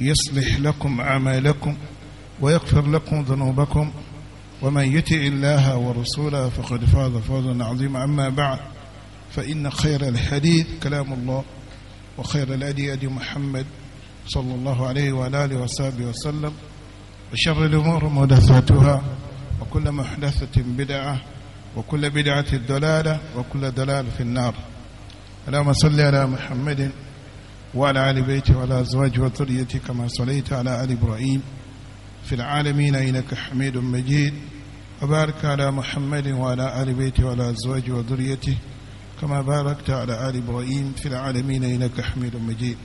يصلح لكم أعمالكم ويغفر لكم ذنوبكم ومن يطع الله ورسوله فقد فاز فوزا عظيما أما بعد فإن خير الحديث كلام الله وخير الأدي أدي محمد صلى الله عليه وعلى آله وصحبه وسلم وشر الأمور محدثاتها وكل محدثة بدعة وكل بدعة ضلالة وكل ضلالة في النار اللهم صل على محمد وعلى آل بيته وعلى أزواجه وذريته كما صليت على آل إبراهيم في العالمين إنك حميد مجيد وبارك على محمد وعلى آل بيته وعلى أزواجه وذريته كما باركت على آل إبراهيم في العالمين إنك حميد مجيد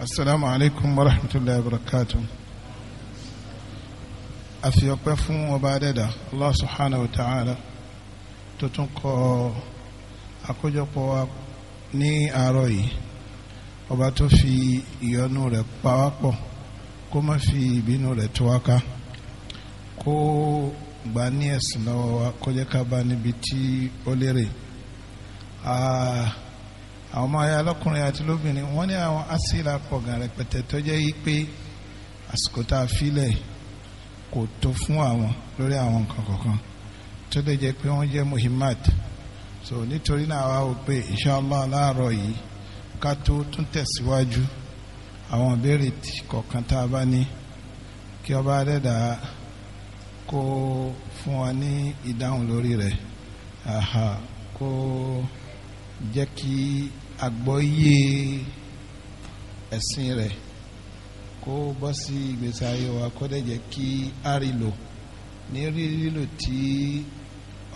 السلام عليكم ورحمة الله وبركاته àfi ọpẹ́ الله سبحانه وتعالى Allah subhanahu ني أروي ọba tó fi ìyọ́nú rẹ̀ pawápọ̀ kó má fi ìbínú rẹ̀ tó wá ká kó gbà ní ẹ̀sìn lọ́wọ́ wa kó jẹ́ ká bá níbi tí ó lérè àwọn ọmọ ayé alọ́kùnrin àti lóbìnrin wọ́n ní àwọn asíra pọ̀ gan rẹpẹtẹ tó jẹ́ yí pé àsìkò tá a filẹ̀ kò tó fún àwọn lórí àwọn nǹkan kọ̀ọ̀kan tó lè jẹ́ pé wọ́n jẹ́ muhimmat so nítorí náà wá wò pé inshallah láàárọ̀ yìí ká tó tún tẹ̀síwájú àwọn ìbéèrè kọ̀ọ̀kan tá a bá ní kí ọba adẹ́dà kó fún wa ní ìdáhùn lórí rẹ̀ kó jẹ́ kí àgbọ́yé ẹ̀sìn rẹ̀ kó bọ́ sí ìgbésí ayé wa kó dẹ̀ jẹ́ kí á rí lò ní lílò tí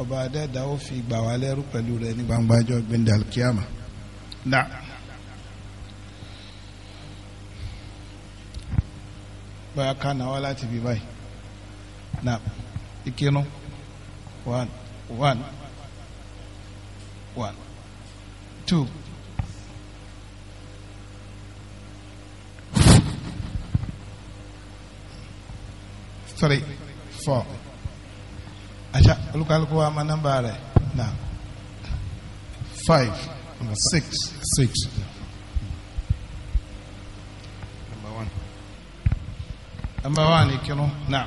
ọba adẹ́dà ó fi gbà wá lẹ́rú pẹ̀lú rẹ̀ ní gbangba ọjọ́ gbẹ̀ndàlkíámà. Nah. báyà ká náà wá láti bí báyìí na ìkínu one one one two. three four aca olùkàlùkù wa ma nọ́mbà rẹ̀ na five six six. an bá wà ní kírun náà.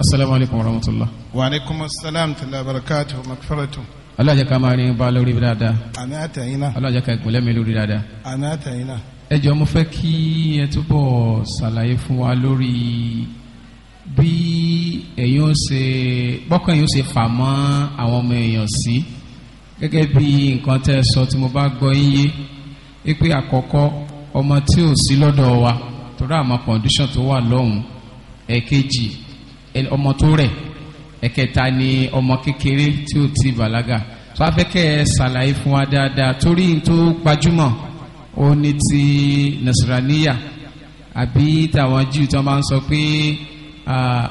asalaamu alaykum wa rahmatulah. wa aleykum salaam tala barakatu makfaratu. ala jẹ́ ká máa rin ba lórí bi dáadáa. àmì àtẹ̀yìn náà. ala jẹ́ ká ìpínlẹ̀ mi lórí dáadáa. àmì àtẹ̀yìn náà. ẹ jọ mo fẹ́ kí ẹ túbọ̀ ṣàlàyé fún wa lórí bí ẹ̀yin ó ṣe bọ́kàn ẹ̀yin ṣe fà mọ́ àwọn ọmọ èèyàn sí gẹ́gẹ́ bí nǹkan tẹ́ sọ tí mo bá gbọ́ yín yé pé àkọ́kọ́ ọmọ tí ò sí lọ́dọ̀ wa torí àmọ́ condition tó wà lọ́hùn ẹ̀kejì ọmọ tó rẹ̀ ẹ̀kẹta ni ọmọ kékeré tí ò ti bàlágà tó a fẹ́ kẹ́ ẹ ṣàlàyé fún wa dáadáa torí tó gbajúmọ̀ ó ní ti nasaraniya àbí tàwọn Júù tó máa ń sọ pé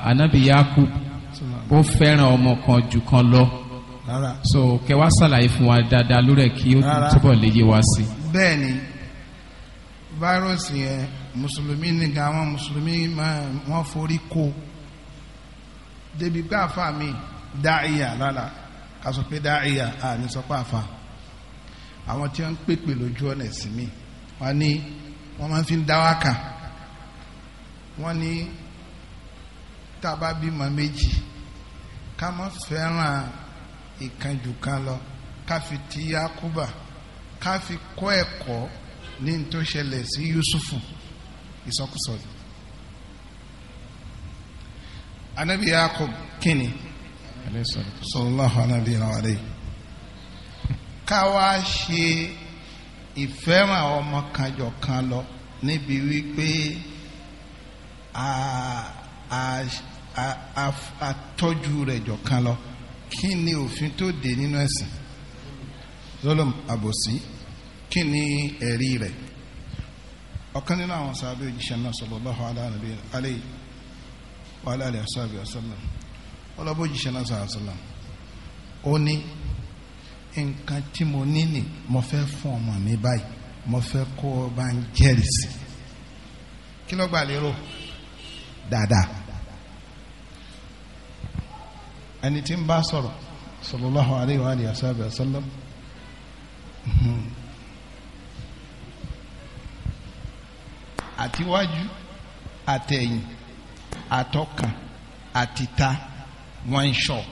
anabi Yakub ó fẹ́ràn ọmọ kan jù kan lọ so kẹ́ wá ṣàlàyé fún wa dáadáa lórí ẹ̀ kí ó túbọ̀ lè yé wa sí. bẹ́ẹ̀ fáírọ́ọ̀sì yẹn mùsùlùmí nìkan àwọn mùsùlùmí wọ́n forí kó débi pé àfa mi dá ìyà lára ká sọ pé dá ìyà àní sọ pé àfa àwọn tí wọ́n ń pèpè lójú ọ̀nà ẹ̀sìn mi wọ́n ní wọ́n máa ń fi dá wá kà wọ́n ní tá a bá bímọ méjì ká má fẹ́ràn ìkànjù kan lọ ká fi ti yakuba ká fi kọ́ ẹ̀kọ́. E ní tó ṣẹlẹ̀ sí Yusufu ìsọkúsọ ni anabi Yakub kínni sallallahu anabi nàwàdé káwa ṣe ìfẹ́ràn ọmọ kanjọ kan lọ níbi wípé àtọ́jú rẹ̀ jọ kan lọ kí ni òfin tó dé nínú ẹ̀sìn lọ́lọ́m àbòsí kí ni ẹ̀rí rẹ̀ ọ̀kan nínú àwọn sábẹ́ òjíṣẹ́ náà sallallahu alayhi wa alihi wa sallam ọlọ́bọ̀ òjíṣẹ́ náà sallallahu sallam ó ní nǹkan tí mo ní nì mo fẹ́ fún ọmọ mi báyìí mo fẹ́ kó o bá ń jẹ́rìsì kí ló gbà lérò dáadáa ẹni tí ń bá sọ̀rọ̀ sallallahu alayhi wa alihi wa sallam. àtiwájú àtẹ̀yìn àtọkàn àtìta one shot.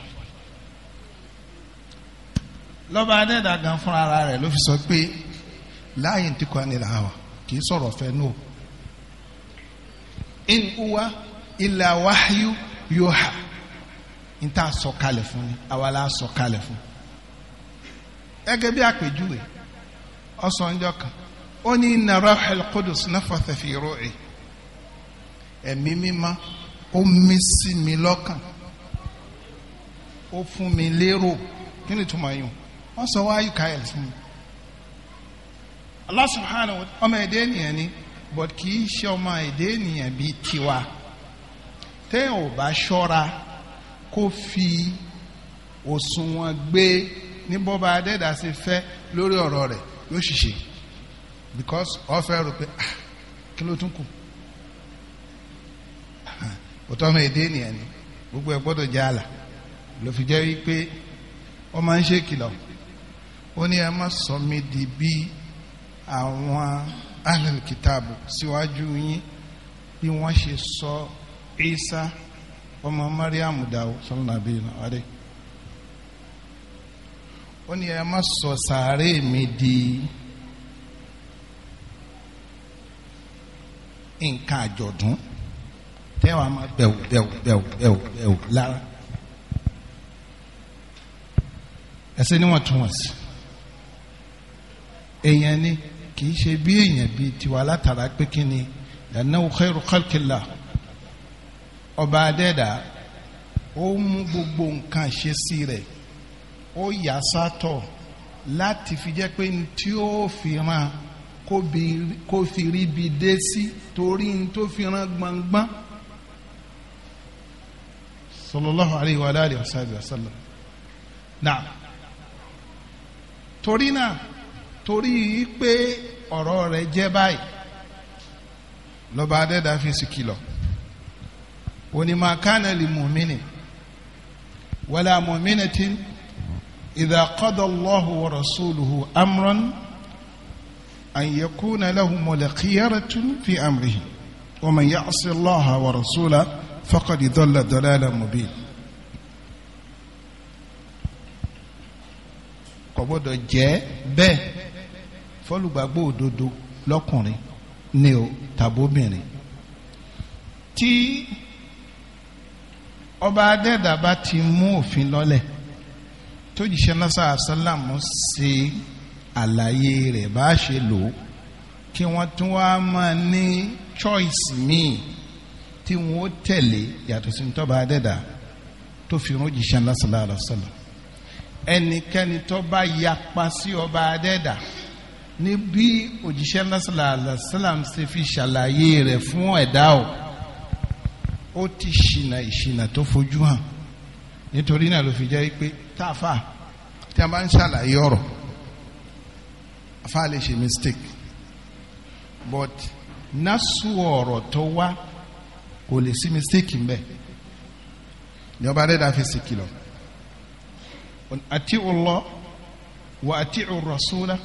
lọ́ba adẹ́dà gan fúnra ara rẹ̀ ló fi sọ pé láàyè tí kò ní làwà kì í sọ̀rọ̀ fẹ́ nù. in uwa illa wahyu yuha n ta sọ kalẹ̀ fún ni àwa la sọ kalẹ̀ fún. gẹ́gẹ́ bí àpèjúwe ọ̀sán ọjọ́ kan ó ní inna rahal qudus nafatha fi ru'i ẹ̀mí mímá ó mí sí mi lọ́kàn ó fún mi lérò kí ni tó máa yùn wọ́n sọ wáyé káyọ̀ fún mi Allah subhanahu wa ọmọ ẹ̀dẹ́ ni but kì í ṣe ọmọ ẹ̀dẹ́ ènìyàn tiwa téèyàn ò bá ṣọ́ra kó fi òṣùwọ̀n gbé ní bọ́ba adẹ́dàsí fẹ́ lórí ọ̀rọ̀ rẹ̀ yóò ṣiṣẹ́ because ọ̀fẹ́ rò pé ah kí ló tún kù òtọ́ ọmọ èdè nìyẹn ni gbogbo ẹ̀ gbọ́dọ̀ jẹ́ àlà ló fi jẹ́ wípé wọ́n máa ń ṣe kìlọ̀ ó ní ẹ má sọ mí di bí àwọn ahlul kitabu síwájú yín bí wọ́n ṣe sọ Isa ọmọ Mariam dàwó sọlọ́nàbí ọ̀rẹ́ ó ní ẹ má sọ sàárè mi di. nǹkan àjọ̀dún tẹ́wàá máa bẹ̀wò bẹ̀wò bẹ̀wò bẹ̀wò bẹ̀wò lára ẹsẹ̀ ni wọ́n tún wọ́n sí èèyàn ni kì í ṣe bí èèyàn bíi tiwa látara pé kí ni ẹ̀náwó khairu khalqillah ọba adẹ́dà ó mú gbogbo nǹkan ṣe sí rẹ̀ ó yà sátọ̀ láti fi jẹ́ pé tí ó fi ràn kó fi ríbi dé sí torí n tó fi ran gbọ̀ngbọ̀n sallallahu alayhi wa alihi wa sallam náà torí náà torí pé ọ̀rọ̀ rẹ̀ jẹ́ báyìí lọ́ba adẹ́dá fi sì kìlọ̀ onímọ̀ kánẹ́lì mùmínì wàlá mùmínì tí idha qada Allahu wa rasuluhu amran. أن يكون لهم الخيرة في أمرهم ومن يعص الله ورسوله فقد ضل ضلالا مبين. kò gbọ́dọ̀ jẹ́ bẹ́ẹ̀ fọlùgbàgbọ́ òdodo lọ́kùnrin ni o tàbóbìnrin tí ọba adẹ́dàbá ti mú òfin lọ́lẹ̀ tó jíṣẹ́ náà sàásálàmù sí àlàyé rẹ̀ bá ṣe lò ó kí wọ́n tún wá máa ní choice míì tí wọ́n ó tẹ̀lé yàtọ̀ sí tọ́ba adẹ́dà tó fi rún jìṣẹ́ lásìlá àlọ́sọ̀lọ́ ẹnikẹ́ni tó yapa sí ọba adẹ́dà ní bí òjíṣẹ́ lásìlá àlọ́sọ̀lá ṣe fi ṣàlàyé rẹ̀ fún ẹ̀dá o ó ti ṣìnà ìṣìnà tó fojú hàn nítorí náà ló fi jẹ́ pé táfà tí a bá ń ṣàlàyé ọ̀rọ̀ àfáà lè ṣe mistake but nasu ọ̀rọ̀ tó wá kò lè sí mistake mbẹ ní ọba rẹ̀ dàfi sí kìlọ̀ àti Allah wà àti rasula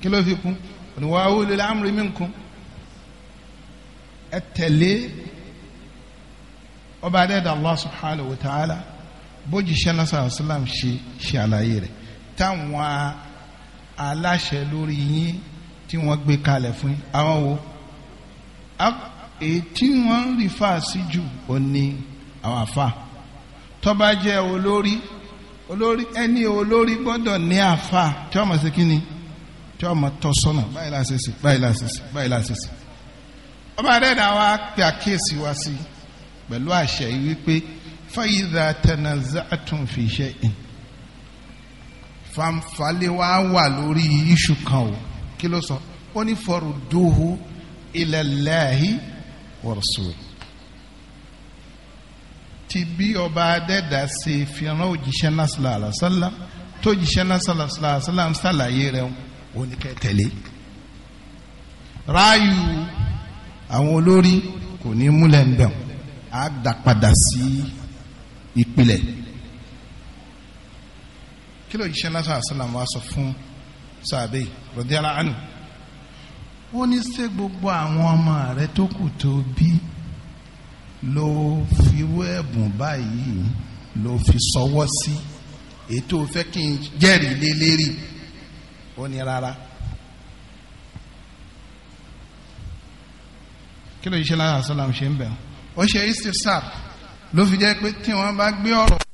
kí ló fi kún òní wà áwòlè lámùrí minkum ẹ tẹ̀lé ọba rẹ̀ Allah subhanahu wa ta'ala bójì sẹ́nà sàlám ṣe ṣe àlàyé rẹ̀ táwọn aláṣẹ lórí yín tí wọ́n gbé kalẹ̀ fún yín àwọn wo èyí tí wọ́n ń rí fà sí jù ó ní àwọn àfà tó bá jẹ́ olórí olórí ẹni olórí gbọ́dọ̀ ní àfà tí wọ́n mọ̀ sí kínni tí wọ́n mọ̀ tọ́ sọ́nà báyìí lásìsì báyìí lásìsì báyìí lásìsì ọba adẹ́dàá wa pe àkíyèsí wa sí pẹ̀lú àṣẹ yìí wípé fayidha tanaza'tum fi shay'in fanfalẹ̀ wa wà lórí iṣu kan o kí ló sọ ó ní farudduhu ila Allahi wa rasul ti bí ọba adẹ́dà ṣe fìràn òjíṣẹ́ náà sallallahu alaihi tó jíṣẹ́ náà sallallahu alaihi wasallam ṣàlàyé rẹ̀ oníkẹ́ tẹ̀lé ráàyù àwọn olórí kò ní múlẹ̀ ń bẹ̀ á dá padà sí ìpìlẹ̀ kí ló jíṣẹ́ lásán àṣàlám wa sọ fún sàbẹ̀ rọ̀díàlá ànú ó ní ṣé gbogbo àwọn ọmọ rẹ tó kù tó bí ló fi wẹ́ẹ̀bùn báyìí ló fi sọwọ́ sí ètò fẹ́ kí n jẹ́rìí lé lérí ó ní rárá. kí ló jíṣẹ́ lásán àṣàlám ṣe ń bẹ̀ ó ṣe istifsar ló fi jẹ́ pé tí wọ́n bá gbé ọ̀rọ̀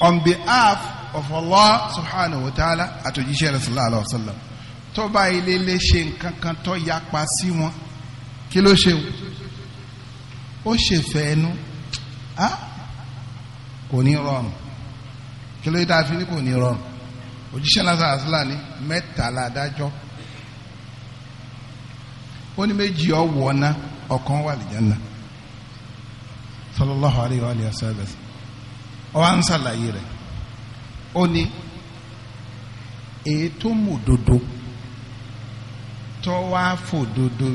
on behalf of Allah subhanahu wa ta'ala àtòjíṣẹ́ rẹ̀ sallallahu alayhi wa sallam tó bá ilé lè ṣe nǹkan kan tó yapa sí wọn kí ló ṣe ó ṣe fẹ́ ẹnu kò ní rọrùn kí ló dáa fi ní kò ní rọrùn òjíṣẹ́ lásán àṣìlá ni mẹ́ta ládájọ́ ó ní méjì ọ̀wọ́ ná ọ̀kan wà lìjẹ́ ná sallallahu alayhi wa sallam ọwọ́ ń ṣàlàyé rẹ̀ ó ní èyí tó mú òdodo tó wá fòdodo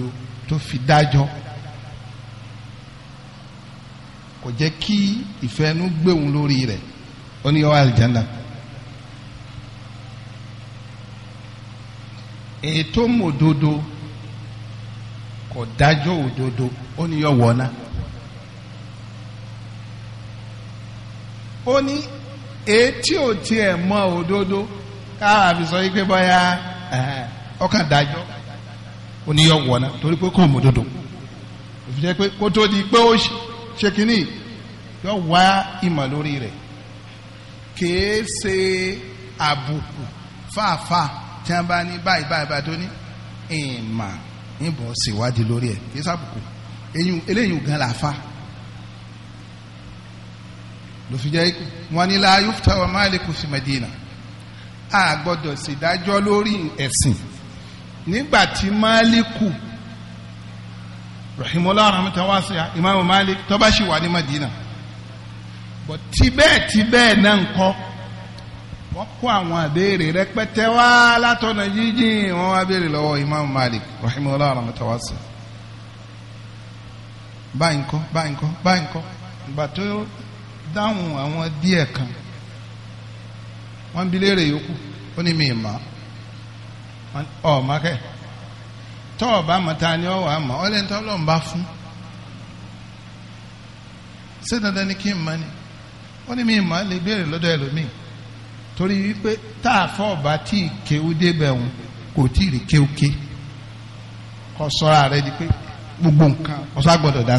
tó fi dájọ́ kò jẹ́ kí ìfẹ́nu gbéhùn lórí rẹ̀ ó ní ọwọ́ àlìjáná. èyí tó mú òdodo kò dájọ́ òdodo ó ní yọ wọ́ná. ó ní etí ò tiẹ̀ mọ òdodo káà fi sọ yìí pé bọ́yá ọkàn dájọ́ oníyọ̀wọ̀ náà torí pé kò mọ òdodo òfin jẹ́ pé kó tó di pé ó ṣe kínní yóò wá ìmọ̀ lórí rẹ̀ kìí ṣe àbùkù fàáfàá tí wọ́n bá ní báyìí báyìí báyìí tó ní ìmọ̀ ìbọn ṣèwádìí lórí ẹ̀ kìí ṣàbùkù eléyìí gan la fa ló fi jẹ́ wọn ni la yufta wa maliku fi Madina a gbọ́dọ̀ ṣèdájọ́ lórí ẹ̀sìn nígbà tí maliku rahimola rahmatan wasi'a imaamu malik tó bá ṣì wà ní Madina bọ̀ tibẹ́ẹ̀ tibẹ́ẹ̀ náà ń kọ́ wọ́n kó àwọn àbèrè rẹpẹtẹ wá látọ̀nà jíjìn wọ́n wá béèrè lọ́wọ́ imaamu malik rahimola rahmatan wasi'a báyìí ń kọ́ báyìí ń kọ́ báyìí ń kọ́ ìgbà tó dáhùn àwọn díẹ̀ kan wọ́n bi léèrè yòókù ó ní mi mákẹ́ tọ́ ọ bá mọ̀ ni ọ wà mọ̀ ọ́ tọ́ lọ́n bá fún ṣé dandan ni kí n mọ̀ ni ó ní mi lè béèrè lọ́dọ̀ torí wípé tá a fọ́ ọba tí kéwú débẹ̀ gbogbo nǹkan gbọ́dọ̀ dá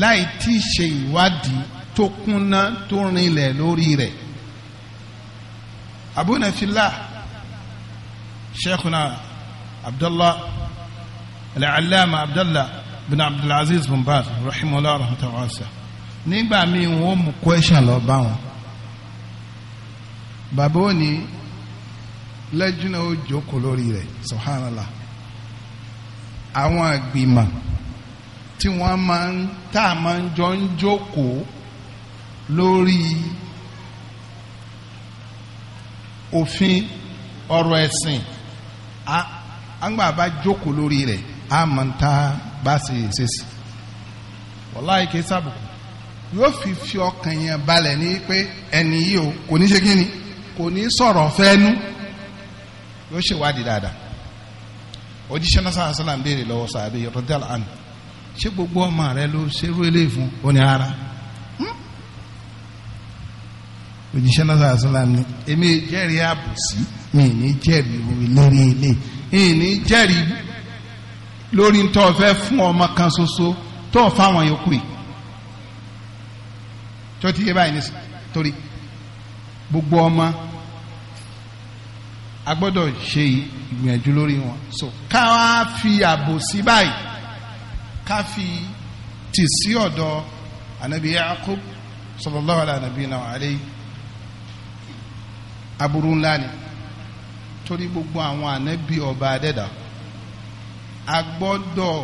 láì tí ì ṣe ìwádìí tó kúnná tó rinlẹ̀ lórí rẹ̀ abúnafilá sheikhuna abdullah al-allama abdullah bin abdulaziz bin baz rahimahullah rahmatulahsa nígbà míì wọn mú question lọ bá wọn bàbá òní lẹ́jọ́ náà ó jókòó lórí rẹ̀ subhanallah àwọn àgbìmọ̀ tí wọ́n máa ń tá a máa ń jọ ń jókòó lórí òfin ọ̀rọ̀ ẹ̀sìn àgbà bá jókòó lórí rẹ̀ a máa ń tá a bá ṣe ṣe sí wàláì kì í sábùkù yóò fi fi ọkàn yẹn balẹ̀ ní pé ẹni yìí o kò ní ṣe kí ni kò ní sọ̀rọ̀ fẹ́ẹ́nu yóò ṣèwádìí dáadáa òjíṣẹ́ náà sàlám béèrè lọ́wọ́ sàbẹ̀ rọ́dẹ́lá àná ṣé gbogbo ọmọ rẹ ló ṣerú eléyìí fún ó ní rárá hmm? òjíṣẹ́ náà sọ̀rọ̀ sọ́la ni èmi jẹ́rìí àbòsí mi ní jẹ́rìí lórí ilé ìní jẹ́rìí lórí tó fẹ́ fún ọmọ kan ṣoṣo tó fáwọn yòókù yìí tó ti yé báyìí nísìnyí gbogbo ọmọ a ṣe ìgbìyànjú lórí wọn so ká wá fi àbòsí báyìí ká fi tì sí ọ̀dọ̀ anabi Yaqub sallallahu ala nabiyina wa alayhi aburú ńlá ni torí gbogbo àwọn anabi ọba adẹ́dà a gbọ́dọ̀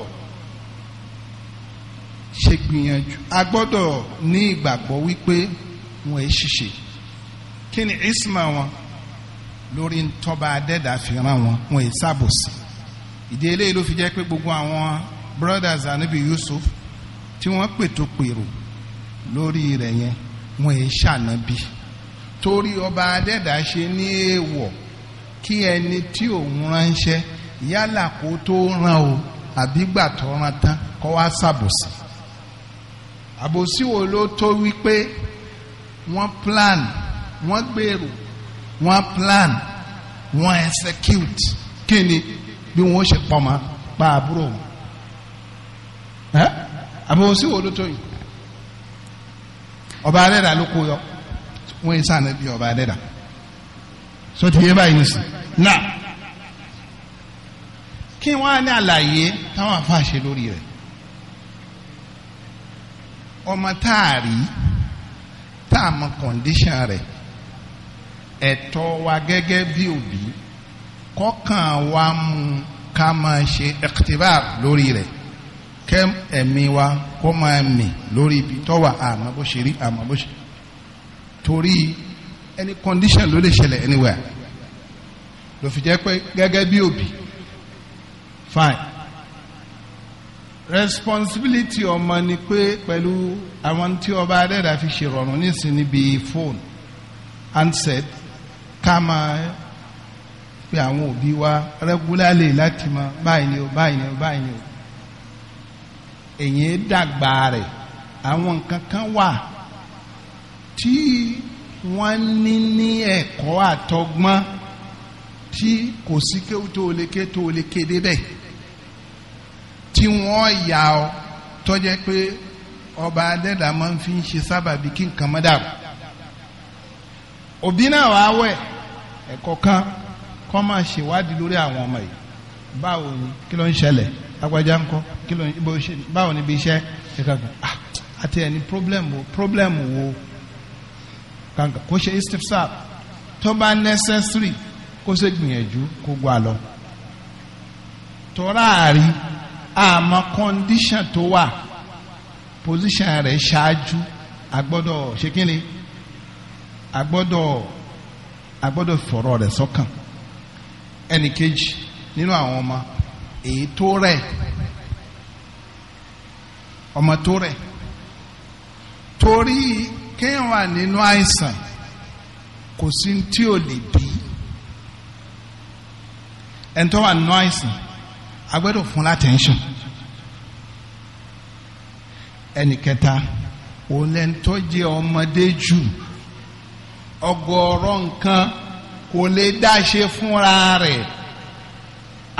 ṣe gbìyànjú a gbọ́dọ̀ ní ìgbàgbọ́ wípé wọn ẹ ṣiṣẹ́ kí ni isma wọn lórí ntọ́ba adẹ́dà fi ràn wọn wọn ẹ sábòsí ìdí ló fi jẹ́ pé gbogbo àwọn brothers anabi Yusuf tí wọ́n pètò pèrò lórí rẹ̀ yẹn wọ́n ẹ̀ ṣànábì torí ọba adẹ́dà ṣe ní èèwọ̀ kí ẹni tí òun ránṣẹ́ yálà kó tó rán o àbí gbà tó rán tán kó wá ṣàbòsí àbòsí wo ló tó wípé wọ́n plan wọ́n gbèrò wọ́n plan wọ́n execute kí ni bí wọ́n ṣe pọ̀ mọ́ pa àbúrò wọn ẹ àbẹ̀wò sí wo ló tó yìí ọba adẹ́dà ló kó yọ wọ́n yìí sànà bí ọba adẹ́dà so ti yé báyìí nìsín náà kí wọ́n á ní àlàyé táwọn afáàṣe lórí rẹ̀ ọmọ táàrí tá kọ̀ǹdíṣàn rẹ̀ ẹ̀tọ́ wa gẹ́gẹ́ bí òbí kọ́kàn wa mú ká máa ṣe ẹ̀kìtìbà lórí rẹ̀ kẹ́ ẹ̀mí wa kó máa mì lórí ibi tọ́wà àmọ́ bó ṣe rí àmọ́ bó ṣe torí any condition ló lè ṣẹlẹ̀ anywhere ló fi jẹ́ pé gẹ́gẹ́ bí òbí fine responsibility ọmọ ni pé pẹ̀lú àwọn tí ọba adẹ́dà fi ṣe rọrùn nísìn níbi phone handset ká máa pe àwọn òbí wa regularly láti mọ báyìí ni o báyìí ni o báyìí ni o èyàn dàgbà rẹ̀ àwọn nǹkan kan wà tí wọ́n ní ní ẹ̀kọ́ àtọgbọ́n tí kò sí kéwú tó o lè ké tó o lè ké débẹ̀ tí wọ́n yà ọ́ tọ́jẹ́ pé ọba adẹ́dà máa ń fi ń ṣe sábàbí kí nǹkan mọ́ dàrú òbí náà wàá wẹ̀ ẹ̀kọ́ kan kọ́ máa ṣèwádìí lórí àwọn ọmọ yìí báwo ni kí ló ń ṣẹlẹ̀ agbájá ń kọ́ kí ló ibo ṣe báwo ni ibi iṣẹ́ ìkàgbọ́n ah, àti ẹni problem wo problem wo kàǹkà kó ṣe istifsar tó bá necessary kó ṣe gbìyànjú kó gbà lọ tọ́ra àmọ́ condition tó wà position rẹ̀ ṣáájú agbọ́dọ̀ ṣe kí ni agbọ́dọ̀ agbọ́dọ̀ fọ̀rọ̀ rẹ̀ sọ́kàn ẹnìkejì nínú àwọn ọmọ èyí tó rẹ̀ ọmọ tó rẹ̀ torí kéèyàn wà nínú àìsàn kò sí tí ò lè bí ẹni tó wà nínú àìsàn a gbọ́dọ̀ fún látẹ̀ńṣàn ẹnì kẹta òun lẹni tó jẹ ọmọdé jù ọgọ́rọ̀ nǹkan kò lè dá fúnra rẹ̀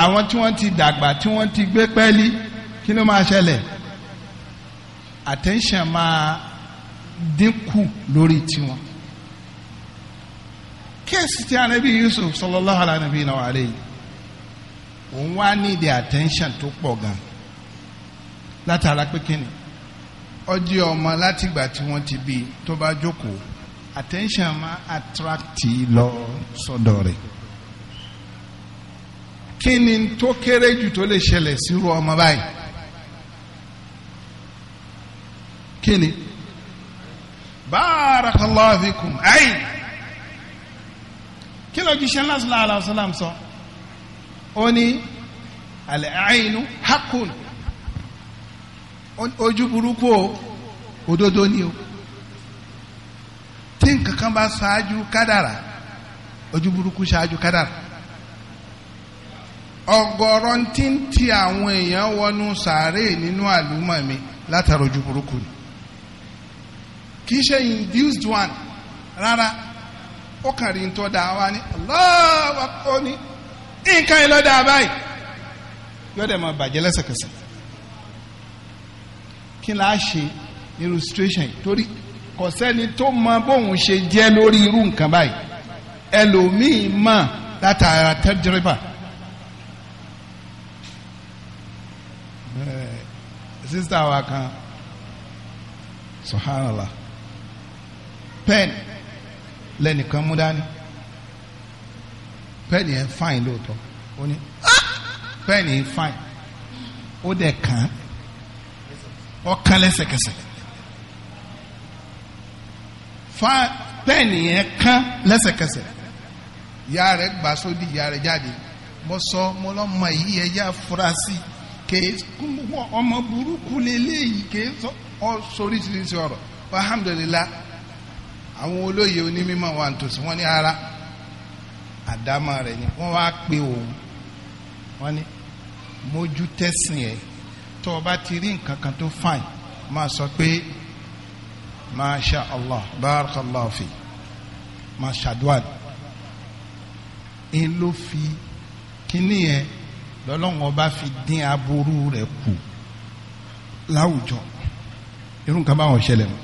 àwọn tí wọ́n ti dàgbà tí wọ́n ti gbé pẹ́ẹ́lí kí ló máa ṣẹlẹ̀ attention máa dínkù lórí tiwọn kéèsì tí anabi Yusuf sallallahu ala nabi náà wà lẹ́yìn òun wá ní the attention tó pọ̀ gan látara pé kíni ọjọ́ ọmọ látìgbà tí wọ́n ti bí tó bá jókòó attention máa attract lọ sọ́dọ̀ rẹ̀ kí ni tó kéré jù tó lè ṣẹlẹ̀ sírú ọmọ báyìí kí ni barakallahu fikum ayi kí ló jíṣẹ́ ńlá sallallahu alaihi wasallam sọ ó ní al-ainu haqqun ojú burúkú o òdodo ni o tí nǹkan kan bá ṣáájú kádàrà ojú burúkú ṣáájú kádàrà ọ̀gọ̀rọ̀ tí ń ti àwọn èèyàn wọnú sàárè nínú àlùmọ̀ mi látara ojú burúkú ni kì í ṣe induced one rárá ó kàn rí tó dáa wá ní Allahu akbar ní nǹkan yìí ló dáa báyìí yóò dẹ̀ máa bàjẹ́ lẹ́sẹ̀kẹsẹ̀ kí la ṣe irú situation yìí torí kò sẹ́ni tó mọ bóun ṣe jẹ́ lórí irú nǹkan báyìí ẹlòmíì mọ̀ látara tẹ́jọ́rẹ́bà Eh, sista wa kan subhanallah pen lẹ́nìkan mú dání pen yẹn fine lóòótọ́ ó ní ah! pen yẹn fine ó dẹ̀ kàn án ó kàn fa pen yẹn kàn lẹ́sẹ̀kẹsẹ̀ ìyá rẹ̀ gbà sódì ìyá rẹ̀ jáde mo sọ mo lọ́ mọ èyí kèé ọmọ burúkú lélẹ́yìí kèé sóríṣiríṣi ọ̀rọ̀ alhamdulilah àwọn olóyè onímọ̀ wa ntòsí wọ́n ní ara àdámọ̀ rẹ̀ ni wọ́n wá pe òun wọ́n ní mójú tẹ̀sìn ẹ̀ tó o bá ti rí nǹkan kan tó fàìn máa sọ pé masha allah barakallahu fi masha duwan ń ló fi kíní yẹn lọ́lọ́run ọba fi dín aburú rẹ̀ kù láwùjọ irú nǹkan báwọn ṣẹlẹ̀ mọ́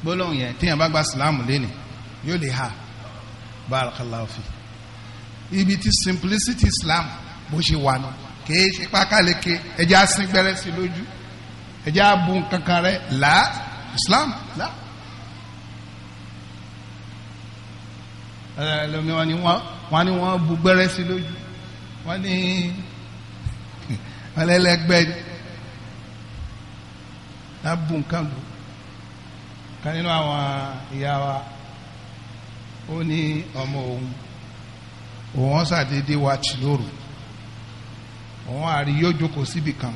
gbólóhùn yẹn téèyàn bá gba sìláàmù lẹ́nu yóò lè ha barakallahu ibi tí simplicity islam bó ṣe wà nù kèé ṣe pákàleke ẹjẹ́ asin gbẹ́rẹ́ sí lójú ẹjẹ́ abu kankan rẹ̀ là islam là. ẹ ẹ lómi wọn ni wọn wọn ni wọn bu gbẹ́rẹ́ sí lójú wọ́n ní ọlẹ́lẹ́gbẹ́ náà bù nǹkan lò kan nínú àwọn ìyá wa ó ní ọmọ òun òun wọ́n ṣàdédé wa tì lóru òun àrí yóò jókòó síbì kan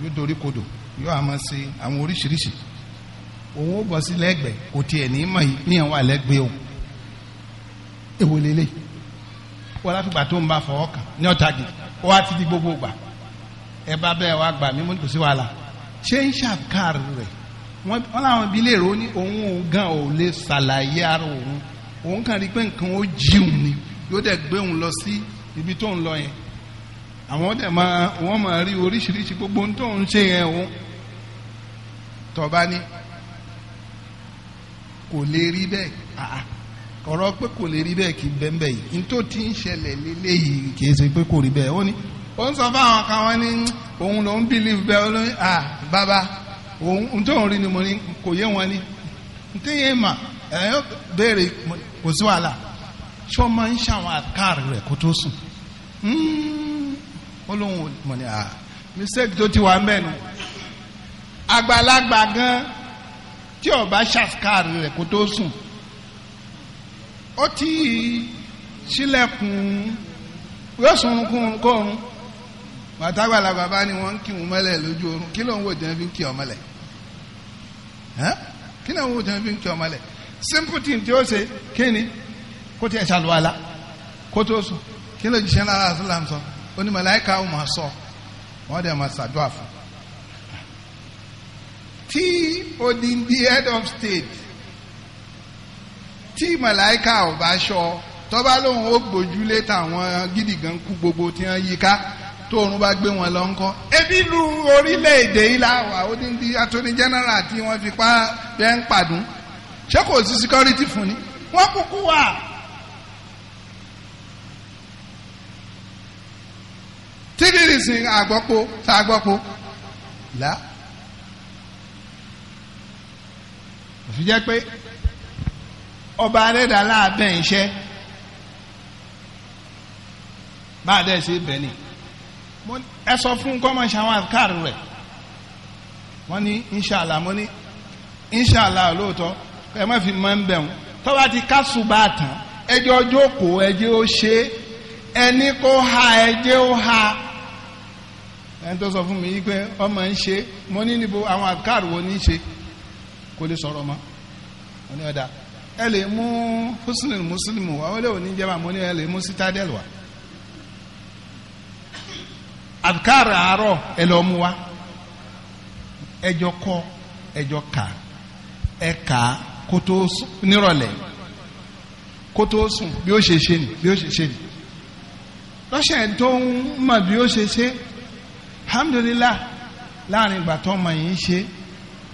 yóò dorí kodò yóò àmọ́ ṣe àwọn oríṣiríṣi òun ó bọ̀ sí lẹ́gbẹ̀ẹ́ kò tiẹ̀ ní mọ̀ yìí níyàwó àlẹ́gbẹ̀ẹ́ òun èwo lélẹ́yìí kó láfìgbà tó ń bá fọwọ́ kàn ní ọ̀tá ó wá ti di gbogbo gbà ẹ bá bẹ́ẹ̀ wá gbà mí mo ní kò sí wàhálà ṣé ń ṣàkàr rẹ̀ wọ́n láwọn ibi léèrè ó ní òun òun gan ò lè ṣàlàyé ara òun òun kàn rí pé nǹkan ó jíun ni yóò dẹ̀ gbé òun lọ sí ibi tó ń lọ yẹn àwọn dẹ̀ máa wọ́n máa rí oríṣiríṣi gbogbo ohun tó ń ṣe yẹn òun tọ́ba ní kò lè rí bẹ́ẹ̀ àà ọ̀rọ̀ pé kò lè rí bẹ́ẹ̀ kì í bẹ́ẹ̀ yìí nítorí tí ń ṣẹlẹ̀ lélẹ́yìí kì í ṣe pé kò rí bẹ́ẹ̀ ó ní ó ń sọ fáwọn kan wọn ní òun ló bìlíf bẹ́ẹ̀ ó ní à bàbá òun tó ń rí ni mo ní kò yé wọn ní tí yé mà ẹ̀yọ́ béèrè kò sí wàhálà ṣé wọ́n máa ń ṣàwọn àkàr rẹ̀ kó tó sùn hmm, ó lóun mọ̀ ní à mistake tó ti wà ń bẹ̀ àgbàlagbà gan tí ó ṣàkàr rẹ̀ kó tó sùn ó ti sílẹ̀kùn yóò sùn kún kórun bàtàgbàlà bàbá ni wọ́n ń kí wọn mọ́lẹ̀ lójú oorun kí ló ń wò jẹ́ fi ń kí ọ mọ́lẹ̀ kí ló ń wò jẹ́ fi ń kí ọ mọ́lẹ̀ simple thing tí ó ṣe kí ni kó tiẹ̀ ṣàlùwàlà kó tó sùn kí ló jíṣẹ́ náà àṣìlám sọ onímọ̀láìka ó máa sọ wọ́n dẹ̀ máa ṣàdúrà fún. tí odindi head of state tí màláìka ò bá ṣọ tọ́ba lòun ó gbójúlé tàwọn gidi gan kú gbogbo tí wọ́n yí ká tóorun bá gbé wọn lọ ńkọ́. ebi lu orílẹ̀-èdè yìí láwà ó ní di attorney general tí wọ́n fi pa bẹ́ẹ̀ ń pàdún ṣé kò sí security fún ni wọ́n kúkú wà. tíkìrì sin àgbọ́pọ̀ tá àgbọ́pọ̀ là. òfin jẹ́ pé ọba adẹ́dà láàdán iṣẹ́ báà dẹ́ sí bẹ́ẹ̀ni ẹ sọ fún kọ́mọ̀ṣẹ́ àwọn àkàr rẹ̀ wọ́n ní inṣàlá mo ní inṣàlá lóòótọ́ ẹ má fi máa ń bẹ̀ wọn tọ́ba ti kásù bá tán ẹjẹ́ ọjọ́ kò ẹjẹ́ ó ṣe ẹni kó ha ẹjẹ́ ó ha ẹni tó sọ fún mi yí pé ọmọ ń ṣe mo ní níbo àwọn àkàr wo ní ṣe kò lè sọ̀rọ̀ mọ́ wọ́n ní ọ̀dà ẹ lè mú húsùnù mùsùlùmù wá ó lè òní jẹ́ màmú ni ẹ lè mú citadel wá àdùkárà àárọ̀ ẹ lọ mú wá ẹjọ kọ ẹjọ kà ẹ kà kó tó nírọ̀lẹ́ kó tó sùn bí ó ṣe ṣe ni bí ó ṣe ṣe ni lọ́sẹ̀ tó ń mọ̀ bí ó ṣe ṣe alhamdulilah láàrin ìgbà tó ọmọ yìí ṣe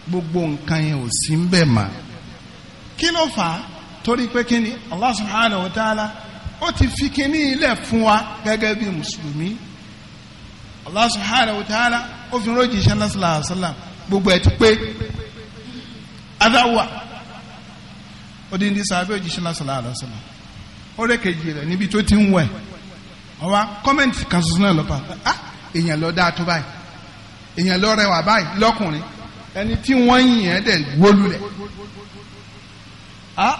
gbogbo nǹkan yẹn ò sí ń bẹ̀ mọ́ kí ló fà á torí pé kí ni Allah subhanahu wa ta'ala ó ti fi kíní ilẹ̀ fún wa gẹ́gẹ́ bí mùsùlùmí Allah subhanahu wa ta'ala ó fi rọ́jì iṣẹ́ sallallahu alaihi wasallam gbogbo ẹ̀ ti pé adáwà odindi sàbẹ̀ òjìṣẹ́ sallallahu alaihi wasallam ó rẹ̀ kejì rẹ̀ níbi tó ti ń wẹ̀ ọwá kọ́mẹ́ǹtì kan ṣoṣo náà lọ́pàá ah èèyàn lọ dáa tó báyìí èèyàn lọ rẹwà báyìí lọ́kùnrin ẹni tí wọ́n yìn ẹ́ dẹ̀ wólulẹ̀ a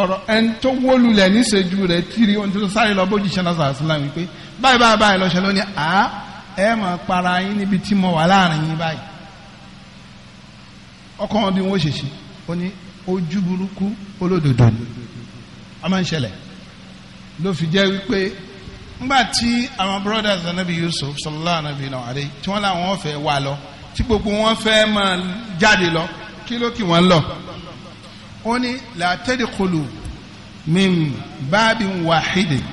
ọ̀rọ̀ ẹni tó wólulẹ̀ níṣẹ́jú rẹ̀ tíri ohun tó sáré lọ bójú ṣẹlẹ̀ sàásìlá mi pé báyìí báyìí báyìí lọ́ṣẹ́ lónìí a ẹ mọ̀ para yín níbi tí mo wà láàrin yín báyìí ọkọ̀ wọn bí wọ́n ṣe ṣe ó ní ojú burúkú olódodo ni a máa ń ṣẹlẹ̀ ló fi jẹ́ wípé ńgbà tí àwọn brothers anabi Yusuf sallallahu anabi náà àdé tí wọ́n láwọn fẹ́ wà lọ tí gbogbo wọn fẹ́ máa jáde lọ kí ló kì wọ́n lọ ó ní la tadkhulu min babin wahidin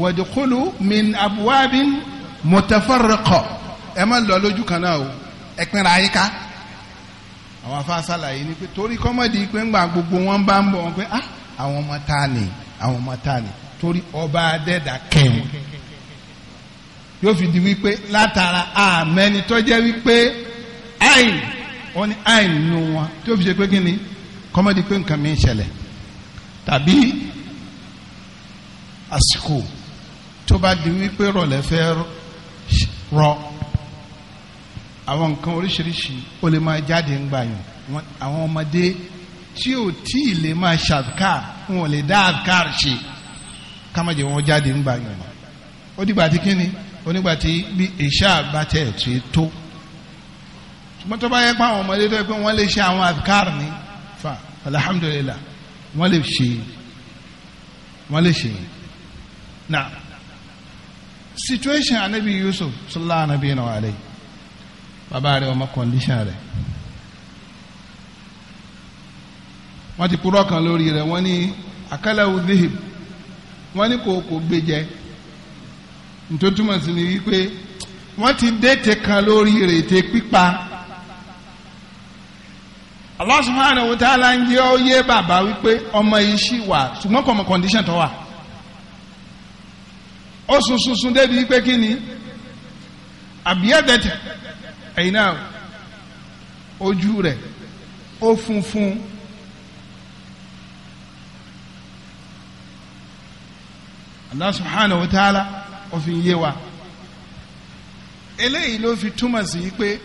wadkhulu min abwabin mutafarriqa ẹ má lọ lójú kan náà o ẹ pinra ayé ká àwọn afásàlàyé ni pé torí kọ́mọ̀dì pé ńgbà gbogbo wọn bá ń bọ̀ wọn pé ah àwọn ọmọ ta ni àwọn ọmọ ta ni torí ọba adẹ́dà kẹ́hìn yóò fi di wípé látara àmẹ́ni tó wípé àìn wọn ni àìn nù wọn tí ó fi ṣe pé kí ni kọ́mọ́dé pé nǹkan mi ń ṣẹlẹ̀ tàbí àsìkò tó bá di wípé rọ̀lẹ́ fẹ́ rọ àwọn nǹkan oríṣiríṣi ó lè máa jáde ńgbà yàn àwọn ọmọdé tí ò tí ì lè máa ṣàdkàr wọn ò lè dá àdkàr ṣe kámọ́dé wọn jáde ńgbà yàn ó dìgbà tí kíni ó nígbà tí bí ìṣá àgbàtẹ̀ tó tó ṣùgbọ́n bá yẹ pé àwọn ọmọdé tó yẹ pé wọ́n lè ṣe àwọn àdkàr ni àfa alhamdulilah wọ́n lè ṣe wọ́n lè ṣe na situation anabi yusuf sallallahu anabi na wa alayhi bàbá rẹ̀ ọmọ condition rẹ̀ wọ́n ti purọ́ kan lórí rẹ̀ wọ́n ní akalawu dhihib wọ́n ní kòkò gbé jẹ nítorí túmọ̀ sí wípé wọ́n ti dẹ́tẹ̀ kan lórí rẹ̀ ètè pípa Allah subhanahu wa ta'ala ń yẹ ọ yé bàbá wípé ọmọ yìí ṣì wà ṣùgbọ́n kò mọ condition tó wà ó sun sunsun débi wípé kí ni àbíyẹ́dẹ̀tẹ̀ ẹ̀yin náà ojú rẹ̀ ó funfun Allah subhanahu wa ta'ala ó fi yé wa eléyìí ló fi túmọ̀ sí pé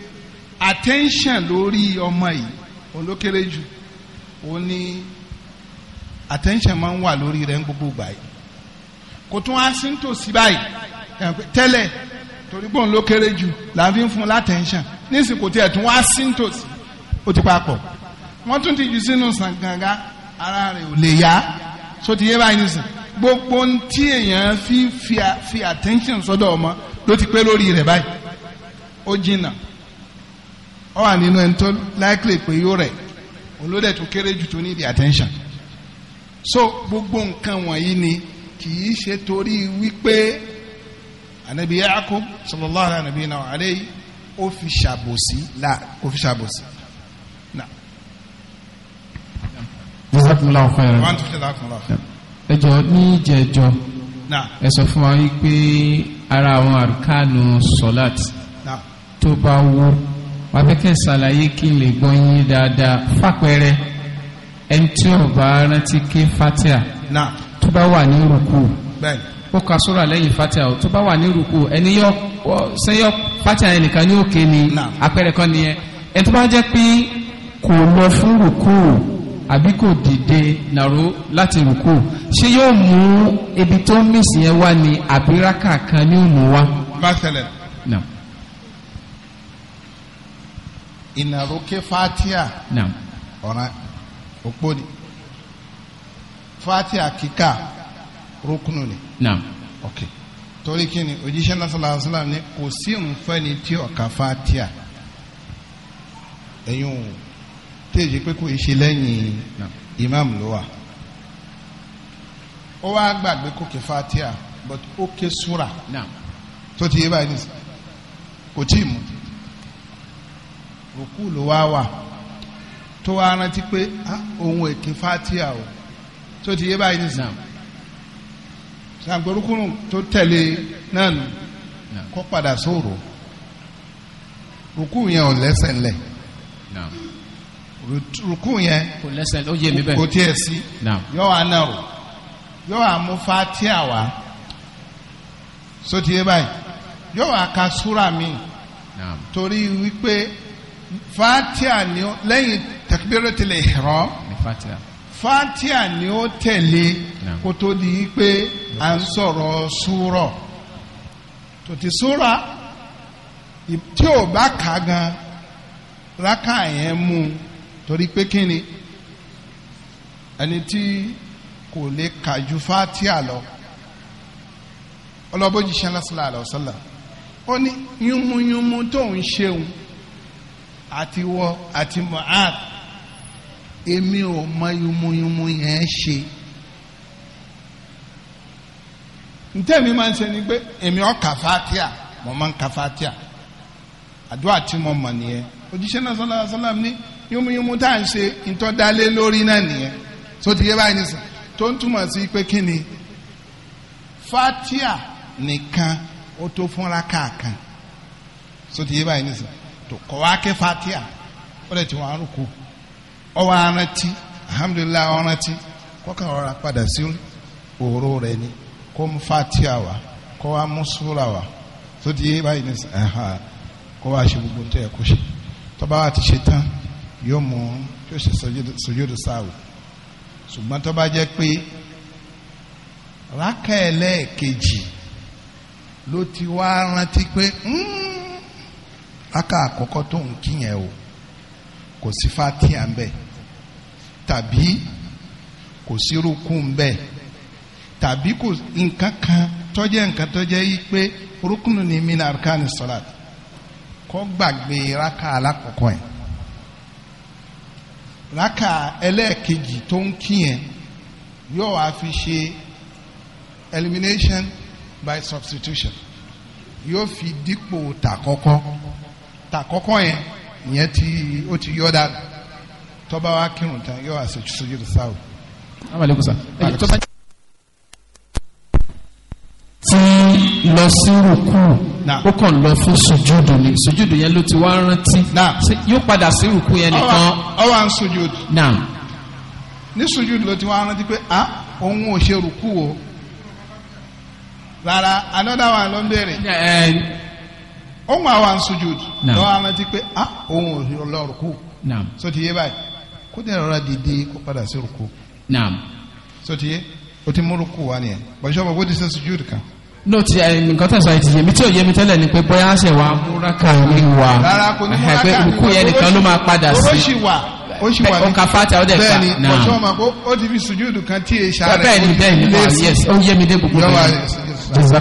attention lórí ọmọ yìí òun ló kéré jù òun ni attention máa ń wà lórí rẹ̀ ń gbogbo ìgbà yìí kò tún á sí nítòsí báyìí tẹ́lẹ̀ torí bóun ló kéré jù là ń fi fún un látẹ̀ǹṣàn níìsín kò tiẹ̀ tún wá sí nítòsí ó ti papọ̀ wọ́n tún ti jù sínú sàngàngà ara rẹ̀ ò lè yá so ti yé báyìí nísìn gbogbo tí èèyàn fi fi attention sọ́dọ̀ ọmọ ló ti pé lórí rẹ̀ báyìí ó jìnnà ọ wà nínú ẹni tó likely pé yóò rẹ̀ olódẹ̀ tó kéré jù tó ní the attention so gbogbo nǹkan wọ̀nyí ni kì í ṣe torí wípé anabi yaakub sallallahu alayhi wa alayhi ó fi ṣàbòsí la ó fi ṣàbòsí. jazakumullahu khairan ẹjọ ní ìjẹjọ ẹ sọ fún wa wípé ara àwọn àrùkánu sọláàtì tó bá wó wàá fẹ́ kẹ́ ṣàlàyé kí n lè gbọ́ yín dáadáa fàpẹ́rẹ́ ẹni tí ò bá rántí ké fatia tó bá wà ní rúkú ó ka sóra lẹ́yìn fatia tó bá wà ní rúkú ẹni yọ sẹ́yọ fatia yẹn nìkan ní òkè ni àpẹẹrẹ kan nìyẹn ẹni tó bá jẹ́ pé kò lọ fún rúkú àbí kò dìde nàró láti rúkú ṣé yóò mú ibi tó ń mìsì yẹn wá ní àbíràkà kan ní òmùwá. bá a ṣẹlẹ̀. Inaruke fatia ọ̀ràn òpó ni fatia kíkà rúkúnù ni. ok torí kini, ni òjíṣẹ́ náà sallallahu alaihi ni kò sí nǹfẹ́ ni tí ọ̀ka fatia ẹ̀yin o téèjì pé kò ṣe lẹ́yìn imam ló ó wá gbàgbé kókè fatia but ó ké súra tó ti yé báyìí kò tí ì mú òkú ló wá wà tó wá rántí pé òun èké fatia o tó ti yé báyìí nìsàn sàgbórúkúrú tó tẹ̀lé náà nù kó padà sóòrò òkú yẹn ò lẹ́sẹ̀ ńlẹ̀ rukú yẹn kò tiẹ̀ sí yọ wà náà o yọ wà mú fatia wá sóti yé báyìí yọ wà ka súra mi torí wípé fatia ni ó lẹ́yìn takbiratul ihram fatia ni ó tẹ̀lé kó tó di pé à ń sọ̀rọ̀ súrọ̀ tòtí súra tí ò bá kà gan rákà yẹn mú un torí pé kí ẹni tí kò lè kà ju fatia lọ ọlọ́bọ̀jì sẹ́lá sílá àlọ́ sọ́là ó ní yúnmúyúnmú tó ń ṣeun àti wọ àti Mu'ad èmi ò mọ yumuyumu yẹn ṣe ntẹ́mi máa ń ṣe ni pé èmi ò ka Fatiha mo máa ń ka Fatiha àdúrà tí mo mọ̀ nìyẹn òjíṣẹ́ náà sallallahu alaihi ní yumuyumu tá à ń ṣe ìtọ́dálé lórí náà nìyẹn tó ti yé báyìí nìsín tó ń túmọ̀ sí pé kí ni Fatiha nìkan ó tó fúnra káàkan tó ti yé báyìí nìsín tó kọ́ wá ké fatia ó lè ti wọn arúgbó ọwọ́ arántí alhamdulilayi arántí kọ́kà ọ̀rá padà sí òru rẹ̀ ni kó mú fatia wá kó wá mú súra wá tó di yé báyìí ní ẹ̀hán kó wá ṣe gbogbo tó yẹ kó ṣe tó bá wà ti ṣe tán yóò mú yóò ṣe sojúdo sáwò ṣùgbọ́n tó bá jẹ́ pé rákà ẹlẹ́ẹ̀kejì ti wá rántí pé. Hmm, aka àkọ́kọ́ tó ń kí yẹn o kò sí fatia ń bẹ tàbí kò sí rúkú ń bẹ tàbí kò nǹkan kan tọ́jẹ́ nǹkan tọ́jẹ́ yìí pé rúkúnù ní mina arkani salat kọ́ gbàgbé raka alákọ̀ọ́kọ́ yẹn raka ẹlẹ́ẹ̀kejì tó ń kí yẹn yóò wá fi ṣe elimination by substitution yóò fi dípò tàkọ́kọ́. tàkọ́kọ́ yẹn ìyẹn ti ó ti yọ dànù tọ́ba wa kírun tán yọ àṣẹ sojúdù sáwù. sa ẹyẹ ti lọ sí rúkú ó kàn lọ fún sojúdù ni sojúdù yẹn ló ti wá rántí yóò padà sí rúkú yẹn nìkan. ọwọ́ à ń sojúdù. ní sojúdù ló ti wá rántí pé a ah, òun ò ṣe rúkú o rárá another one ló ń bèrè ó ń wá wa ń sujud lọ́wọ́ aláǹtí pé a ah, òun ò lọ rúkú so ti yé báyìí kó tẹ̀ rọra dìde kó padà sí rúkú so yé o ti mú rúkú wa nìyẹn bọ̀dé ọmọ bó ti ṣe sujud kan. n'o ti eh, nǹkan tẹ̀ sọ ti yé mi tí o yé mi tẹ́lẹ̀ ni pé bóyá ṣe wà múraka mi wà ẹ̀hẹ́ rúkú yẹn nìkan ló máa padà sí. o sì wà ó sì wà ní ọkà fata ó dẹ̀ fa bẹ́ẹ̀ni ọjọ́ ọmọ kó ó ti fi sùjúdù kan yẹ mi dé gbogbo rẹ̀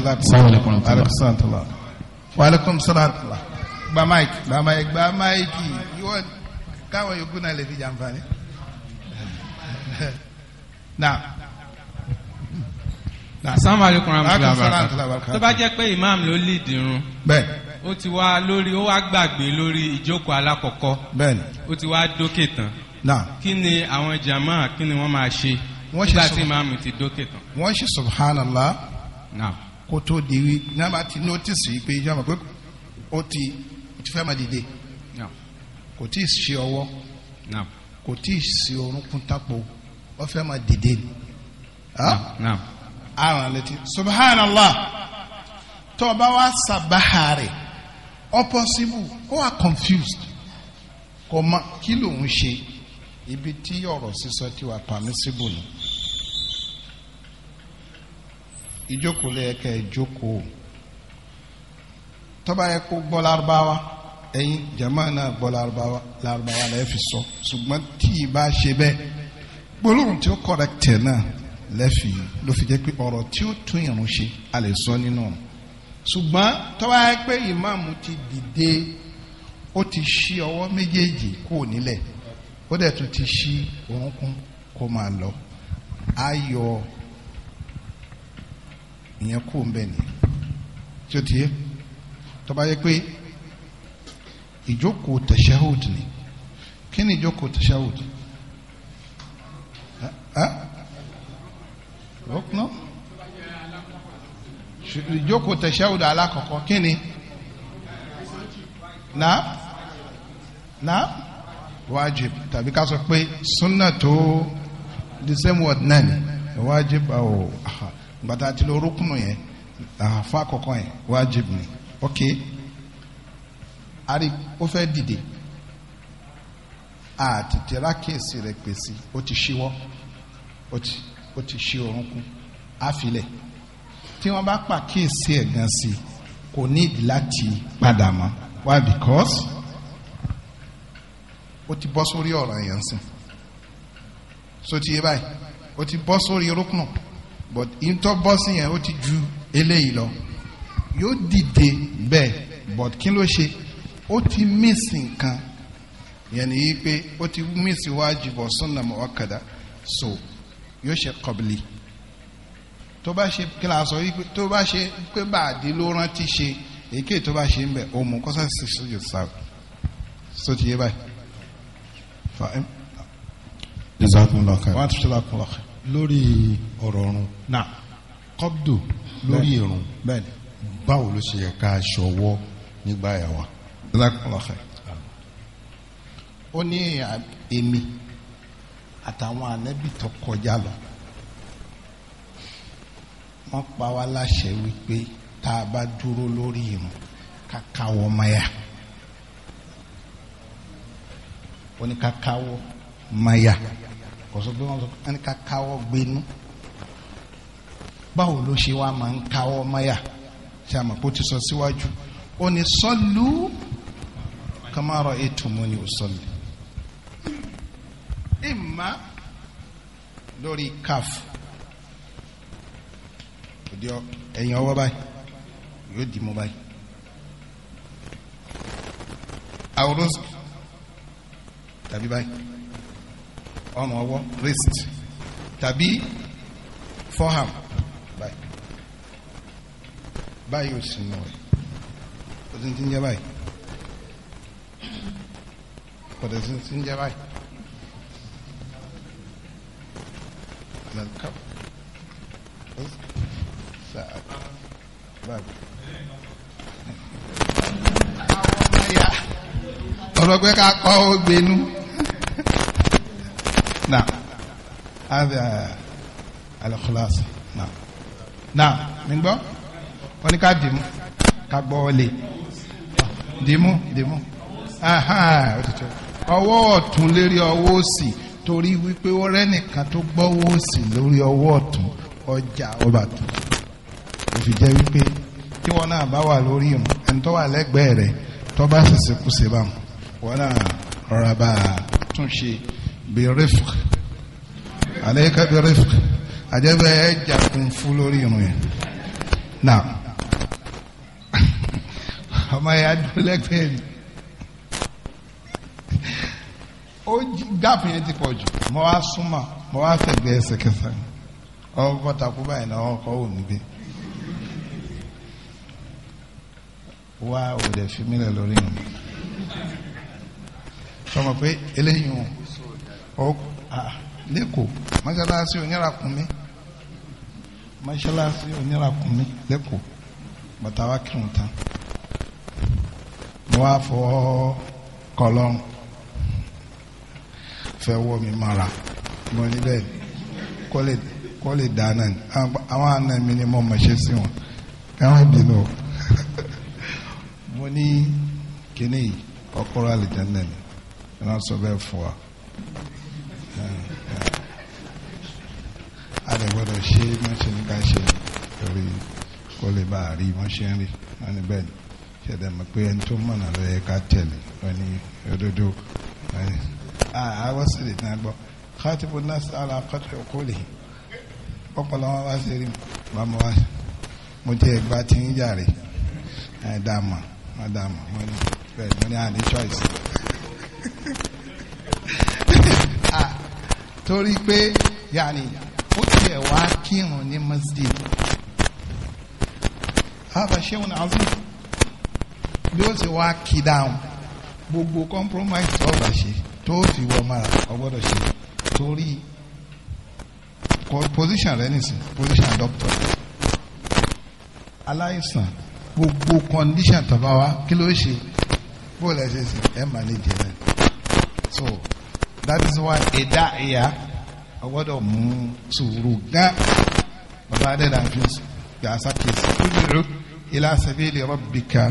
jésù wàlẹ́kùn sọ́dọ̀tìlá gba máìkì gba máìkì gba máìkì yíwọ́ káwọn yòókù náà lè fi jàǹfààní. náà assalamu alaikum warahmatullahi wabarakatuh tó bá jẹ́ pé imam ló lead irun bẹ́ẹ̀ ó ti wá lórí ó wá gbàgbé lórí ìjókòó alákọ̀ọ́kọ́ bẹ́ẹ̀ ni ó ti wá dókè tán náà kí ni àwọn jàmáà kí ni wọ́n máa ṣe nígbà tí imam ti dókè tán. wọ́n ṣe subhanallah. náà kó tó di wí náà ti notice yìí pé yọmọ pé ó ti ó ti fẹ́ máa dìde kò tí ì ṣe ọwọ́ kò tí ì ṣe orúnkún tápò ó fẹ́ máa dìde ni àwọn subhanallah tó o bá wá sàbáhà rẹ̀ ó wà confused kò mọ kí lòun ṣe ibi tí ọ̀rọ̀ sísọ ti wà permissible ni. No ìjókòó lẹ́yìn kẹ́ ìjókòó tọ́ba yẹ kó gbọ́ lárúbáwá ẹ̀yin jama náà gbọ́ lárúbáwá lárúbáwá lẹ́ẹ̀ fi sọ ṣùgbọ́n tí ì bá ṣe bẹ́ẹ̀ gbólóhùn tí ó kọ̀rẹ́kítẹ̀ náà lẹ́fì ló fi jẹ́ pé ọ̀rọ̀ tí ó tún ìrun ṣe a lè sọ nínú ọ̀run ṣùgbọ́n tọ́ba yẹ pé ìmáàmù ti dìde ó ti ṣí ọwọ́ méjèèjì kúò nílẹ̀ ó dẹ̀ tún ti ṣí orúnkún kó máa lọ ayọ̀ ìyẹn kú mbẹ ni tí ó ti yẹ tó bá yẹ pé ìjókòó tashahud ni kí ni ìjókòó tashahud ọkùnà ìjókòó tashahud alákọ̀ọ́kọ́ kí ni na na wajib tàbí ká sọ pé sunna tó the same word náà ni wajib awo aha bàtà àti lọ rúkúnù yẹn àfa àkọ́kọ́ yẹn wájib ni ok ari ó fẹ́ dìde àtìtì rákèsì rẹ̀ pèsè ó ti ṣíwọ́ o ti ṣí orúnkún àfilẹ̀ tí wọ́n bá pàkíyèsí ẹ̀ gan sí kò ní láti padà mọ́ why because o ti bọ́ sórí ọ̀ràn yẹn sìn so ti yé báyìí ó ti bọ́ sórí orúnkún but ìtọ́ bọ́ sí yẹn ó ti ju eléyìí lọ yóò dìde bẹ́ẹ̀ but kí ló ṣe ó ti mísì nǹkan yẹn ni yìí pé ó ti mísì wájibọ̀ sunna muakkada so yóò ṣe qabli tó bá ṣe kí la sọ wípé tó bá ṣe pé bàdí ló rántí ṣe èké tó bá ṣe ń bẹ òmù kọ́sá sì sójú sáà so ti yé báyìí. jazakumullahu khairan. wọ́n á tún ṣe lórí ọ̀rọ̀ ọ̀run náà kọ́bdù lórí ìrun bẹ́ẹ̀ni báwo ló ṣe yẹ ká ṣọwọ́ nígbà ẹ̀wà lákọlọ́fẹ́. ó ní èmi àtàwọn ànẹ́bí tó kọjá lọ wọ́n pa wá láṣẹ wípé tá a bá dúró lórí ìrun ká máyà ó ní ká máyà kò sọ pé wọ́n sọ pé ká káwọ́ gbénú báwo ló ṣe wá máa ń káwọ́ mọ́yà tí a mọ̀ pé ó ti sọ síwájú ó ní sọ́lù kàmárọ̀ ètò ni ò sọ́lù. ìmá lórí caf òdi ẹ̀yìn ọwọ́ báyìí yóò di mú báyìí. àwòrán tàbí báyìí ọrùn ọwọ́ wrist tàbí foreham báyìí báyìí ò sì nù rẹ̀ ó ti ń ti ń jẹ́ báyìí kò dẹ̀ ti ń ti ń jẹ́ báyìí. ọ̀rọ̀ pé ká kọ́ ó gbénú. نعم هذا الخلاصة نعم نعم من بو wọ́n ní ká dìmú ká gbọ́ ọlẹ̀ dìmú dìmú ọwọ́ ọ̀tún lérí ọwọ́ òsì torí wípé ó rẹ́nìkan tó gbọ́wọ́ òsì lórí ọwọ́ ọ̀tún ọjà ọba tó òfin jẹ́ wípé tí wọ́n náà bá wà lórí ìrùn ẹni tó wà lẹ́gbẹ̀ẹ́ rẹ̀ tó bá sì ṣe bá mu náà rọra bá a tún ṣe birifq aleika birifq àjẹbẹ ẹ jà kún fún lórí irun yẹn na ọmọ yẹn adúlọ lẹgbẹẹ mi ó gáàpù yẹn ti pọ̀ jù mo wá súnmọ́ mo wá fẹ̀gbẹ́ ẹsẹ̀kẹsẹ̀ ọkọ̀ takú báyìí náà ọkọ̀ ò níbí wá òde fi mílẹ̀ lórí irun sọmọ pé eléyìí wọn lẹ́kọ̀ọ́ mọ́ṣáláṣí onírakùnmí mọ́ṣáláṣí onírakùnmí lẹ́kọ̀ọ́ bàtà wa kírun tán mo wá fọ kọlọ́n fẹ́ wọ́ mi mara mo ní bẹ́ẹ̀ kọ́lé kọ́lé dáná ni àwọn àna mi ni mo mọ̀ṣẹ́ sí wọn káwọn bínú o mo ní kíní ọkọ̀rọ̀ àlìjáná ni wọ́n sọ bẹ́ẹ̀ fún wa a lè gbọ́dọ̀ ṣe wọ́n ṣe ní ká ṣe torí kó lè bá a rí wọ́n ṣe ń rí wọ́n ní bẹ́ẹ̀ ni ṣẹ̀dá mọ̀ pé ẹni tó mọ̀nà ló yẹ ká tẹ̀lé wọ́n ní òdodo àwọn sì lè tán gbọ́ kátìbù náà sára kọ́tù kó lè ọpọlọ wọn wá sí rí bá mo wá mo jẹ ìgbà tí ń jàre ẹ dá mọ̀ wọ́n dá mọ̀ bẹ́ẹ̀ ni wọ́n ní àní ah, choice. torí pé yàní ó tiẹ̀ wá kírun ní masjid haba shehun azim bí ó sì wá kí dáhùn gbogbo compromise tó bá ṣe tó fi wọ mara ọgbọ́dọ̀ ṣe torí position rẹ nìsín position doctor aláìsàn gbogbo condition tó bá wá kí ló ṣe bó lẹ ṣe ṣe ẹ manage rẹ so that is why ẹ̀dá ẹ̀yà ọgbọ́dọ̀ mú sùúrù gán bàbá adẹ́dà fi gbàsá kìsì kúndùrú ila sabili rabbika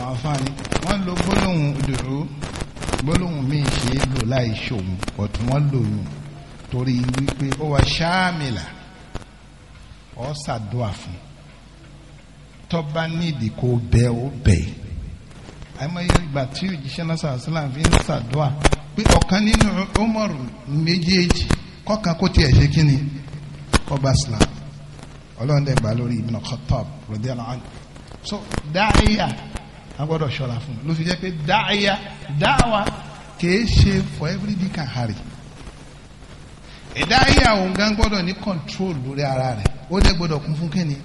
àwọn afáàní wọ́n lo gbólóhùn dùrú gbólóhùn míì ṣe é lò láì ṣòwò ọ̀tún wọ́n lòyún torí wípé ó wà ṣáàmìlà ọ̀ ṣàdúà fún tọ́ba nídìí kó bẹ́ẹ̀ ó bẹ́ẹ̀ àìmọye ìgbà tí òjíṣẹ́ náà sàásìlà fi ń sàdúà pé ọ̀kan nínú Umar méjèèjì kọ́kan kó tiẹ̀ ṣe kí ni kọ́gbà sílá ọlọ́run dẹ̀ gbà lórí Ibn Khattab radiyallahu anhu so dáìyà a gbọ́dọ̀ ṣọ́ra fún un ló fi jẹ́ pé dáìyà dáwà kìí ṣe for every day can harry ìdáyà òun gan gbọ́dọ̀ ní control lórí ara rẹ̀ ó dẹ̀ gbọ́dọ̀ kún fún kíni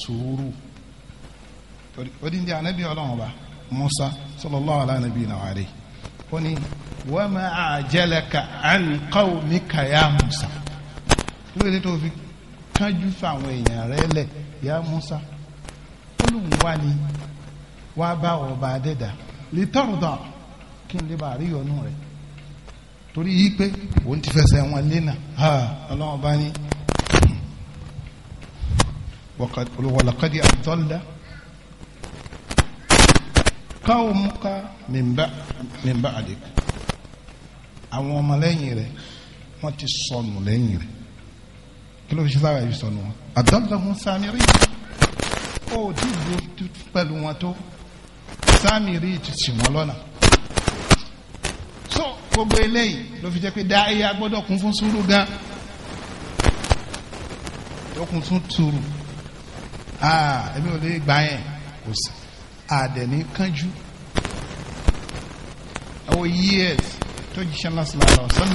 sùúrù ó dín dín anábì musa sallallahu ala nabiyina alayhi ó ní wa ma ajalaka an qawmika ya musa lórí tó fi kánjú fáwọn èèyàn rẹ lẹ ya musa olùwà ni wàá bá ọba adẹ́dà lítọ́rọ̀dọ̀ kí n lè bá rí ọ̀nù rẹ̀ torí yìí pé òun ti fẹsẹ̀ wọn léna ọlọ́wọ́n bá ní olùwàlàkàdì àdọ́lá qawmuka min ba'dik àwọn ọmọlẹ́yìn rẹ̀ wọ́n ti sọnù lẹ́yìn rẹ̀ kí ló fi ṣe sábà yìí sọnù wọn. àdọ́gbọ̀n samiri ó ti dùn pẹ̀lú wọn tó samiri ti sì wọ́n lọ́nà. so gbogbo eléyìí ló fi jẹ́ pé dáìyà gbọ́dọ̀ kún fún sùúrù gan tó kún fún sùúrù ah èmi ò lè gbà yẹn kò sí àdẹ̀ní kánjú àwọn years tó jíṣẹ́ lásìlá àlọ́ tó ń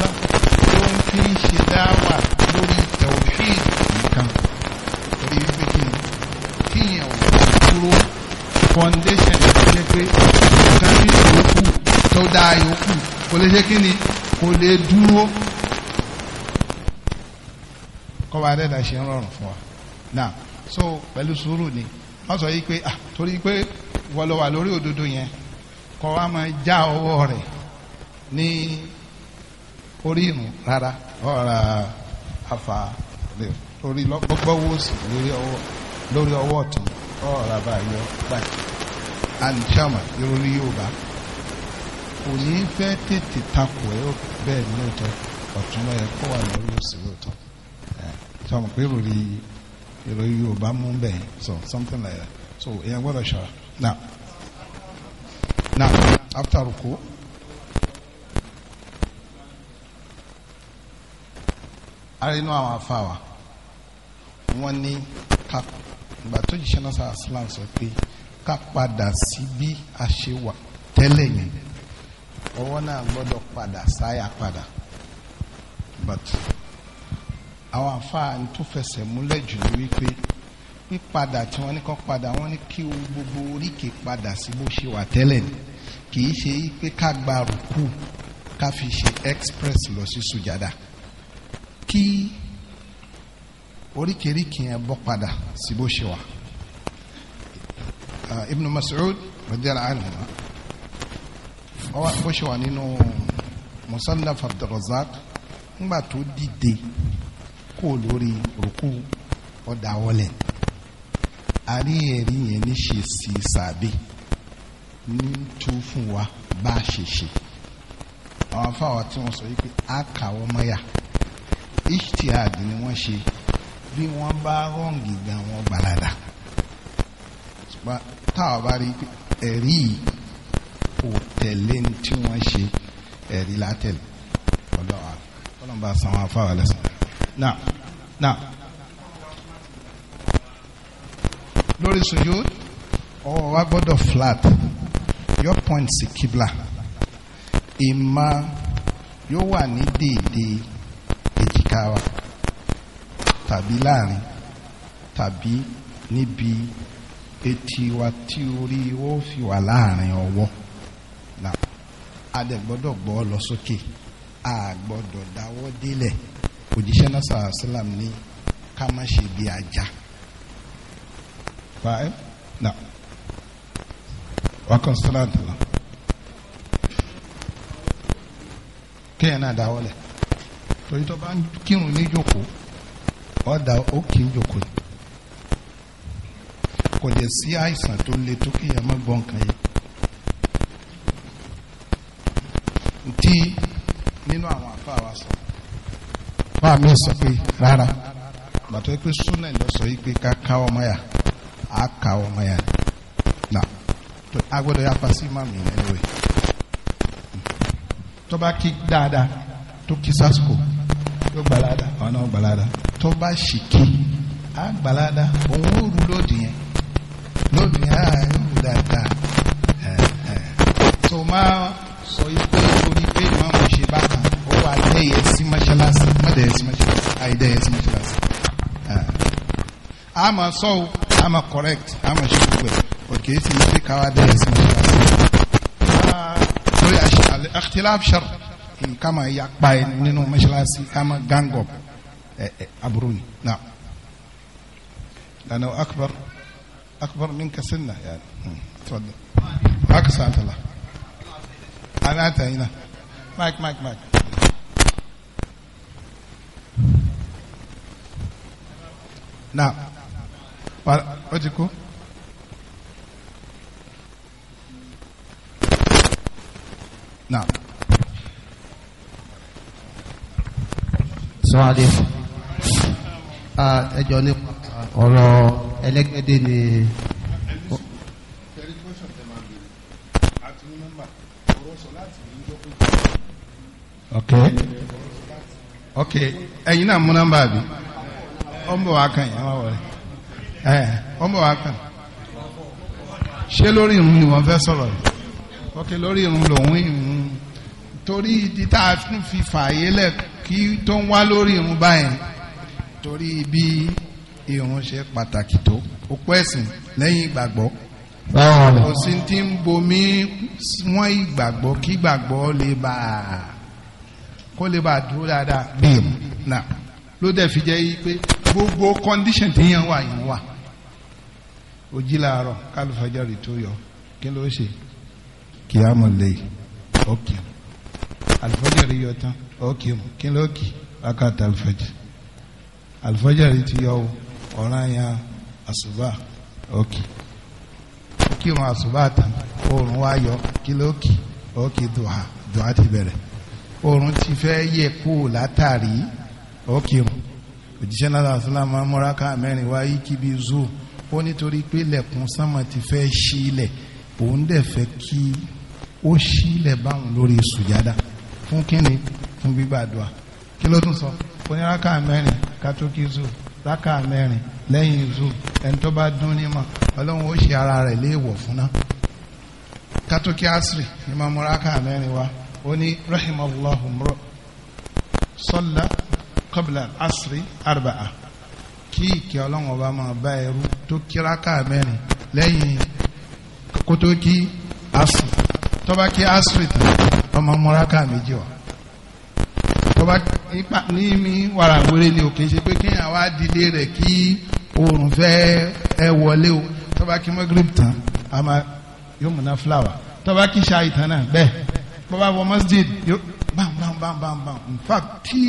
fi ṣe dáwà lórí tawhid nìkan lórí wípé kí ni kíyàn ò dúró foundation ṣe pé nǹkan yòókù tó dáa yòókù kò lè ṣe kí ni kò lè dúró kọ́ba adẹ́dà ṣe ń rọrùn fún wa now so pẹ̀lú sùúrù ni wọ́n sọ yìí pé ah torí pé wọ́n lọ wà lórí òdodo yẹn kọ́ wa máa já ọwọ́ rẹ̀ ní orí ìrùn rárá ọ̀rà àfà rẹ̀ lórí gbogbo owó sí lórí ọwọ́ lórí ọwọ́ ọ̀tún ọ̀rà báyọ̀ báyìí alìjáàmà ìròyìn yorùbá kò ní fẹ́ tètè takò ẹ́ bẹ́ẹ̀ ní lóòótọ́ ọ̀tún lọ́yẹ kó wà lórí òsì lóòótọ́ sọmọ pé ìròyìn ìròyìn yorùbá mú bẹ́ẹ̀ so something like that so èèyàn gbọ́dọ̀ ṣọ́ra. Now, now after ruku. arínú àwọn afáwa wọ́n ní ká ìgbà tó jíṣẹ́ náà sáà sílá sọ pé ká padà sí bí a ṣe wà tẹ́lẹ̀ yẹn ọwọ́ náà gbọ́dọ̀ padà sáyà padà but àwọn afáà tó fẹsẹ̀ múlẹ̀ jù ní wípé pípadà tí wọ́n ní kọ́ padà wọ́n ní kí gbogbo oríkèé padà sí bó ṣe wà tẹ́lẹ̀ ni kì í ṣe pé ká gba rùkú ká fi ṣe express lọ sí sùjádà kí oríkèéríkèé yẹn bọ́ padà sí bó ṣe wà. Ibn Mas'ud radiyallahu anhu bó ṣe wà nínú Musannaf Abdurrazzaq ńgbà tó dìde kó lórí rùkú ọ̀dà wọlé a rí ẹ̀rí yẹn níṣe sí sàbẹ̀ ní tú fún wa bá a ṣe ṣe àwọn afáwọn tí wọ́n sọ yìí pé a kà wọ́n mọ́yà ihtihad ni wọ́n ṣe bí wọ́n bá rọ́ǹgì gan wọ́n gbalada ṣùgbọ́n táwọn bá rí ẹ̀rí kò tẹ̀lé tí wọ́n ṣe ẹ̀rí látẹ̀lé ọlọ́wà ọlọ́mọba sanwó afáwọn lẹ́sàn náà náà. lórí sujud ọwọ́ wa gbọ́dọ̀ flat yọ point sí kíbla ìmọ̀ yóò wà ní déédéé èjìká wa tàbí láàrin tàbí níbi etí wa tí orí wọ́n fi wà láàrin ọwọ́ náà a dẹ̀ gbọ́dọ̀ gbọ́ lọ sókè a gbọ́dọ̀ dáwọ́ délẹ̀ òjíṣẹ́ náà sàrà ní ká má ṣe bí ajá. فاهم؟ نعم وكن صلاة الله kéèyàn náà dáwọ́ lẹ̀ torí tó bá ń kírun ní jòkó ọ̀dà ó kì í jòkó ni kò dẹ̀ sí àìsàn tó le tó kéèyàn má gbọ́ nǹkan yìí tí nínú àwọn wa sọ bá mi sọ pé rárá bàtọ́ pé súnà lọ sọ yìí á ọmọ yẹn na a gbọ́dọ̀ yà pàṣẹ ìmáàmù yẹn anyway tó bá kí dáadáa tó kí sásìkò yóò gbalada àwọn náà gbalada tó bá sì kí á gbalada òun ó ru lóde yẹn lóde yẹn á rú dáadáa ẹ ẹ tó máa sọ yìí orí pé ìmáàmù ṣe bákan ó wà dẹ́yẹ sí mọ́ṣáláṣí mọ́dẹ̀yẹ sí mọ́ṣáláṣí àìdẹ́yẹ sí mọ́ṣáláṣí a máa sọ o. ama correct ama ṣe gbogbo ẹ̀ òkè sì ń fi káwá bẹ́ẹ̀ sí ní ìlàsí. torí ikhtilaf shar nǹkan máa ya pa ẹ nínú mọ́ṣáláṣí ká máa gángọ̀ aburú ni na lana akbar akbar minka sinna yaani tafadhal haka sa'atala ana atayina mike mike mike نعم ó ti kú. Naam. sọ́wádé ẹjọ́ ní ọ̀rọ̀ ẹlẹ́gbẹ́dẹ́ ni. ok ok ẹ̀yin náà mú nọ́mbà bi ọ̀nbọ̀ wa kàn yín wá wọlé ẹ ọmọ wa kàn ṣé lórí irun ni wọ́n fẹ́ sọ̀rọ̀ yìí ok lórí irun lòun irun torí ìdí tá a fi fààyè lẹ̀ kí tó ń wá lórí irun báyìí torí bí irun ṣe pàtàkì tó òpó ẹ̀sìn lẹ́yìn ìgbàgbọ́ kò sí ti ń bomi wọ́n ìgbàgbọ́ kí ìgbàgbọ́ lè bá a kó lè bá a dúró dáadáa bí irun hmm. náà ló dẹ̀ fi jẹ́ yí pé gbogbo condition ti yàn wà yìí wà òjì làárọ̀ kálífàjárì tó yọ kí ló ṣe kìámù lẹ́yìn ọ̀kì àlùfàjárì yọ tán ọ̀kì mu kí ló kì wákàtí àlùfàjárì àlùfàjárì ti yọ ọ̀ràn yẹn àṣùbà ọ̀kì kí wọn àṣùbà tán oòrùn wá yọ kí ló kì ọ̀kì dùhà dùhà ti bẹ̀rẹ̀ oòrùn ti fẹ́ yẹ kú látàrí ọ̀kì mu òjíṣẹ́ náà sọ́lá máa múra ká mẹ́rin wá yí kíbi zoo ó nítorí pé lẹ́kùn sánmà ti fẹ́ ṣí ilẹ̀ òun dẹ̀ fẹ́ kí ó ṣí ilẹ̀ báwọn lórí sùjádà fún kíni fún gbígbàdúrà kí ló tún sọ ó ní ráká mẹ́rin kátókì zoo ráká mẹ́rin lẹ́yìn zoo ẹni tó bá dún ní mọ̀ ọlọ́run ó ṣe ara rẹ̀ léèwọ̀ fún ná kátókì asiri ni máa múra mẹ́rin wá ó ní rahimallahu mro sọlá kọ́bìlà asiri arba'a kí ìkẹ́ ọlọ́run ọba máa bá ẹrú tó kíráká mẹ́rin lẹ́yìn kótó kí asiri tọ́ba kí asiri tán ọmọ múraká méjì wá tọ́ba ipa ní mi wàrà wéré ni òkè ṣe pé kéèyàn wá dílé rẹ̀ kí oòrùn fẹ́ ẹ wọlé o tọ́ba kí mọ́gírìbì tán àmà yóò múná fúláwà tọ́ba kí ṣáà ìtàn náà bẹ́ẹ̀ bọ́ba wọ mọ́sídìí yóò bam bam bam bam bam in fact tí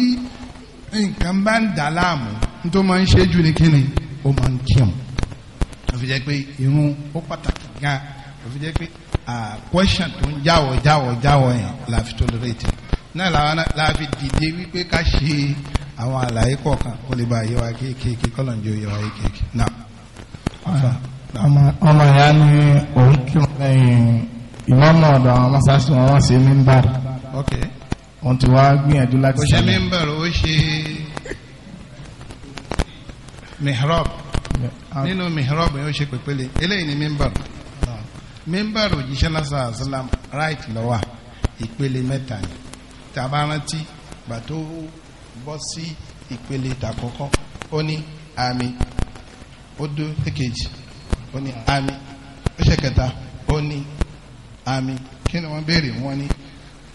nǹkan bá ń dà láàmú tó máa ń ṣe jù ní kíni ó máa ń kírun ó fi jẹ́ pé irun ó pàtàkì gan ó fi jẹ́ pé question tó ń jáwọ́ jáwọ́ jáwọ́ yẹn la fi tolerate náà làwọn la fi dìde wípé ká ṣe àwọn àlàyé kọ̀ọ̀kan ó lè bá yé wa kéékèèké kọ́lọ̀njọ́ yé wa kéékèèké náà. ọmọ ìyá ni òun kírun lẹ́yìn ìmọ̀ọ́mọ̀ ọ̀dọ̀ àwọn mọ́sáàsì wọn wọ́n ṣe mí ń bàrẹ̀ wọ́n ti wá gbìyànjú láti sálẹ̀. kò ṣe mímbà ó ṣe mihrab nínú mihrab yóò ṣe pèpele eléyìí ni mímbà mímbà òjíṣẹ́ lásán àṣàlám right lọ́wọ́ ìpele mẹ́ta ni tàbá rántí gbàtó bọ́ sí ìpele ìtàkọ́kọ́ ó ní àmì ó dó èkejì ó ní àmì ó ṣe kẹta ó ní àmì kí ni wọ́n béèrè wọ́n ní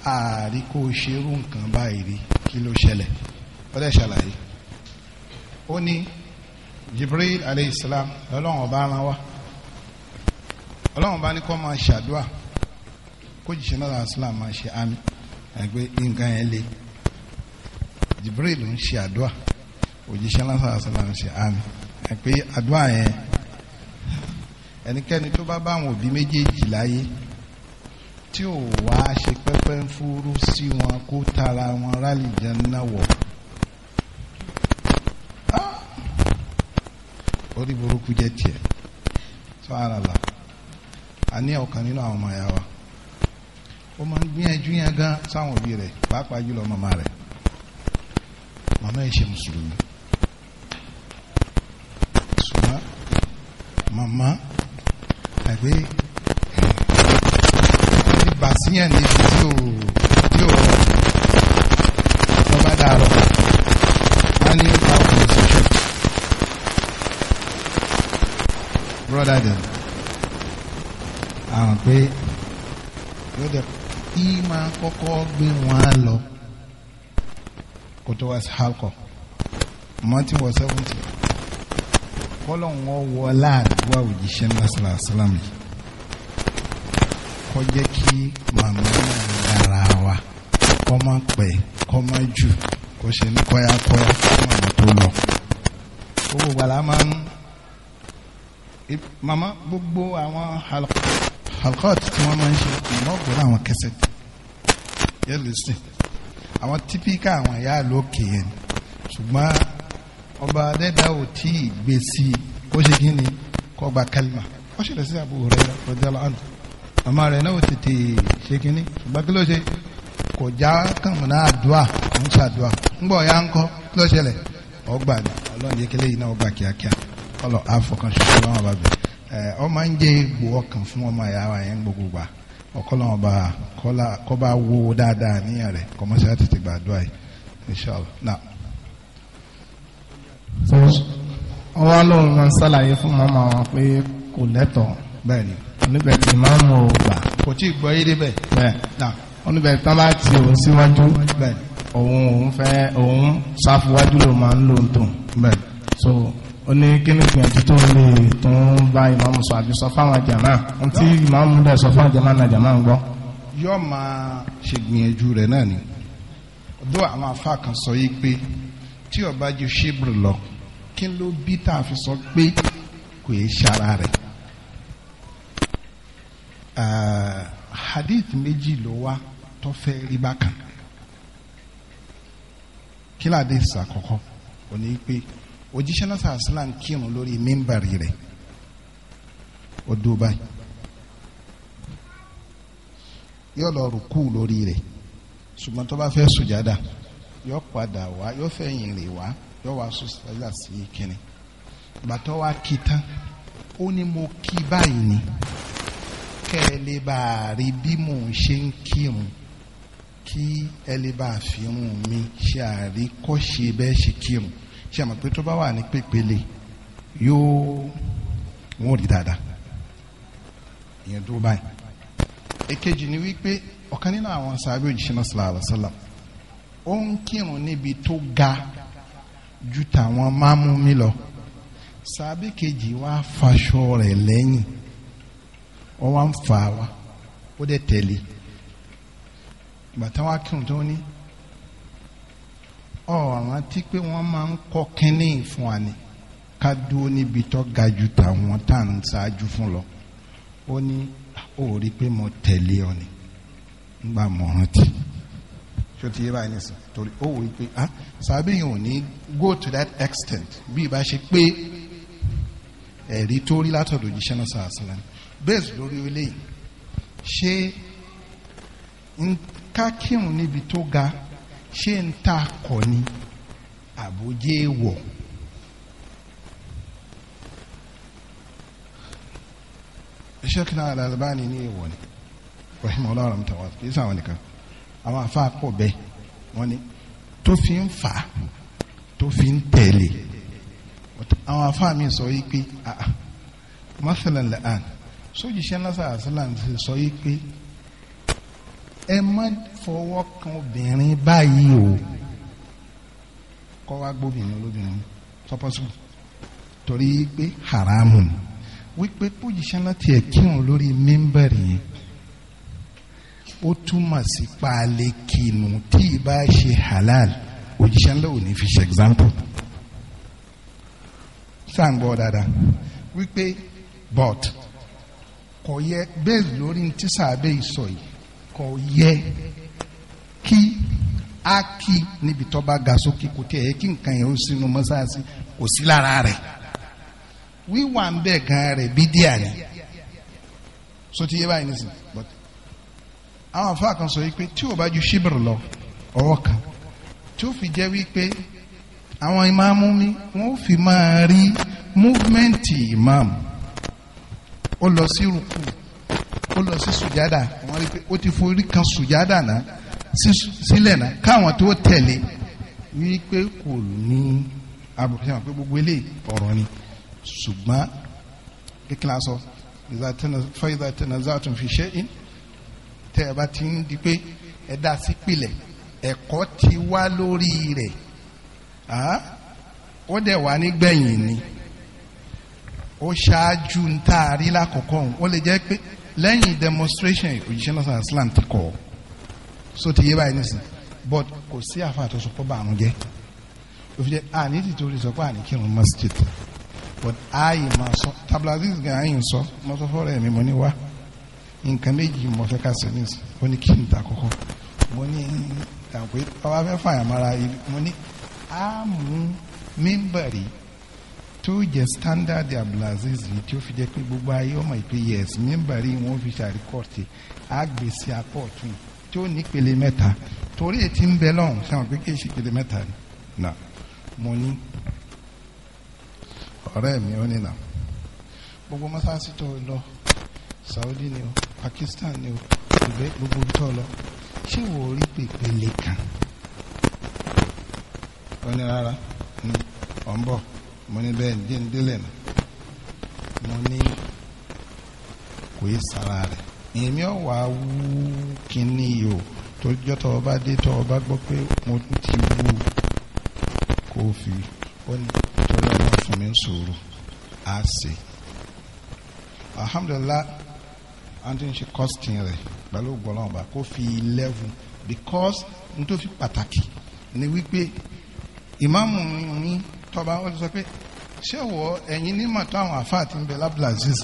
ààrí kó o ṣerú nǹkan báyìí rí kí ló ṣẹlẹ̀ ó dẹ̀ ṣàlàyé ó ní Jibril aleyhisselam ọlọ́run ọba ara wa ọlọ́run ọba ní kó máa ṣàdúà kó jìṣẹ́ náà aleyhisselam máa ṣe àmì ẹgbẹ́ nǹkan yẹn le Jibril ń ṣe àdúà òjíṣẹ́ náà aleyhisselam ṣe àmì ẹgbẹ́ àdúà yẹn ẹnikẹ́ni tó bá bá àwọn òbí méjèèjì láyé tí ò wá ṣe pẹ́pẹ́ ń fúrú sí wọn kó tara wọn rálìjẹ́ náwọ̀ ah! orí burúkú jẹ́ tiẹ̀ sọ́hánàlá a ní ọ̀kan nínú àwọn ọmọ ẹ̀yà wa ó máa ń gbìyànjú yẹn gan sáwọn òbí rẹ̀ pàápàá jùlọ màmá rẹ̀ màmá ẹ̀ ṣe mùsùlùmí ṣùgbọ́n màmá àgbẹ̀ bà síyàn níbi tí ò tí ò rọrùn tó bá dàrọ a ní ó ta òkú ìṣẹṣẹ brother dem àwọn pé yóò dẹ kí máa kọ́kọ́ gbé wọn lọ kó tó wá sí halkọ mọ́tí wọ seventy kọ́lọ̀ wọn wọ láàdúrà òjíṣẹ́ ńlá sàlámù yìí kọ́ jẹ́ kí màmá náà dára wa kọ́ má pẹ́ kọ́ má jù kó ṣe ní kọ́ ya kọ́ màmá tó lọ. gbogbo gbala máa ń màmá gbogbo àwọn halkot tí wọ́n máa ń ṣe ìmọ̀ gbọ́dọ̀ àwọn kẹsẹ̀ yẹ lè sìn àwọn típíkà àwọn ìyá lókè yẹn ṣùgbọ́n ọba adẹ́dá ò tí ì gbé sí i ó ṣe kí ni kọ́ gba kálímà ó ṣẹlẹ̀ sí àbúrò rẹ̀ rẹ̀ dẹ́lọ́ mama rẹ̀ náà ó ti ṣe kínní ṣùgbọ́n kí ló ṣe kò já kàmùnà àdúà ń ya ń kọ́ kí ló ṣẹlẹ̀ ọgbà ni ọlọ́run yẹ kílẹ̀ náà ọgbà kíákíá kọlọ̀ àfọkàn ṣoṣo lọ́wọ́ ẹ ọmọ ń egbò ọkàn fún ọmọ wa yẹn gbogbo gbà kọ́ba wo dáadáa níyàn tètè yìí lóun máa ń fún bẹ́ẹ̀ni. oníbẹ̀ tí máa ń mú o kò tí ì gbọ́ yé débẹ̀. bẹ́ẹ̀ na oníbẹ̀ tí wọ́n bá ti òun síwájú. bẹ́ẹ̀ òun òun fẹ́ òun sáfúwájú ló máa ń lò ń tún. bẹ́ẹ̀ so oní kíni gbìyànjú tó lè tún bá ìmáàmù sọ àbí sọ fáwọn jàmá ohun tí ìmáàmù dẹ̀ sọ fáwọn jàmá náà jàmá ń gbọ́. yóò máa ṣègbìyànjú rẹ̀ náà ni ọdọ àwọn afa kan sọ yìí pé tí ó ju ṣíbrì lọ kí ló bí tá a fi sọ pé kò yé ṣara rẹ̀ Eh, hadith méjì ló wá tó fẹ́ rí bákan kílà hadith àkọ́kọ́ òní pé òjíṣẹ́ náà sàásìlà ń kírun lórí mímbàrí rẹ̀ ó dúró báyìí yóò lọ rùkú lórí rẹ̀ ṣùgbọ́n tó bá fẹ́ sùjádà yóò padà wá yóò fẹ̀yìn rẹ̀ wá yóò wá sùjádà sí kínní bàtọ́ wa kí tán ó ní mo kí báyìí ni kẹ́ ẹ lè bá a rí bí mò ń ṣe ń kírun kí ẹ lè bá a fi irun mi ṣe àríkọ́ṣe bẹ́ẹ̀ ṣe kírun ṣe àmọ̀ pé tó bá wà ní pépele yóò wọ́n rí dáadáa ìyẹn dúró báyìí. èkejì ni wípé ọ̀kan nínú àwọn sábẹ́ òjíṣẹ́ náà sallallahu alaihi ó ń kírun níbi tó ga ju tàwọn máàmú mi lọ sábẹ́ kejì wá faṣọ rẹ̀ lẹ́yìn wọ́n wá ń fa wa ó dẹ̀ tẹ̀lé bàtà wa kírun tó ní ọ̀ràn tí pé wọ́n máa ń kọ́ kínní fún wa ni ká dúró níbi tó ga ju tàwọn tá à ń ṣáájú fún lọ ó ní ó rí i pé mo tẹ̀lé ọ ni nígbà mo rántí tó ti yé báyìí nìsín torí ó wòye pé ah sábẹ́ yìí ò ní go to that extent bí ibà ṣe pé ẹ̀rí tó rí látọ̀dọ̀ òjíṣẹ́ náà sàásìlẹ̀ ni bẹ́ẹ̀sì lórí eléyìí ṣé n ká kírun níbi tó ga ṣé n ta kọ́ ni àbójé wọ̀. ṣẹ́kìnà Al-Albani ní èèwọ̀ ni rahim ọlọ́run tàwa kì í sàwọn nìkan àwọn afáà pọ̀ bẹ́ẹ̀ wọ́n ní tó fi ń fà á tó fi ń tẹ̀lé àwọn afáà mi sọ yìí pé ah masalan la'an sójìṣẹ́ lásán àṣìláà ti sọ yìí pé ẹ má fọwọ́ kan obìnrin báyìí o kọ́ wá gbóbìnrin olóbìnrin sọpọ́sùn torí pé haramu ni wípé pójìṣẹ́ láti ẹ̀ kírun lórí mímbẹ̀rì yẹn ó túmọ̀ sí paálé kinu tí ì bá ṣe halal òjìṣẹ́ ńlá ò ní fi ṣe example sáà ń gbọ́ dáadáa wípé but kò yẹ bẹ́ẹ̀ lórí tí sàbẹ̀ ìsọ yìí kò yẹ kí a kí níbi tó bá ga sókè kò tí ẹ kí nǹkan yẹn ó sínú mọ́sáàsì kò sí lára rẹ̀ wíwà ń bẹ̀ gan rẹ̀ bídíà ni so ti yé báyìí nísìn but àwọn afa kan sọ wípé tí o bá ju ṣíbìrì lọ ọwọ́ kan tí ó fi jẹ́ wípé àwọn ìmáàmù mi wọ́n fi máa rí múfúmẹ́ǹtì ìmáàmù ó lọ sí rúkú ó lọ sí sùjádà wọ́n rí pé ó ti forí kan sùjádà náà sílẹ̀ náà káwọn tó tẹ̀lé wípé kò ní abùkù sẹ́wọ̀n pé gbogbo eléyìí ọ̀rọ̀ ni ṣùgbọ́n kíkìlá sọ fẹ́ẹ́dà tẹ̀nazàtún fi ṣe é tẹ́ ẹ bá ti ń di pé ẹ dá sí pilẹ̀ ẹ̀kọ́ ti wá lórí rẹ̀ ó dẹ̀ wá nígbẹ̀yìn ni ó ṣáájú ń tá a rí lákòókò òun ó lè jẹ́ pé lẹ́yìn demonstration òjíṣẹ́ náà sàn islam ti kọ̀ so ti yé báyìí nísìn but kò sí àfáà tó sọ pé bàrún jẹ́ òfin jẹ́ àní tìtorí sọ pé àní kírun masjid but ààyè máa sọ tablaziz gan ààyè ń sọ mo sọ fọ́ọ̀rọ̀ ẹ̀mí mo ní wá nǹkan méjì mo fẹ́ ká sọ nísìn ó ní kí n ta kọ́kọ́ mo ní ìtàn pé bàbá fẹ́ fàyàmára mo ní àmú mímbàrí tó jẹ́ standard abdulaziz yìí tí ó fi jẹ́ pé gbogbo ayé ọmọ ìpè yes mímbàrí wọn fi ṣàríkọ̀tì àgbèsè apọ̀ ọ̀tún tí ó nípele mẹ́ta torí ètí ń bẹ lọ́hùn sáwọn pé kí ìpele mẹ́ta ni nà mo ní ọ̀rẹ́ mi ó ní nà gbogbo mọ́sáàsì tó lọ Saudi ni o Pakistan ni o ìgbẹ́ gbogbo tó lọ ṣé wò ó rí pèpele kan ó ní rárá ọ̀n bọ̀ mo ní bẹ́ẹ̀ ní délẹ̀ nà mo ní kò yé sara rẹ̀ èmi ò wá wú kínní yìí o toríjọ́ tọ́ ọba dé tọ́ ọba gbọ́ pé mo ti wú kó o fi ó ní torí ọba fún mi sòrò á sè alhamdulilah àti ń ṣe kọ́sìtìn rẹ̀ pẹ̀lú ògbọ́nọ́ọ̀bà kó fi eleven because n tó fi pàtàkì ni wípé ìmáàmù mi tọba ó sọ pé ṣé wọ ẹ̀yin nímọ̀ tó àwọn àfáà ti ń bẹ lábúlàzíz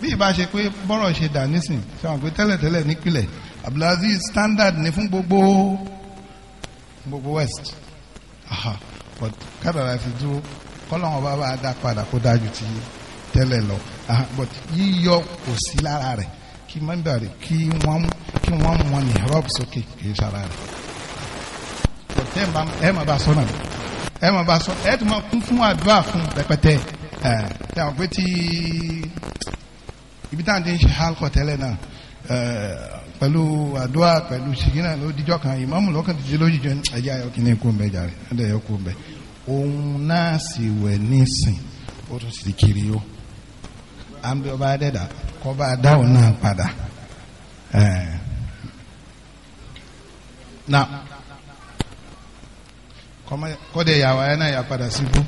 bí ìbá ṣe pé bọ́rọ̀ ṣe dà nísìn ṣe àwọn pé tẹ́lẹ̀tẹ́lẹ̀ nípìnlẹ̀ abdulaziz standard ni fún gbogbo gbogbo west aha but kádàrà fi dúró kọ́lọ́wọ́n bá bá a dá padà kó dájú ti tẹ́lẹ̀ lọ aha but yíyọ kò sí lára rẹ̀ kí mọ́ńdà rẹ̀ kí wọ́n kí wọ́n mọ ní rọ́ọ̀bù sókè kì í sára rẹ̀ sọ̀rọ̀ tẹ́ ẹ máa bá sọ náà ẹ máa bá sọ ẹ tún máa kún fún àdúrà fún pẹpẹtẹ ẹ ẹ àwọn pé tí ibi táwọn ti ń ṣe halkọ tẹ́lẹ̀ náà pẹ̀lú àdúrà pẹ̀lú ṣìgínà ló dijọ́ kan ìmáàmù lọ́kàn ti di lójijì ẹjẹ́ ayọ̀ kí ni kú ń bẹ jàre ẹ̀dẹ̀ yọ kú ń bẹ òun náà sì wẹ̀ nísìn ó tún sì ti kiri yó à ń bẹ ọba adẹ́dà kọ́ bá a dá òun náà padà. Now, kọ́dẹ̀ yà wáyé náà yà padà sí bú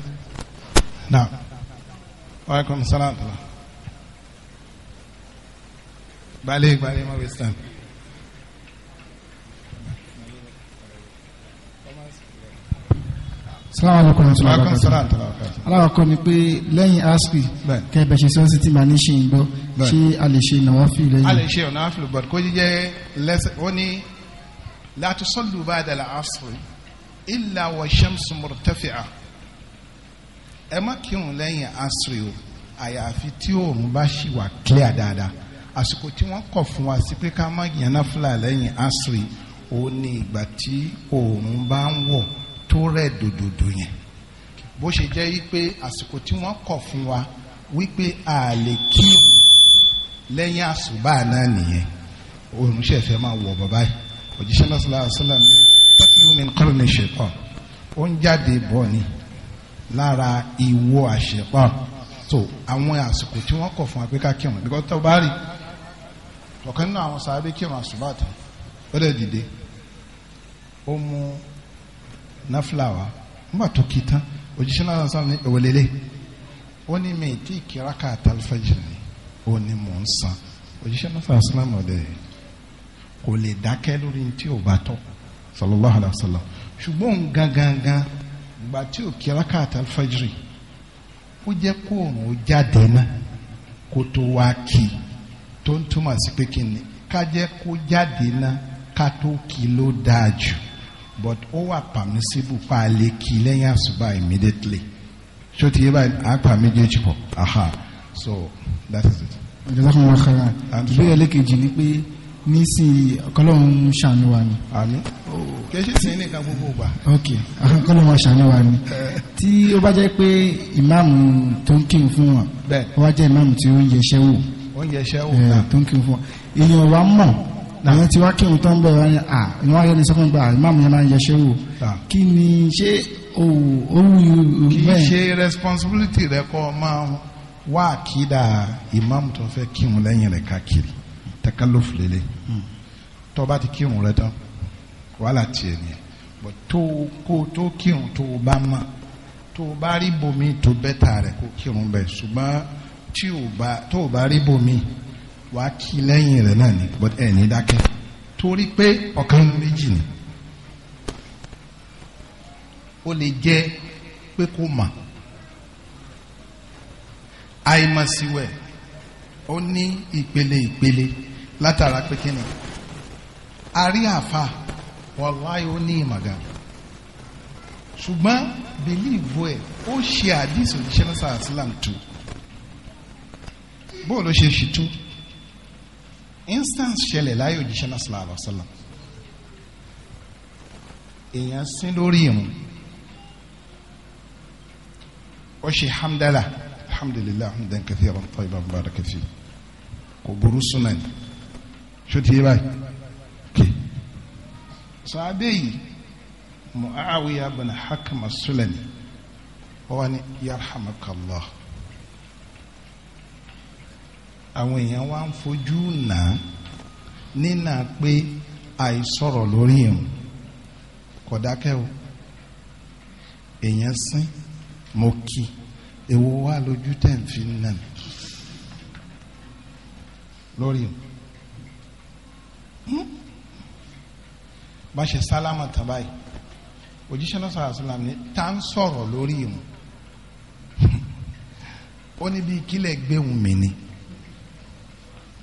náà wáyé kọ́ni sálà tó la gbalẹ̀ gbalẹ̀ má wẹ̀ sàn. salaam aleykum wa rahmatulah aláwọ̀ kọ́ ni pé lẹ́yìn aspi kẹ́bẹ̀ ṣe sọ́ọ́sì tí màá ní ṣe ń gbọ́ ṣé a lè ṣe ìnáwó fi lẹ́yìn. a lè ṣe ọ̀nà àfìlù bọ̀dù kó jíjẹ́ lẹ́sẹ̀ ó ní látúnṣọ́lù bá dàlà aspi illa wa shamsu murtafi'a ẹ má kírun lẹ́yìn asiri o àyàfi tí oòrùn bá ṣì wà clear dáadáa àsìkò tí wọ́n kọ̀ fún wa sí pé ká má yan náfìlà lẹ́yìn asiri ó ní ìgbà tí oòrùn bá ń wọ̀ tó rẹ̀ dòdòdò yẹn bó ṣe jẹ́ wípé àsìkò tí wọ́n kọ̀ fún wa wípé a lè kírun lẹ́yìn àsùbà náà nìyẹn oòrùn ṣẹ̀fẹ̀ máa wọ̀ bàbá yìí òjíṣẹ́ náà sallallahu alaihi wasallam ní tẹ́tìlú min qarni shaytan ó ń jáde bọ̀ ni lára ìwo àṣepọ̀ so àwọn àsìkò tí wọ́n kọ̀ fún wa pé ká kírun bí kò tó bá rí ọ̀kan nínú àwọn sàábé kírun àṣùbà tán ó dẹ̀ dìde ó mú náfìlà nígbà tó kí tán òjíṣẹ́ náà sàn ní ìwọlélẹ̀ ó ní mi tí ìkíraka àtàlùfẹ́jì ni ó ní mò ń san òjíṣẹ́ náà sàn sílámù ọ̀dẹ̀ kò lè dákẹ́ lórí tí ò bá tọ́ sallallahu alayhi wa sallam ṣùgbọ́n gangan gba tí ò kí rákàtà fajiri ó jẹ́ kó òun ó jáde náà kó tó wá kí tó ń túmọ̀ sí pé kí ni ká jẹ́ kó jáde náà ká tó kí ló dáa jù but ó wà permissible pa lè kí lẹ́yìn àṣùbà immediately ṣó ti yé báyìí àpà méjèèjì pọ̀ aha so that is it. ìjọba kan wá kára ìbéèrè lẹ́kẹ̀jì ni pé ní sí ọkọlọ́run ṣàánú wa ni. àmín kẹ́sì sí nìkan gbogbo gbà. ok ọkọlọ́run ṣàánú wa ni. tí ó bá jẹ́ pé ìmáàmù tó ń kírun fún wọn ó wá jẹ́ ìmáàmù tí ó ń yẹṣẹ́ wò. ó ń yẹṣẹ́ wò náà eh, tó ń kírun fún wọn. èèyàn wa mọ̀ àwọn tí wá kírun tó ń bọ̀ wọn ni à ìwọ́n ayé ni sọ́kùn gbà ìmáàmù yẹn máa ń yẹṣẹ́ wò. kí ni ṣé òwú kì í ṣe responsibility rẹ kọ́ máa wá àkídà ìmáàmù tó fẹ́ tẹkálò filẹlẹ hmm. tó bá ti kírun rẹ tán wàhálà tiẹ̀ nìyẹn bọ tó kó tó kírun tó bá mọ tó bá rí bomi tó bẹ́tà rẹ kó kírun bẹ ṣùgbọ́n tí o bá tó bá rí bomi wà á kí lẹ́yìn rẹ náà ni but ẹ ní dákẹ́ torí pé ọ̀kan méjì ni ó lè jẹ́ pé kó mà àìmọ̀síwẹ̀ ó ní ìpele ìpele látara pé kí ni a rí àfa wàláyé ó ní ìmọ̀gá ṣùgbọ́n bèlíìbù ẹ̀ ó ṣe àdìsí òjíṣẹ́ náà sàásìlám tu bóò ló ṣe ṣìtú instance ṣẹlẹ̀ láyé òjíṣẹ́ náà sàlá àbàsàlá èèyàn sín lórí ìrun ó ṣe hamdala alhamdulilayi hamdan kathiran tayyiban baraka fi kò burú súnà ni ṣòtì yé báyìí kì sàbẹ yìí Muawiya bin Hakam as-Sulami wọn ni yarhamakallah àwọn èèyàn wa ń fojú nà nínà pé àìsọ̀rọ̀ lórí ìrùn kọ̀dákẹ́ o èèyàn sín mo kí èwo wà lójú tẹ̀ ń fi nà lórí ìrùn. Hmm? bá ṣe sálámà tán báyìí òjíṣẹ́ náà sọ̀rọ̀ àṣìlá ni tá ń sọ̀rọ̀ lórí ìrun ó ní bí kílẹ̀ gbéhùn mi ni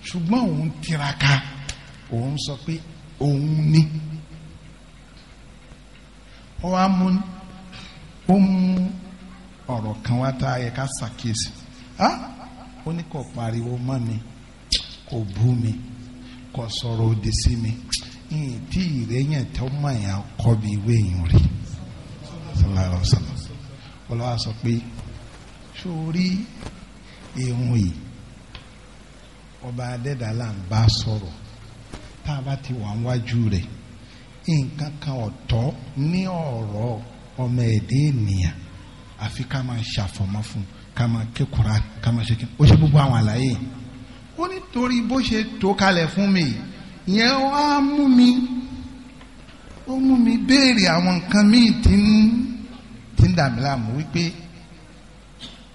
ṣùgbọ́n òun tiraka òun sọ pé òun ní ó wá mú ó mú ọ̀rọ̀ kan wá tá a yẹ ká ṣàkíyèsí ah! ó ní kò pariwo mọ́ mi kò bú mi kò sọ̀rọ̀ òdì sí mi yìí tí ìrẹ́yìn tó mọ̀ yà kọ́ bí ìwé yìí rí sọláàrọ̀ sọlá ọlọ́wà sọ pé sórí irun yìí ọba adẹ́dàlá ń bá sọ̀rọ̀ tá a bá ti wà wájú rẹ̀ nǹkan kan ọ̀tọ̀ ní ọ̀rọ̀ ọmọ ẹ̀dẹ́ ènìyàn àfi ká máa ṣàfọ̀mọ́ fún ká máa ké ká máa ṣe kí ó ṣe gbogbo àwọn àlàyé yìí torí bó ṣe tó kalẹ̀ fún mi yẹn wá mú mi ó mú mi béèrè àwọn nǹkan míì tí ń tí ń dà mí láàmú wípé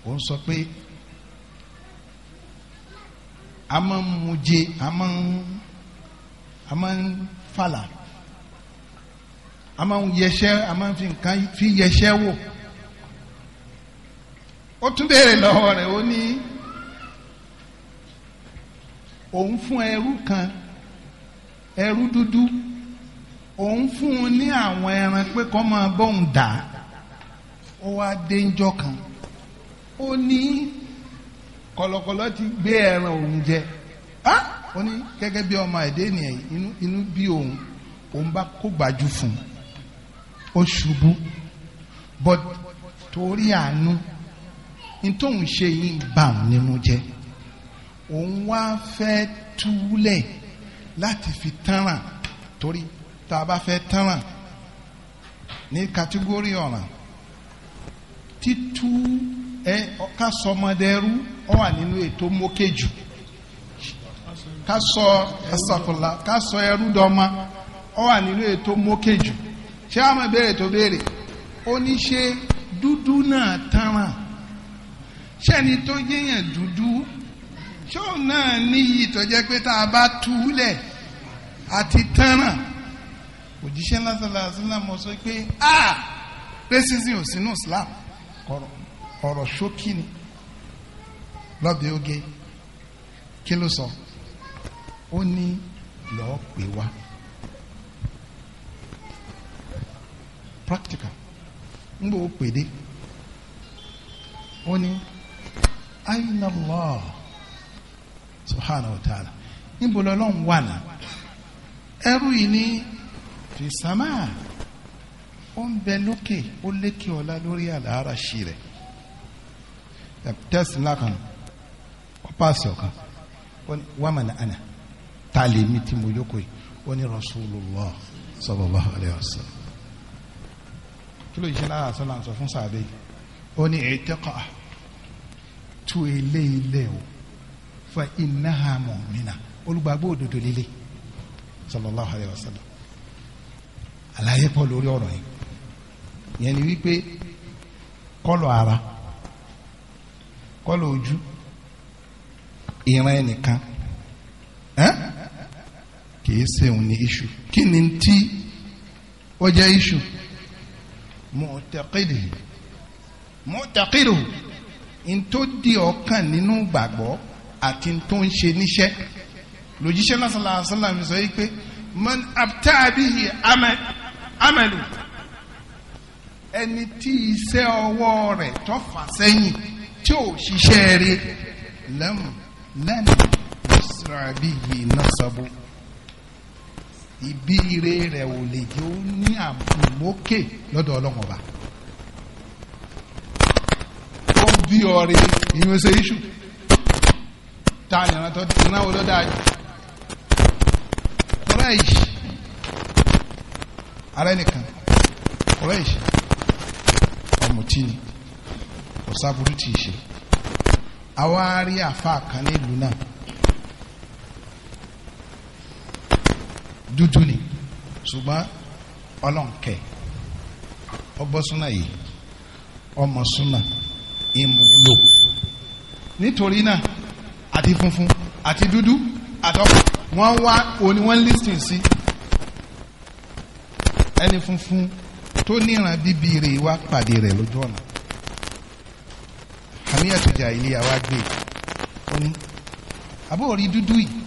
ó ń sọ pé a máa ń muje a máa ń a máa ń fàlà a máa ń yẹsẹ́ a máa ń fi nǹkan fi yẹsẹ́ wò ó tún béèrè lọ́wọ́ rẹ̀ ó ní. òun fún ẹrú kan ẹrú dúdú òun fún un ní àwọn ẹran pé kọ́ máa bóun dà ó wá dé ńjọ́ kan ó ní kọ̀lọ̀kọ̀lọ̀ ti gbé ẹran òun jẹ ó ní gẹ́gẹ́ bí ọmọ ẹ̀dẹ́ ènìyàn inú inú bí òun òun bá kó gbájú fún un ó ṣubú but torí àánú ní tóun ṣe yìí bà òun nínú jẹ́ òun wá fẹ́ túlẹ̀ láti fi tánràn torí tá a bá fẹ́ tánràn ní kàtígórì ọ̀ràn títú ẹ ká sọmọdẹrú ọ wà nínú ètò mókè jù ká sọ ẹsàkùnlá ká sọ ẹrú dọmọ ọ wà nínú ètò mókè jù ṣé àwọn ìbéèrè tó béèrè ó ní ṣe dúdú náà tánràn ṣẹ́ni tó yéèyàn dúdú ṣóun náà níyì tó jẹ́ pé tá a bá túlẹ̀ àti òjíṣẹ́ lásìlá sọ pé a racism ò sínú Islam ọ̀rọ̀ ṣókí ni lọ́bẹ̀ oge kí ló sọ ó ní lọ́ọ́ pè wá practical ń gbọ́ pèdé ó ní ayinallah. subhanahu wa ta'ala níbo lọ́lọ́run wà náà ẹrú yìí ní fìsámà ó ń bẹ lókè ó lékè ọ̀la lórí àlàárà sí rẹ̀ tẹ́sí ńlá kan ó pàṣẹ ọ̀kan wà mà ní àná ta lè mi tí mo jókòó yìí ó ní rasulullah sallallahu alayhi wa sallam kí ló yìí ṣe lára sọ́nà sọ fún sàbẹ̀ yìí ó ní ètè kọ́ tu ilé ilé o fa innaha mu'mina olùgbàgbọ́ òdodo líle sallallahu alayhi wa sallam àlàyé pọ̀ lórí ọ̀rọ̀ yìí yẹn ni wípé kọ́lọ̀ ara kọ́lọ̀ ojú ìran ẹnìkan kìí sẹ́wọ̀n ní iṣu kí ni tí ó iṣu mọ̀tẹ́kìlì mọ̀tẹ́kìlì ntó di ọ̀kan nínú gbàgbọ́ àti tó ń ṣe níṣẹ́ lòjíṣẹ́ náà sallallahu alaihi wasallam sọ yìí pé man abta'a bihi amalu ẹni tí iṣẹ́ ọwọ́ rẹ̀ tó fà sẹ́yìn tí ò ṣiṣẹ́ rẹ̀ lẹ́mu lẹ́nu yusra bihi nasabu ìbíire rẹ̀ ò lè jẹ́ ó ní àmókè lọ́dọ̀ ọlọ́run ọba ó bí ọrẹ ìyẹn ṣe iṣu. ta ni ìran tó ìran wo ló dáa jù Quraish ara ẹnìkan ọmọ tí ni ọ̀sàbùrù ti ṣe àwa rí àfa kan nílùú náà dúdú ni ṣùgbọ́n ọlọ́nkẹ́ ọgbọ́ yìí ọmọ súnà ìmúlò nítorí náà. àti funfun àti dúdú àtọ́kùn wọ́n wá òní wọ́n listing sí ẹni funfun tó níran bíbí rẹ̀ wá pàdé rẹ̀ lójú ọ̀nà hamiyatu jahiliya wá gbé ó ní àbúrò rí dúdú yìí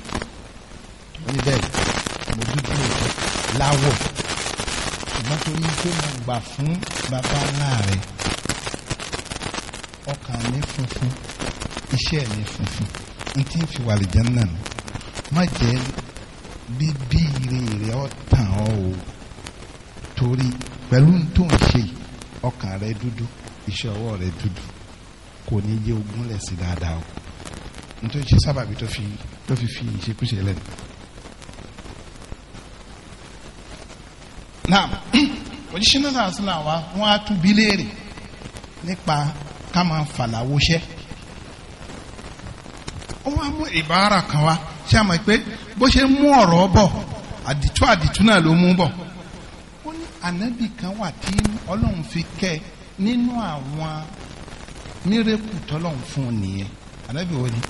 ó ní bẹ́ẹ̀ mo dúdú lóòótọ́ láwọ̀ ṣùgbọ́n torí pé mo gbà fún bàbá ńlá rẹ̀ ọkàn mi funfun iṣẹ́ mi funfun ntí fi wà lìjẹ́ náà nù má jẹ́ bíbí ire rẹ ọ̀tàn ọ́ o torí pẹ̀lú tó ń ṣe ọkàn rẹ dúdú iṣẹ́ ọwọ́ rẹ dúdú kò ní yé ogún lẹ̀ sí dáadáa o nítorí ṣe sábàbí tó fi tó fi fi ìṣekúṣe lẹ́nu. naam òjíṣẹ́ náà sàásìlà wa wọ́n á tún bí léèrè nípa ká máa fàlàwọ́ ó wá mú ìbára kan wá ṣé àmọ́ pé bó ṣe mú ọ̀rọ̀ bọ̀ àdìtú àdìtú náà ló mú bọ̀ ó ní ànábì kan wà tí ọlọ́run fi kẹ́ nínú àwọn mírèkù tọ́lọ́run fún un nìyẹn ànábì wo ni.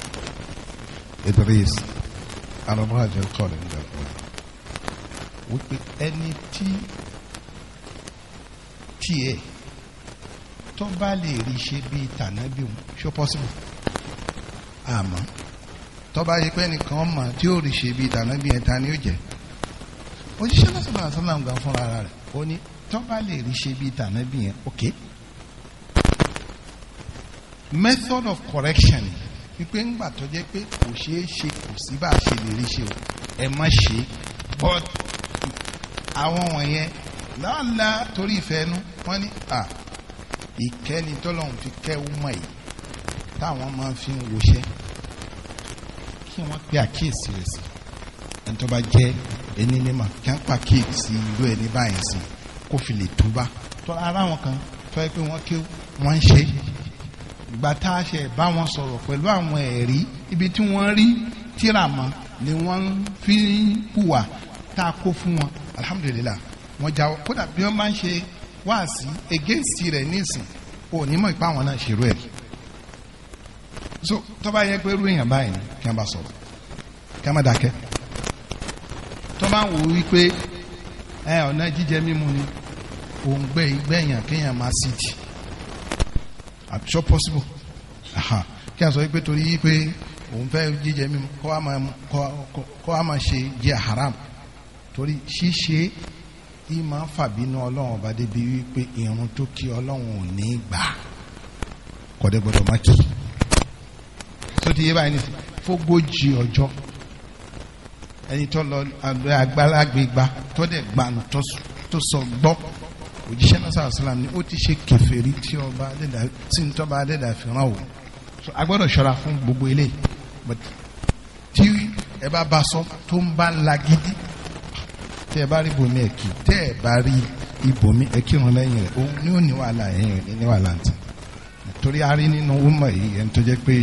Idris alamọ́hàjọ kọ́lẹ̀ ń dàgbà wípé ẹni tí tiẹ̀ tó bá lè rí ṣe bíi tànábì ṣó possible àmọ́. Ah, tọ́ba yìí pé nìkan mọ̀ tí ó rí ṣe bí ìdáná bí ẹ̀ta ni ó jẹ́ òjíṣẹ́ lọ́sọ̀rọ̀ àṣàlám gan fúnra rẹ̀ ó ní tọ́ba lè rí ṣe bí ìdáná bí yẹn ok method of correction wípé ńgbà tó jẹ́ pé kò ṣeé ṣe kò sí bá a ṣe lè rí ṣe o ẹ má ṣe but àwọn wọ̀nyẹn láàlá torí ìfẹ́ nu wọ́n ní à ìkẹ́ni tọ́lọ́hún fi kẹ́ ọmọ yìí táwọn máa fi ń woṣẹ́ kí wọ́n pe àkíyèsí rẹ̀ sí ẹni tó bá jẹ́ ẹni mímọ̀ kí wọ́n pa àkíyèsí irú ẹni báyìí sí kó fi lè túbá tó ara wọn kan tó yẹ pé wọ́n ké wọ́n ṣe ìgbà tá a ṣe bá wọn sọ̀rọ̀ pẹ̀lú àwọn ẹ̀rí ibi tí wọ́n rí tíra ni wọ́n fi ń hùwà tá a kó fún wọn alihamudulilayi wọ́n jáwọ́ kódà bí wọ́n bá ń ṣe wáàsí against rẹ̀ nísìn òní mọ̀ ìpá àwọn náà ṣèrú ẹ̀ so tọ́ba yẹ pé irú èèyàn báyìí kí wọ́n bá sọ̀rọ̀ kí wọ́n má dákẹ́ tọ́ba wò ó wípé ẹ ọ̀nà jíjẹ mímu ni òun gbẹ ìgbẹ́yàn kéèyàn máa sì dì àbísọ possible kí a sọ pé torí yí pé òun fẹ́ jíjẹ mímu kọ́ a máa ṣe jẹ haram torí ṣíṣe yìí máa fàbínú ọlọ́run ọba débi wípé irun tó kí ọlọ́run ò ní gbà kọ́dẹ́ gbọ́dọ̀ má kí i tó ti yé báyìí nìsín fógójì ọjọ́ ẹni tó lọ agbálagbègbà tó dẹ̀ gbanu tó sọ gbọ́ òjíṣẹ́ náà sàrọ̀ sílám ni ó ti ṣe kèfèrí tí ọba adẹ́dà sí ní tọ́ba fi ràn wò so a gbọ́dọ̀ ṣọ́ra fún gbogbo eléyìí but tí ẹ bá ba sọ tó ń bá lagidi tẹ ẹ bá rí ibòmí ẹ kì tẹ ẹ bá rí ibòmí ẹ kírun lẹ́yìn rẹ̀ òun ni ó ní wàhálà ẹ̀yìn rẹ̀ ní wàhálà ntì torí a rí nínú wúmọ̀ yìí ẹni tó jẹ́ pé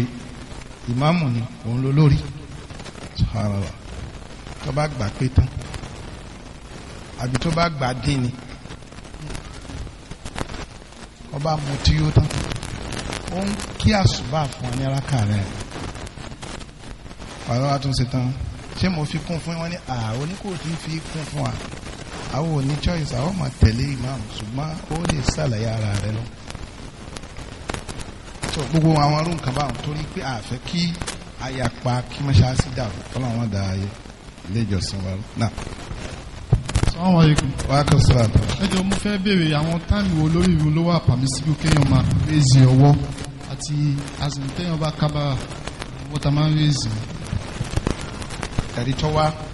ìmáàmù ni òun ló lórí subhanallah tó bá gbà pé tán àbí tó bá gbà dín ni ọba mu tí yóò tán ó ń kí àsùbà fún ọ ní alákà rẹ wàá wá tún ṣe tán ṣé mo fi kún fún wọn ní àwọn oníkòtí fi kún fún wa àwọn ò ní tẹ̀lé ìmáàmù ṣùgbọ́n ó lè ṣàlàyé ara rẹ lọ so gbogbo àwọn arúgbó nǹkan báwọn torí pé àfẹ́ kí àyàpá kí mọ́ṣáláṣí dà fọlọ́ wọn dà ayé ilé ìjọsìn wa náà. Assalamu alaikum. Wa alaikum salaam. Ẹ jọ̀ọ́ mo fẹ́ béèrè àwọn táìmù olórí ìlú ló wà pàmísíbù kéèyàn máa rézì ọwọ́ àti àsìntẹ́yàn bá kábàrà ọwọ́ tá máa rézì. Ẹ̀rí tó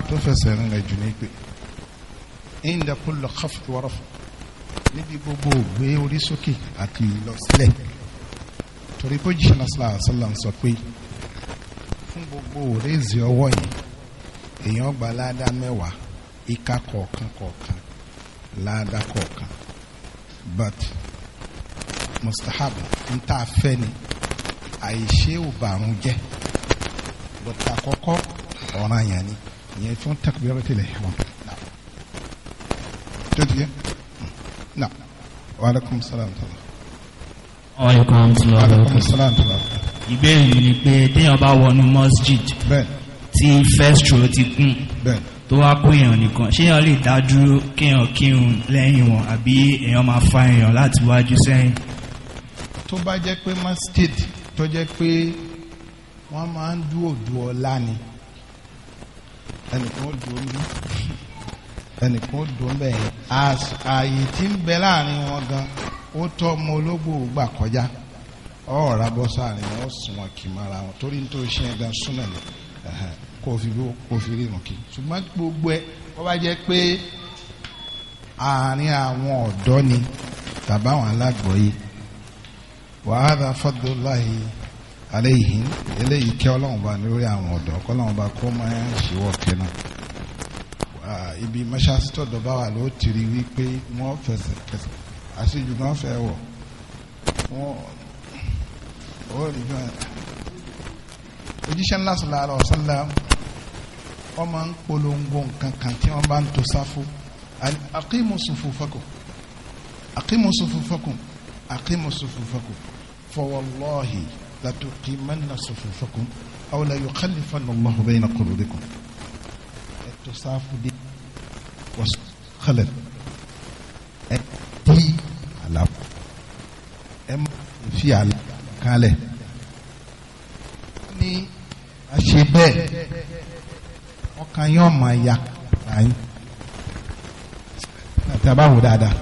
tó fẹsẹ̀ rìn rẹ̀ jù ní pé inda kulli khafd wa rafd níbi gbogbo ògbé orí sókè àti ìlọsílẹ̀ torí pé jíṣẹ́ lásìlá àṣàlà ń sọ pé fún gbogbo òrèzì ọwọ́ yìí èèyàn gba ládàá mẹ́wàá ìka kọ̀ọ̀kan kọ̀ọ̀kan ládàá kọ̀ọ̀kan but mustahab ń tà fẹ́ ni àìṣe ò bàrún jẹ́ but àkọ́kọ́ ọ̀ràn yẹn ni ìyẹn fún takbiratul tilẹ̀ wọn. tó ti yẹ? Hmm. na wa alaikum salaam tala ọ̀ẹ́kan tí lọ rẹ̀ ìbéèrè mi ni pé téèyàn bá wọnú masjid tí fẹ́strò ti kún tó wá kó èèyàn nìkan ṣé èèyàn lè dá dúró kéèyàn kírun lẹ́yìn wọn àbí èèyàn máa fa èèyàn láti wájú sẹ́yìn. tó bá jẹ́ pé masjid tó jẹ́ pé wọ́n máa ń dúró dúró ọlá ni ẹnìkan ó dúró ní ẹnìkan ó dùn bẹ́ẹ̀ ààyè tí ń bẹ láàrin wọn gan ó tọ́ ọmọ ológbò gbà kọjá ọ̀ọ́ra bọ́ sáàrin wọn sùn wọn kì í mara wọn torí ní tó ṣe é gan súnà ní kó o fi kó o fi rírun kí ṣùgbọ́n gbogbo ẹ wọ́n bá jẹ́ pé àárín àwọn ọ̀dọ́ ni tàbáwọn alágbọ̀ọ́yé wàhálà fọdúláhì aléyìí eléyìí kẹ́ ọlọ́run bá lórí àwọn ọ̀dọ́ kọ́lọ́run bá kó máa ń ṣíwọ́ kẹ́ náà ibi mọ́ṣáláṣí tọ̀dọ̀ bá wà ló ti rí wípé wọ́n fẹsẹ̀ kẹsẹ̀ àṣejù náà fẹ́ wọ̀ wọ́n ó rí jọ ojúṣe ńlá sọ̀rọ̀ àlọ́ sọ́lá wọ́n máa ń polongo nǹkan kan tí wọ́n bá ń to sáfù aqimu sufufakum aqimu sufufakum aqimu sufufakum fawallahi latuqimanna sufufakum aw la yukhallifanna Allahu bayna qulubikum. To di wasu xalal ẹ di àlàfo ẹ má fi àlà kalẹ̀ ní àṣẹ bẹ́ẹ̀ ọkàn yóò máa yà láyé àti abáwò dáadáa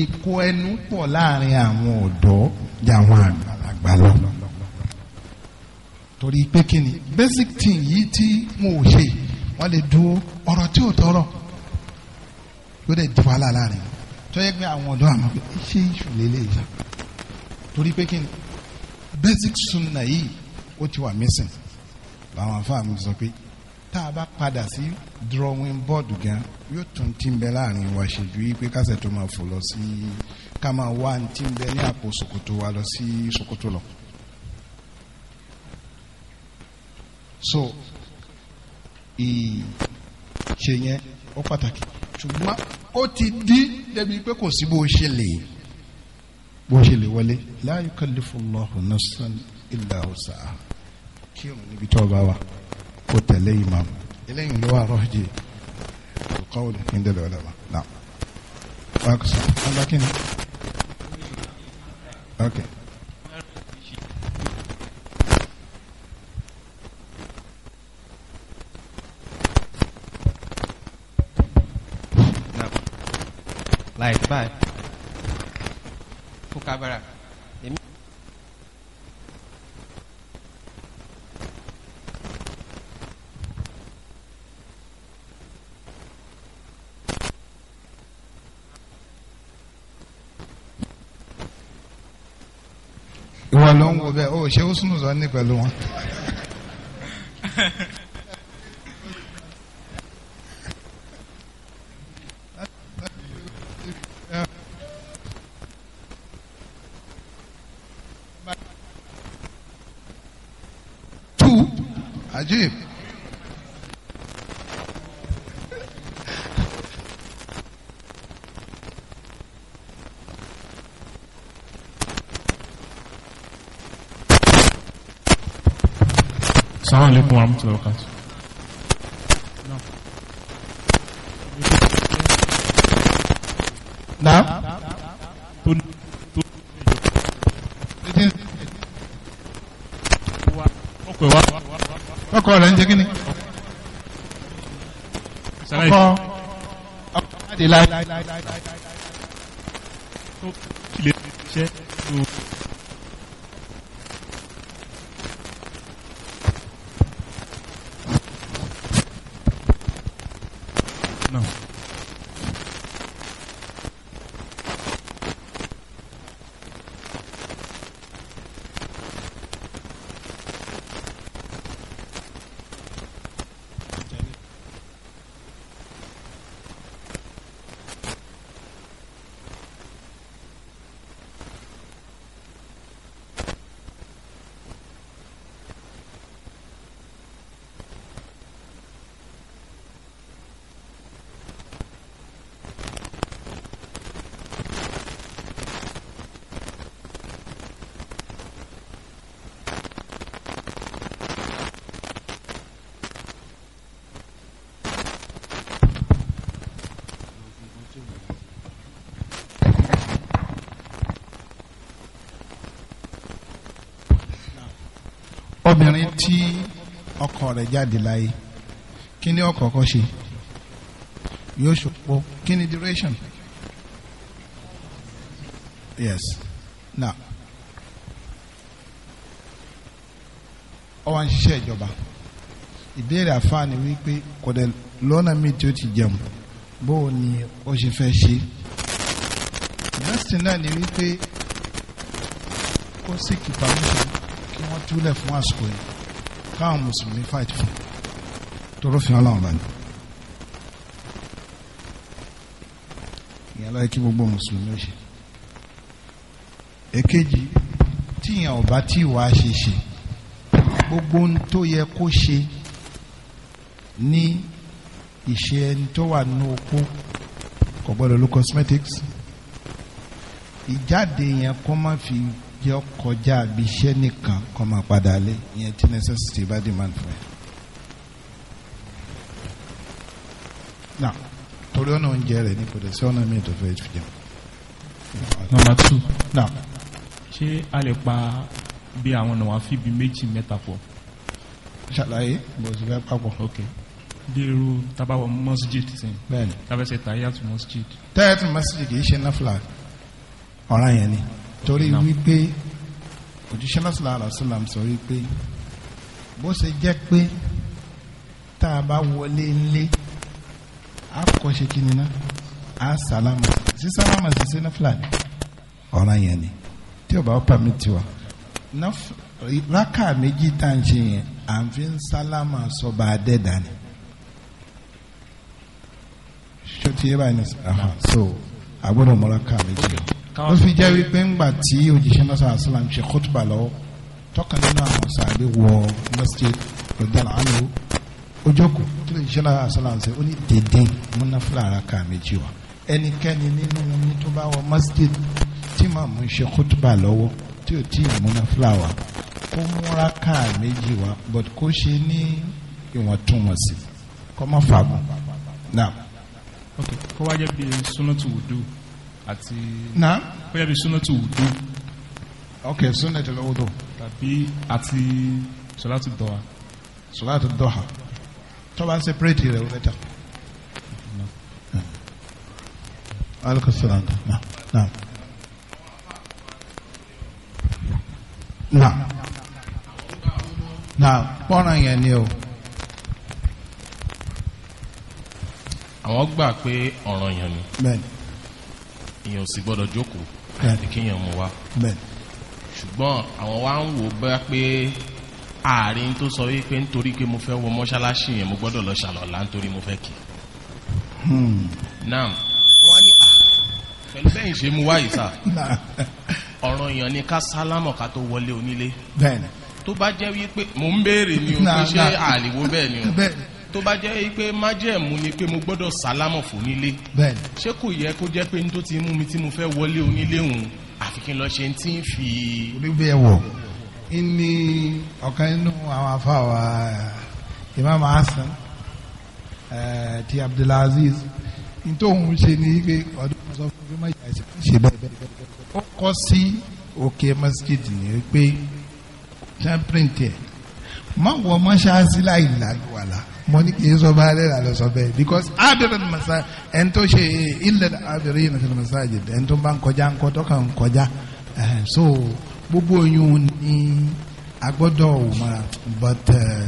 ìkó ẹnu pọ̀ láàrin àwọn ọ̀dọ́ yàwọn àgbàlagbà lọ torí pé kí ni basic thing yìí tí wọn ò ṣe yìí wọ́n lè du ọ̀rọ̀ tí ò tọrọ yóò dẹ̀ di wàhálà láàrin tọ́yẹ́ pé àwọn ọ̀dọ́ àmọ́ pé ṣé iṣu lélẹ̀ ìṣá torí pé kí ni basic sunna yìí ó ti wà missing làwọn afáàmì sọ pé tá a bá padà sí drawing board gan yóò tún ti ń bẹ láàrin wa ṣe ju pé kásẹ̀ tó máa fò lọ sí ká máa wá ti ń bẹ ní àpò ṣòkòtò wa lọ sí ṣòkòtò lọ. so ìṣe yẹn ó pàtàkì ṣùgbọ́n ó ti di débi pé kò sí bó ṣe lè bó ṣe lè wọlé la yukallifullahu nafsan illa wus'aha kí òun níbi tó bá wà kó tẹ̀lé imam eléyìí ló wà rọ́ọ̀jì kọ́wọ́lù ní dẹ́lẹ̀ ọ̀dọ̀ wa náà wàá okay. ló ń wo bẹ́ẹ̀ ó ṣe ó súnmù sọ ní pẹ̀lú wọn. alaikum warahmatullahi wabarakatuh. Now, to, to, it is ọkọ rẹ̀ ń jẹ́ kíni ọkọ ọkọ adìláì obìnrin tí ọkọ rẹ̀ jáde láyé kí ni ọkọ kọ́ ṣe yóò ṣòpọ̀ kí ni duration yes now ó wá ń ṣiṣẹ́ ìjọba ìbéèrè àfáàní wípé kò dẹ̀ lọ́nà míì tí ó ti jẹun bó o ní ó ṣe fẹ́ ṣe bẹ́sì náà ni wípé ó sì kìpa mú ṣe kí wọ́n túlẹ̀ fún àsìkò yìí káwọn mùsùlùmí fight fún tóró fi hàn láwọn báyìí. ìyẹn láyé kí gbogbo mùsùlùmí ó ṣe. èkejì tíyàn ọba tí ìwà ṣe ṣe gbogbo ohun tó yẹ kó ṣe ní ìṣe ẹni tó wà nínú opó kò gbọdọ̀ lo cosmetics ìjáde yẹn kó má fi jẹ́ kọjá àbí iṣẹ́ nìkan kọ́ máa padà lé ìyẹn tí necessity bá demand fún ẹ. now torí ọ̀nà oúnjẹ rẹ̀ ní kò dẹ̀ sí ọ̀nà míì tó fẹ́ fi jẹun. number two now ṣé a lè pa bí àwọn ọ̀nà wá fi bí méjì mẹ́ta pọ̀. ṣàlàyé bó ti fẹ́ papọ̀. okay bí irú tabawo masjid sí. bẹ́ẹ̀ni tabẹsẹ tayyat masjid. tayyat masjid kì í ṣe náfìlà ọ̀ràn yẹn ni. Okay torí wípé òjíṣẹ́ náà sallallahu alaihi wasallam sọ wípé bó ṣe jẹ́ pé tá a bá wọlé ńlé a kọ́ ṣe kí ni ná a sàlámà sí sàlámà sí sí náfìlà ni ọ̀ràn yẹn ni tí o bá pàmì tiwa rákà méjì tá à ń ṣe yẹn à ń fi ń sálámà sọba adẹ́dà ni ṣé o ti yé báyìí ní sọ so àgbọ̀dọ̀ mọ rákà méjì yẹn ló fi jẹ́ wípé ńgbà tí òjíṣẹ́ náà sàlá sàlám ṣe khutba lọ tọkàn nínú àwọn sàbẹ̀ wọ masjid rẹ̀dàlá àná ojókòó kí òjíṣẹ́ náà sàlám ṣe ó ní dèdè múnáfúlà ara kà méjì wá ẹnikẹ́ni nínú ní tó bá wọ masjid tí màmú ṣe khutba lọ́wọ́ tí ò tí ì múnáfúlà wá kó múra kà méjì wá but kó ṣe ní ìwọ̀ntúnwọ̀nsì kọ́ mọ́ fàágùn. kó wá jẹ́ bí sunatu wudu àti. na. bóyá bíi sunnatu wudu. ok sunnatu wudu. tàbí àti salatu dọ́ha. salatu dọ́ha tọ́ba ṣe pírẹ́tì rẹ̀ wọlé ta. Eh. alikasiranda na na na na pọ́nrán yẹn ni o. àwọn gbà pé ọ̀ranyàn ni. bẹ́ẹ̀ni èèyàn sì gbọ́dọ̀ jókòó àti kéèyàn mú wa ṣùgbọ́n àwọn wa ń wò bá pé ààrin tó sọ wípé nítorí pé mo fẹ́ wọ mọ́ṣáláṣí yẹn mo gbọ́dọ̀ lọ ṣàlọ́lá nítorí mo fẹ́ kí. Hmm. náà wọ́n ní ah, pẹ̀lú bẹ́ẹ̀ ṣe mú wáyé sá ọ̀ràn èèyàn ni ká sálámọ̀ ká tó wọlé onílé tó bá jẹ́ wípé mò ń béèrè ni o pé ṣé àlìwo bẹ́ẹ̀ ni o tó bá jẹ́ pé májẹ̀mú ni pé mo gbọ́dọ̀ sálámọ̀ fún nílé ṣé kò yẹ kó jẹ́ pé n tó ti mú mi tí mo fẹ́ wọlé onílé òun àfi kí n lọ ṣe tí ń fi. onígbé ẹ̀wọ̀ ní ọ̀kan nínú àwọn afáwa Imam Hasan eh, ti Abdulaziz n tó ń ṣe ní pé ọdún kan sọ fún mi má yà ẹsẹ̀ ṣe bẹ́ẹ̀ ó kọ́ sí òkè masjid ni pé ṣe ń píríǹtì ẹ̀ má láì lálùwàlà mo ní kì í sọ baálé la lọ sọ bẹ́ẹ̀ because abirin masa ẹni tó ṣe ilẹ̀ abirin fil masajid ẹni tó bá ń kọjá ń kọtọ́ kan kọjá so gbogbo oyún ni agbọ́dọ̀ wò mara but uh,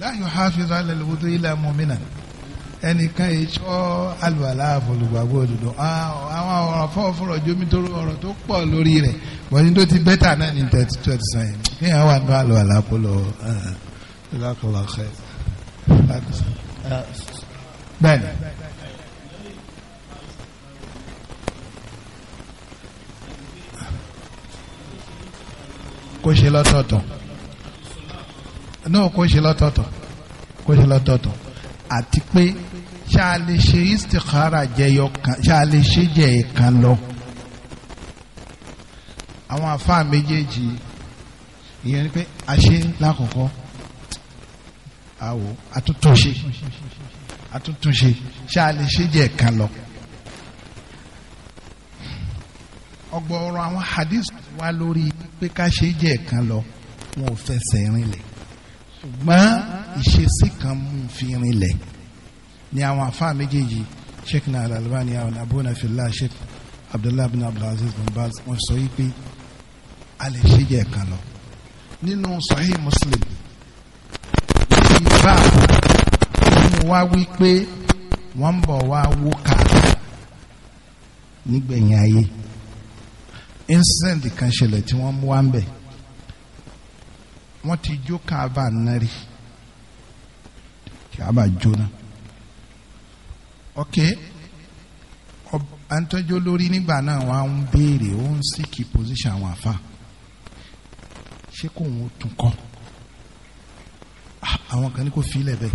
láyò hafiz alẹ́ lóbodò ilẹ̀ mọ́mìnà ẹnìkan ìṣọ́ àlùbàlà àfọlùgbàgbọ́ òdòdó àwọn ọ̀rọ̀ fọ́ọ̀fọ́rọ̀ jómi tó ọ̀rọ̀ tó pọ̀ lórí rẹ̀ bọ́ni ti bẹ́tà náà ní tẹ̀tí tẹ̀tí sàn yìí kí ẹ̀ wà ní àlùbàlà ìlàkàlà xẹ bẹ́ẹ̀ni. kó ṣe lọ́tọ̀ọ̀tọ̀ náà kó ṣe lọ́tọ̀ọ̀tọ̀ kó ṣe lọ́tọ̀ọ̀tọ̀ àti pé ṣá a lè ṣe istikhara jẹyọ kan ṣá a lè ṣe jẹ kan lọ. àwọn àfáà méjèèjì ìyẹn ni pé a ṣe lákòókò àwò àtúntúnṣe àtúntúnṣe ṣá a lè ṣe jẹ́ kan lọ. ọ̀gọ̀ọ̀rọ̀ àwọn hadith wá lórí pé ká ṣe jẹ́ kan lọ wọn ò fẹsẹ̀ rinlẹ̀ ṣùgbọ́n ìṣesí kan mú fi rinlẹ̀ ni àwọn afá méjèèjì sheikh na alalbani àwọn abúna fìlà sheikh abdullahi bin abdulaziz bin baz wọn sọ yìí pé a lè ṣe jẹ́ kan lọ nínú sahih muslim bá nínú wa wípé wọ́n ń bọ̀ wá wó ká nígbẹ̀yìn ayé incident kan ṣẹlẹ̀ tí wọ́n mú wá ń bẹ̀ wọ́n ti jó káàbà nárì káàbà jóná ok àǹtọ́jú lórí nígbà náà wọ́n á ń béèrè ó ń síkì position àwọn àfa ṣé kò ń tún kọ́ àwọn kan ní kò fi ilẹ̀ bẹ́ẹ̀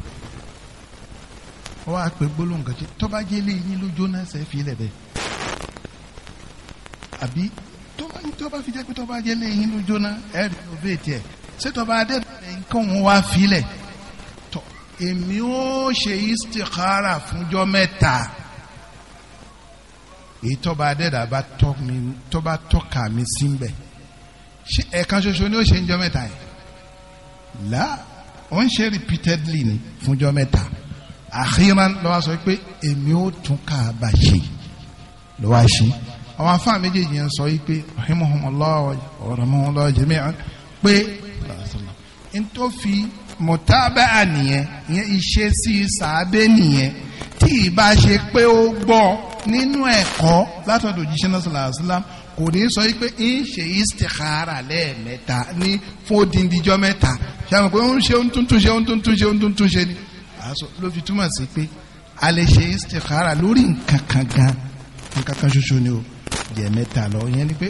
wọ́n wá pé gbólóhùn kan tí tọ́ba jẹ́ lé yín lójó náà ṣe fi ilẹ̀ bẹ́ẹ̀ àbí tọ́ba tọ́ba fi jẹ́ pé tọ́ba jẹ́ lé yín lójó náà ẹ̀ tiẹ̀ ṣé tọ́ba adẹ́bẹ̀rẹ̀ nǹkan òun wá fi ilẹ̀ tọ́ èmi ó ṣe istikhara fúnjọ́ mẹ́ta èyí tọ́ba adẹ́dà tọ́ba tọ́ka mi sí ń bẹ̀ ṣé ẹ̀ka ṣoṣo ni ó ṣe ń jọ mẹ́ta yẹn láà ó ń ṣe repeatedly ni fúnjọ́ mẹ́ta àhírán ló wá sọ pé èmi ó tún Kaaba ṣe ló wá ṣe àwọn afáà méjèèjì yẹn sọ pé rahimahumullah rahimahumullah jami'an pé n tó fi mọ̀tábà nìyẹn ìyẹn ìṣe sí sàábé nìyẹn tí ìbá ṣe pé ó gbọ́ nínú ẹ̀kọ́ látọ̀dọ̀ òjíṣẹ́ náà sallallahu alaihi kò ní sọ yìí pé ń ṣe istikhara lẹ́ẹ̀mẹ́ta ní fún mẹ́ta ṣàmì pé ń ṣe ń tuntun ṣe ń tuntun ṣe ń tuntun ṣe ni àṣọ ló fi túmọ̀ sí pé a lè ṣe istikhara lórí nǹkan kan gan nǹkan kan ṣoṣo ni o jẹ mẹ́ta lọ yẹn ni pé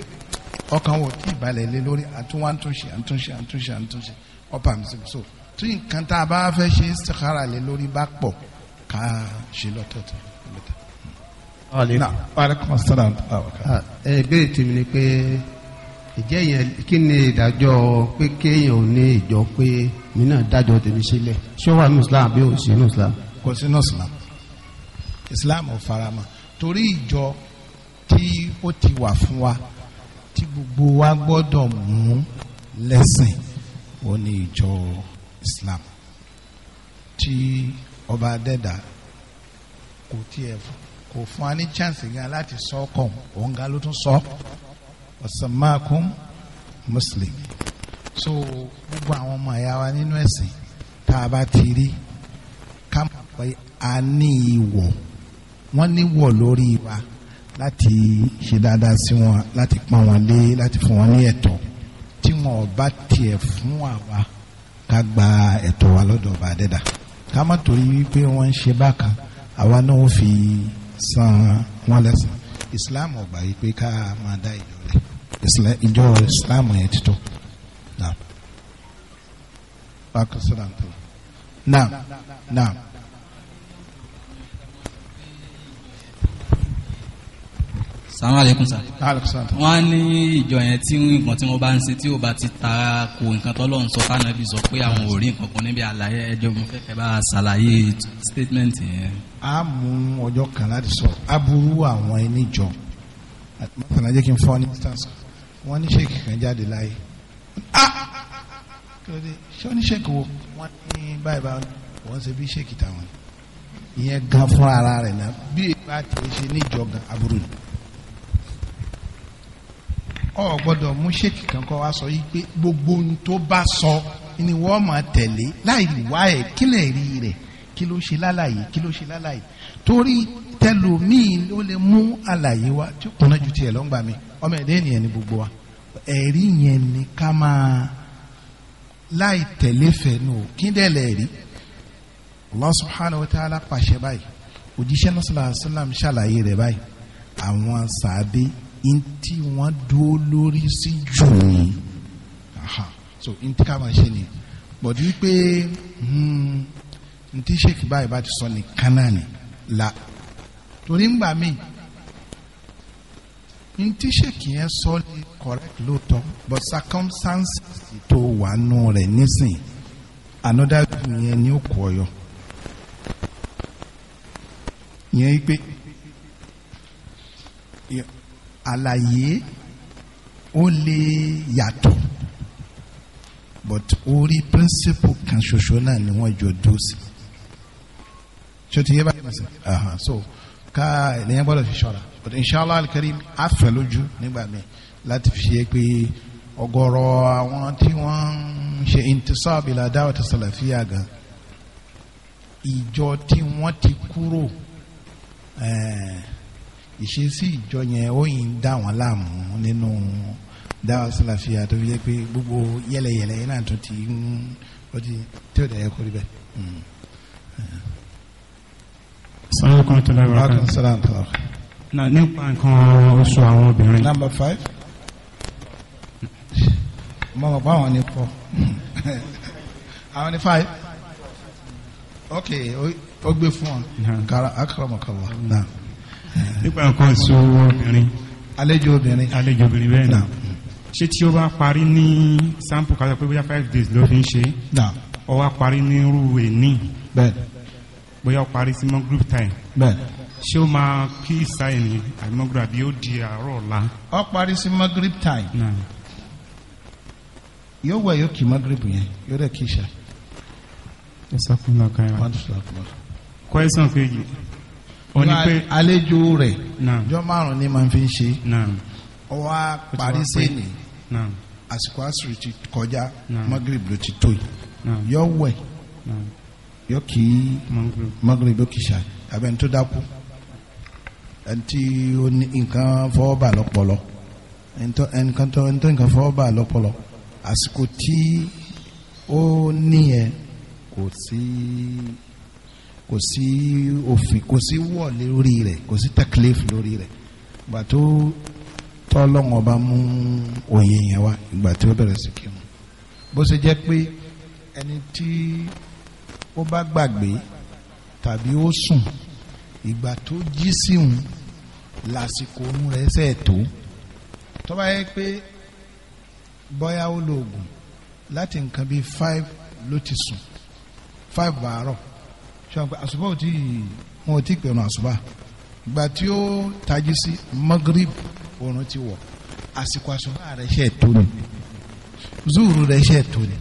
ọkàn wò tí ìbalẹ̀ lé lórí àtúnwá ń túnṣe àtúnṣe àtúnṣe àtúnṣe ọ̀pá mi sì so tí nǹkan tá a bá fẹ́ ṣe istikhara lé lórí bá pọ̀ ká ṣe lọ́tọ̀ọ̀tọ̀. Ah, ẹgbẹ́ tèmi ni pé ìjẹ́ yẹn kí ni ìdájọ́ pé kéèyàn ò ní ìjọ pé mi náà dájọ́ tèmi sílẹ̀ ṣé Muslim wà ní Islam bí ò sí ní Islam. kò sí ní Islam Islam ò faramọ́ torí ìjọ tí ó ti wà fún wa tí gbogbo wa gbọ́dọ̀ mú lẹ́sìn ó ní ìjọ Islam tí ọba adẹ́dà kò tiẹ̀ fún kò fún wa ní chance gan láti sọ kàn òun ló tún sọ ọ̀sánmákùn muslim so gbogbo àwọn ọmọ ẹ̀yà wa nínú ẹ̀sìn tá a bá ti rí ká mọ̀ pé a ní ìwọ̀ wọ́n níwọ̀ lórí wa láti ṣe dáadáa sí wọn láti pọ́n wọn lé láti fún wọn ní ẹ̀tọ́ tí wọn ò bá tiẹ̀ fún àwa ká gba ẹ̀tọ́ wa lọ́dọ̀ ọba àdẹ́dà ká má torí wípé wọ́n ń ṣe bákan àwa náà ó fi san wọn lẹ́san islam ọgbà yìí pé ká máa dá ìjọ rẹ ìjọ islam yẹn ti tó naam pakistan tó naam naam. sàmú àlékún sà. wọ́n á ní ìjọ yẹn tí nǹkan tí wọ́n bá ń ṣe tí ò bá ti ta ko nǹkan tó lọ́n sọ fáànà bí sọ pé àwọn ò rí nǹkan kan níbi àlàyé ẹjọ́ mo fẹ́ fẹ́ bá ṣàlàyé statement yẹn a mú ọjọ́ kan láti sọ aburú àwọn ẹni jọ mọ̀tàn ajé kí n fọ́ ní instance wọ́n ní ṣèkì kan jáde láyé ah kílódé ṣé wọ́n ní ṣèkì wo wọ́n ní báyìí báyìí wọ́n ṣe bí ṣèkì táwọn ìyẹn gan fún ara rẹ̀ náà bí èyí bá ti ṣe níjọ gan aburú ni ọ gbọ́dọ̀ mú ṣèkì kan kọ́ wa sọ yìí pé gbogbo ohun tó bá sọ ni wọ́n máa tẹ̀lé láì wá ẹ̀ kílẹ̀ rí rẹ̀ kí ló ṣe lálàyé kí ló ṣe lálàyé torí tẹlòmíì ló lè mú àlàyé wa tí kùnà ju tiẹ̀ lọ́ngbà mi ọmọ ẹ̀dẹ́ ènìyàn ni gbogbo wa ẹ̀rí yẹn ni ká máa láì tẹ̀lé fẹ̀nu kí dẹ̀ lẹ̀ rí Allah subhanahu wa ta'ala pàṣẹ báyìí òjíṣẹ́ náà sallallahu alaihi wasallam ṣàlàyé rẹ̀ báyìí àwọn sàbẹ̀ ntí wọ́n dúró lórí sí jù ní so ntí ká máa ṣe nìyẹn bọ̀dí pé. Hmm, ntí sheikh báyìí bá ti sọ nìkan náà la torí ń gbà mí ntí sheikh yẹn sọ ni correct lóòótọ́ but circumstances tó wà nù rẹ̀ nísìnyí another view yẹn ni ó kọ ọyọ yẹn pé àlàyé ó lè yàtọ̀ but orí principle kan ṣoṣo náà ni wọ́n jọ dúró sí ṣé ti yé báyìí nìsín so ka ẹ̀yẹn gbọ́dọ̀ fi ṣọ́ra but inshallah alkarim afẹ́ lójú nígbà míì láti fi ṣe pé ọ̀gọ̀rọ̀ àwọn tí wọ́n ń ṣe intisab ila da'wat salafiyya gan ìjọ tí wọ́n ti kúrò eh, ìṣesí ìjọ yẹn ó yìn dá wọn láàmú nínú da'wat salafiyya tó fi jẹ́ pé gbogbo yẹlẹyẹlẹ yẹn náà tó ti ń ó ti tí dẹ̀ yẹ kórìí sọ́yìn kan tó lọ́wọ́ kan sọ́yìn kan náà nípa nǹkan oṣù àwọn obìnrin. number five mo mọ̀ pé àwọn ní pọ̀ àwọn ní five ok ó gbé fún ọ kàrà akọ̀rọ̀mọ̀kọ̀wọ̀ náà. nípa nǹkan oṣù obìnrin. àlejò obìnrin. àlejò obìnrin bẹ́ẹ̀ náà ṣé tí ó bá parí ní sample kájọ pé bóyá five days ló fi ń ṣe. náà ó wá parí ní irú èní. bẹ́ẹ̀ bóyá ó parí sí mọ́gírúùpù time. bẹ́ẹ̀ ṣé ó máa kí ìsáyẹ̀ ni àbí mọ́gírúùpù àbí ó di àárọ̀ ọ̀la. ó parí sí mọ́gírúùpù time. yóò wẹ̀ yóò kí mọ́gírúùpù yẹn yóò dẹ̀ kí ìṣá. ẹ sọ fún mi ọkàn yẹn. question kejì. ó ní pé àlejò rẹ̀ jọ márùn-ún ni màá fi ń ṣe. ó wá parí sẹ́ni àsìkò àsìrì ti kọjá mọ́gírúùpù ló ti tó yìí yóò wẹ̀ yóò kí magrib yóò kí ṣá àbẹ ní tó dákú ẹni tí ó ní nǹkan fọwọ́ bà lọ́pọ̀lọ́ ẹni tó nǹkan fọwọ́ bà lọ́pọ̀lọ́ àsìkò tí ó níyẹn kò sí kò sí òfin kò sí wọ̀ lórí rẹ̀ kò sí taklif lórí rẹ̀ ìgbà tó tọ́lọ́wọ́n bá mú òye yẹn wá ìgbà tí bẹ̀rẹ̀ sí kí n bó ṣe jẹ́ pé ẹni tí ó bá gbàgbé tàbí ó sùn ìgbà tó jí síhun lásìkò òun rẹ̀ ṣe tó tó bá yẹ pé bọ́yá ó lo oògùn láti nǹkan bíi five ló ti sùn five bàárọ̀ ṣùgbọ́n pé àṣùbà ò tí wọn ò tí pẹ̀lú àṣùbà ìgbà tí ó tají sí magrib oòrùn ti wọ̀ àsìkò àṣùbà rẹ̀ ṣe tó ni zuru rẹ̀ ṣe tó ni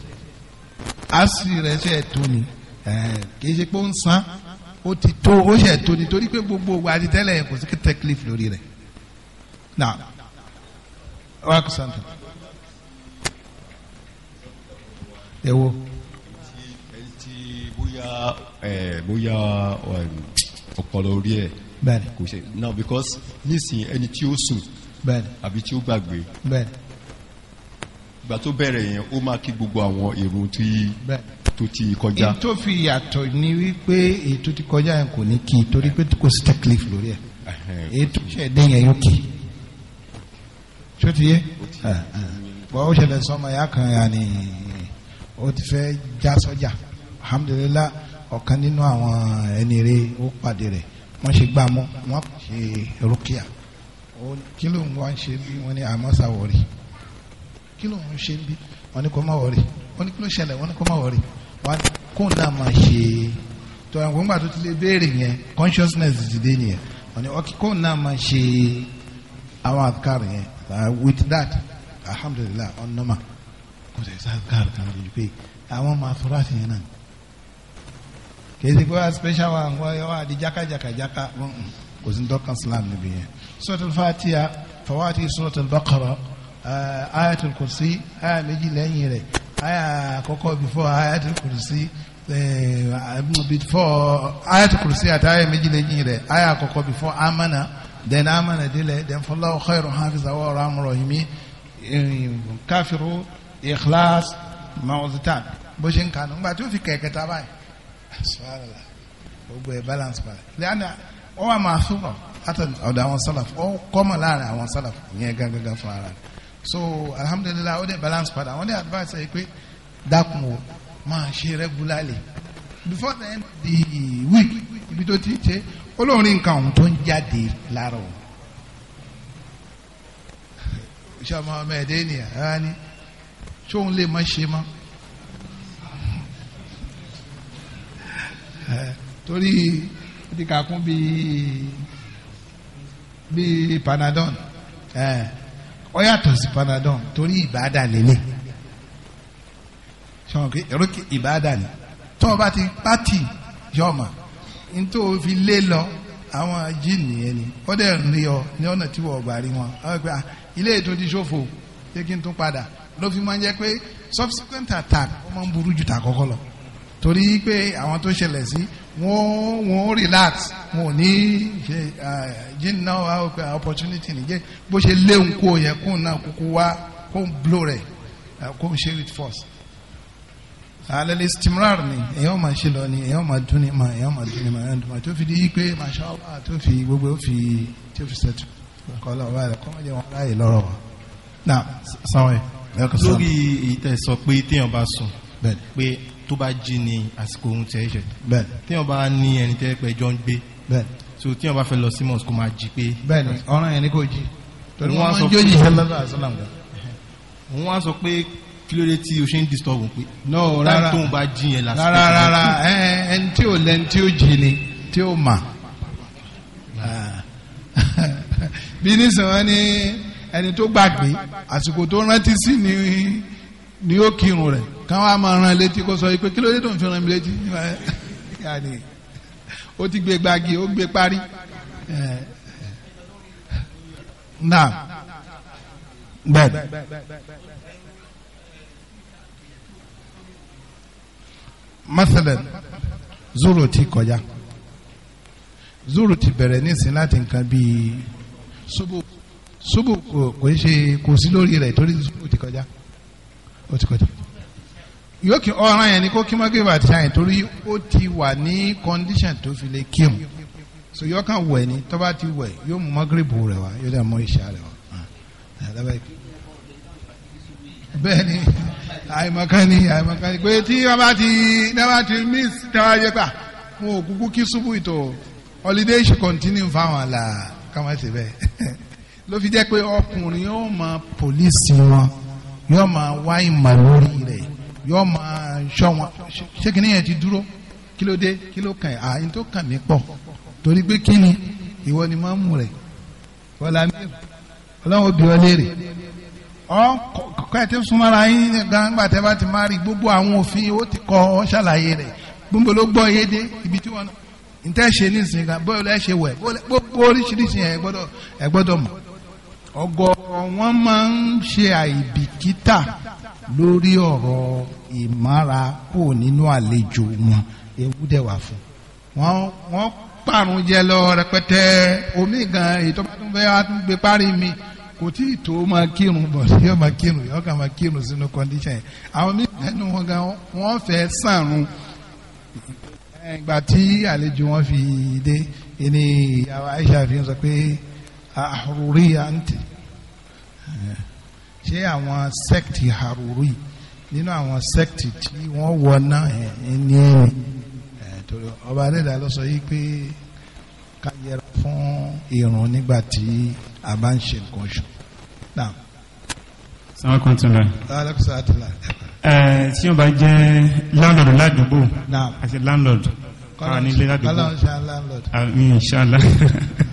asi rẹ̀ ṣe tó ni kìí ṣe pé ó ń san ó ti tó ó ṣe tó nítorí pé gbogbo ògbà àti tẹ́lẹ̀ yẹn kò sí tẹ́kílìf lórí rẹ̀ náà wà á kó santo ẹ wo. bóyá bóyá ọpọlọ orí ẹ kò ṣe now because nísìnyí ẹni tí ó sùn àbí tí ó gbàgbé ìgbà tó bẹ̀rẹ̀ yẹn ó máa kí gbogbo àwọn èrò tí tó ti kọjá. èyí tó fi yàtọ̀ ni wípé èyí tó ti kọjá yẹn kò ní kí i torí pé kò sí teclif lórí ẹ̀ èyí ṣẹ̀dẹ̀ yẹn yóò kì í ṣó ti yé bọ́n ó ṣẹlẹ̀ sọmọ ya kan ya ni ó ti fẹ́ já sọ́jà alhamdulilah ọ̀kan nínú àwọn ẹni rẹ ó pàdé rẹ̀ wọ́n ṣe gbàmú wọ́n ṣe rúkìá kí ló ń wá ṣe bí wọ́n ní àmọ́sàwọ̀rì kí ló ń ṣe bí wọ́n ní kó má wọrí wọ́n ní kí ló ṣẹlẹ̀ wọ́n ní kó má wọrí wọ́n ní kó náà máa ṣe tó àwọn gbọ́ngbà tó ti lè béèrè yẹn consciousness ti dé nìyẹn wọ́n ní kó náà máa ṣe àwọn àkàrà yẹn uh, with that alhamdulillah on normal kò sẹ́yìn sáà àkàrà kan lójú pé àwọn máa sọ̀rọ̀ àti yẹn náà kì í ṣe pé wọ́n special wa wọ́n wá di jákàjákàjáká kò sí ní dọ́kan slam níbi yẹn suratul fatiha fawati suratul baqara. Eh, ayatul kursi aya méjì lẹ́yìn rẹ̀ aya àkọ́kọ́ before ayatul kursi eh, um, before ayatul kursi àti aya méjì lẹ́yìn rẹ̀ aya àkọ́kọ́ before amana then amana délẹ̀ then fallahu khairu hafiza wa rahmu rahimi eh, kafiru ikhlas mawuzitan bó ṣe ń kanu ngbà tó fi kẹ̀kẹ́ta báyìí subhanallah gbogbo ẹ̀ balance balẹ̀ lẹ́yìn wọ́n wà máa súnmọ́ látọ̀ ọ̀dọ̀ àwọn sálàf ó kọ́mọ̀ láàrin àwọn sálàf ìyẹn gángan fún ara so alhamdulilayi ó dẹ̀ balance padà wọ́n dẹ̀ advice ẹ̀ pé dákun o máa ṣe regularly before the end of the week ibi tó ti ṣe olórin nǹkan ọ̀hún tó ń jáde lára o sọmọ ọmọ ẹ̀dẹ́ ènìyàn rárá ni tóun lè má ṣe mọ́ torí ó ti bíi bíi panadol. Eh ọ yàtọ̀ sí panadol torí ìbáàdà lélẹ̀ sọ̀rọ̀ pé erókè ìbáàdà ni tó o bá ti pátì yọ̀ọ̀mà nítorí o fi lé lọ àwọn jíìnì yẹn ni ó dẹ̀ ń rí ọ ní ọ̀nà tí wọ́n gbà rí wọn ọ gbà ilé ètò ti ṣòfò ṣé kí n tún padà ló fi máa ń jẹ́ pé subsequent attack ó máa ń burú ju tàkọ́kọ́ lọ torí pé àwọn tó ṣẹlẹ̀ sí wọ́n wọ́n relax wọn ò ní ṣe jìnnà opportunity nìjẹ́ bó ṣe léwu kó yẹ kó náà kúkú wá kó ń blow rẹ̀ kó ń ṣe it first. alẹ́lẹ́ stimrar ni èèyàn máa ṣe lọ ni èèyàn máa dún ní ma èèyàn máa dún ní ma èèyàn dún ma tó fi di pé masha allah tó fi gbogbo ó fi tó fi ṣètò kọ́lá ọba rẹ̀ kọ́mọ́jẹ wọn láàyè lọ́rọ̀ wa. na sáwọn ẹ̀ lórí ìtẹ̀sọ̀ pé téèyàn bá sùn pé tó bá jí ni àsìkò ohun tẹ̀ ẹ̀ṣẹ̀ tí wọ́n bá ní ẹni tẹ́ pẹ́ jọ ń gbé so tí wọ́n bá fẹ́ lọ sí mosque kó máa jí pé. bẹ́ẹ̀ni ọ̀ràn yẹn ni kò jí torí wọ́n sọ pé wọ́n wá sọ pé kí ló dé tí o ṣe ń disturb òun pé. no rárá táyì tóun bá jí yẹn lásìkò. rárá rárá ẹn tí ò lẹ́ni tí ó jí ni tí ó mà. bí nísìnyí ni ẹni tó gbàgbé àsìkò tó rántí sí ni ni ó kírun rẹ̀ kán wá máa rán létí kó sọ pé kí ló dé tó ń fi rán mi létí ó ti gbé gbági ó gbé parí eh, eh. náà bẹ́ẹ̀ masalan zoro ti kọjá zoro ti bẹ̀rẹ̀ nísìnyí láti nǹkan bíi subu subu kò ń ṣe kò sí lórí rẹ̀ torí subu ti kọjá ó ti kọjá yóò kí ọ̀ràn yẹn ni kó kí mọ́gìrì àti ṣáà torí ó ti wà ní condition tó fi lè kírun so yóò kàn wẹ̀ ni tó bá ti wẹ̀ yóò mú mọ́gìrì bù rẹ̀ wá yóò dẹ̀ mú ìṣá rẹ̀ wá ah, bẹ́ẹ̀ ni àìmọ̀kan ni àìmọ̀kan ni pé tí wọ́n bá ti wọ́n bá ti miss tẹ́wọ́ ayé pa wọn ò kúkú kí ṣubú ìtò holiday should continue fáwọn àlà káwọn ṣe bẹ́ẹ̀ ló fi jẹ́ pé ọkùnrin yóò máa pòlíìsì wọn yóò máa wá ìmọ̀ rẹ̀ yóò máa ṣọ́ wọn ṣé kí nìyẹn ti dúró kí ló dé kí ló kàn á yín tó kàn mí pọ̀ torí pé kí ni ìwọ ni máa ń mú rẹ̀ wọlé amílẹ̀ ọlọ́run òbí wọlé rè ọ kọ́ ẹ̀ tí ń súnmọ́ra yín gbàǹgbà tẹ́ bá ti máa rí gbogbo àwọn òfin ó ti kọ́ ọ ṣàlàyé rẹ̀ gbogbo ló gbọ́ yé dé ibi tí wọ́n náà ṣe ní ìsìn kan bóyá ẹ ṣe wẹ gbogbo oríṣiríṣi ẹ gbọ́dọ̀ ẹ gbọ́dọ̀ mọ̀ ọ̀gọ̀rọ̀ wọn máa ń ṣe àìbìkítà lórí ọ̀rọ̀ ìmára kúrò nínú àlejò wọn ewu dẹ̀ wà fún wọn wọn pààrùn jẹ lọ rẹpẹtẹ omi gan èyí tó bá tún fẹ́ wá tún gbé parí mi kò tí ì tó máa kírun bọ̀ sí ọmọ kírun yọ ká máa kírun sínú kọ́ndíṣàn yìí àwọn míì nínú wọn gan wọn fẹ́ sàrun ìgbà tí àlejò wọn fi dé ẹni ìyàwó Aisha fi sọ pé àrùrí àǹtí ṣé àwọn sẹ́kìtì haruru yìí nínú àwọn sẹ́kìtì tí wọ́n wọ náà ẹ̀ ní ẹ̀ torí ọba adéda ló sọ yìí pé ká yẹra fún irun nígbà tí a bá ń ṣe nǹkan oṣù. sọ́wọ́n kan tún lọ. alákùsọ̀ àti là. tí wọ́n bá jẹ́ landlord ládùúgbò àti landlord káwọn nílé ládùúgbò. kọ́lá ń ṣe landlord. àmín inshallah.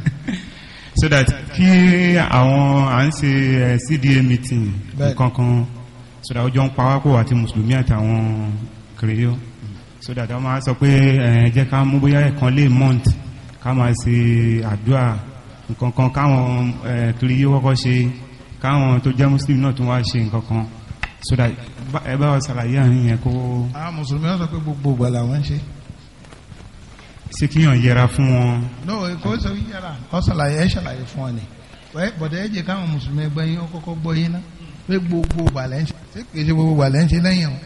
so that kí àwọn à ń ṣe eh, cda meeting kankan so that ọjọ́ ń pawápọ̀ àti mùsùlùmí àtàwọn kìrìyó so that wọ́n máa sọ pé eh, jẹ́ ká mú bóyá ẹ̀kan lé month ká máa ṣe àdúrà nkankan káwọn eh, kìrìyó kọ́kọ́ ṣe káwọn tó jẹ́ muslim náà tún wá ṣe nkankan so that ẹ bá wa ṣàlàyé àárín yẹn kó. àwọn mùsùlùmí náà sọ pé gbogbo ìgbà làwọn ń ṣe se kí yàn yẹra fún wọn. lọ́wọ́ kò sọ yíyára kọ́ ṣàlàyé ẹ ṣàlàyé fún ọ ni bọ̀dẹ̀ ẹ jẹ́ káwọn mùsùlùmí ẹgbẹ́ yín kọ́kọ́ gbọ́ yín ná pé gbogbo balẹ̀ǹsì ṣé kìí gbogbo balẹ̀ǹsì lẹ́yìn o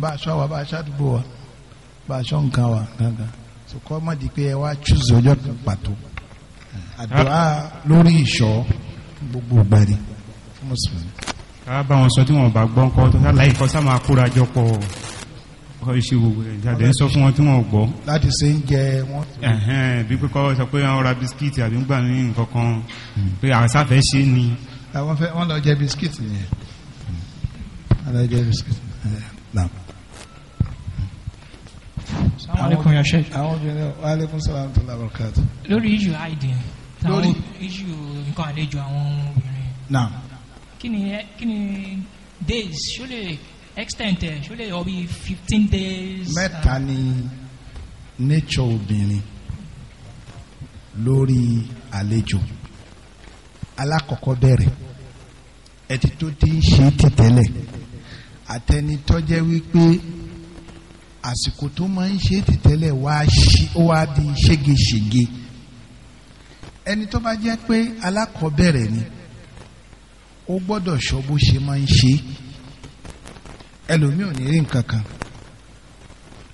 bá a ṣọ́ wa bá a ṣàdúgbò wa bá a ṣọ́ nǹkan wa gangan sọkọ́ má di pé ẹ wá ṣùzọ́ ọjọ́ kan pàtó àdúrà lórí ìṣọ́ gbogbo gbàdé fún mùsùlùmí. ká bá wọn sọ tí wọn bá gbọ́ ńkọ́ tó ṣàlàyé kọ́ sá máa kóra jọ pọ̀ o kọ́ iṣẹ́ gbogbo ẹ̀ jáde ń sọ fún wọn tí wọ́n gbọ́. láti ṣe ń jẹ wọn. ẹ̀hẹ́n bí pé kọ́ sọ pé wọ́n ra bisikíìtì àbí ń gbà ní nǹkan kan pé àṣàfẹ́ ṣe ni. àwọn fẹ́ wọ́n lọ jẹ bisikíìtì yẹn wọ́n lọ jẹ bisikíìtì yẹn. Assalamu alaikum ya Sheikh. àwọn obìnrin wa aleykum salaam tó labọ káàtó. lórí iṣu àìdè lórí iṣu nǹkan àlejò àwọn obìnrin. kí ni days ṣó lè extent ẹ̀ ṣó lè yọ bí fifteen days. mẹ́ta ni nature obìnrin lórí àlejò alákọ̀ọ́kọ́ bẹ̀rẹ̀ ẹtì tó ti ń ṣe tìtẹ́lẹ̀ àtẹnitọ́jẹ́ wípé àsìkò tó máa ń ṣe tìtẹ́lẹ̀ wá di ṣégeṣége ẹni tó bá jẹ́ pé alákọ̀ọ́bẹ̀rẹ̀ ni ó gbọ́dọ̀ sọ bó ṣe máa ń ṣe é ẹlòmíì ò ní rí nǹkan kan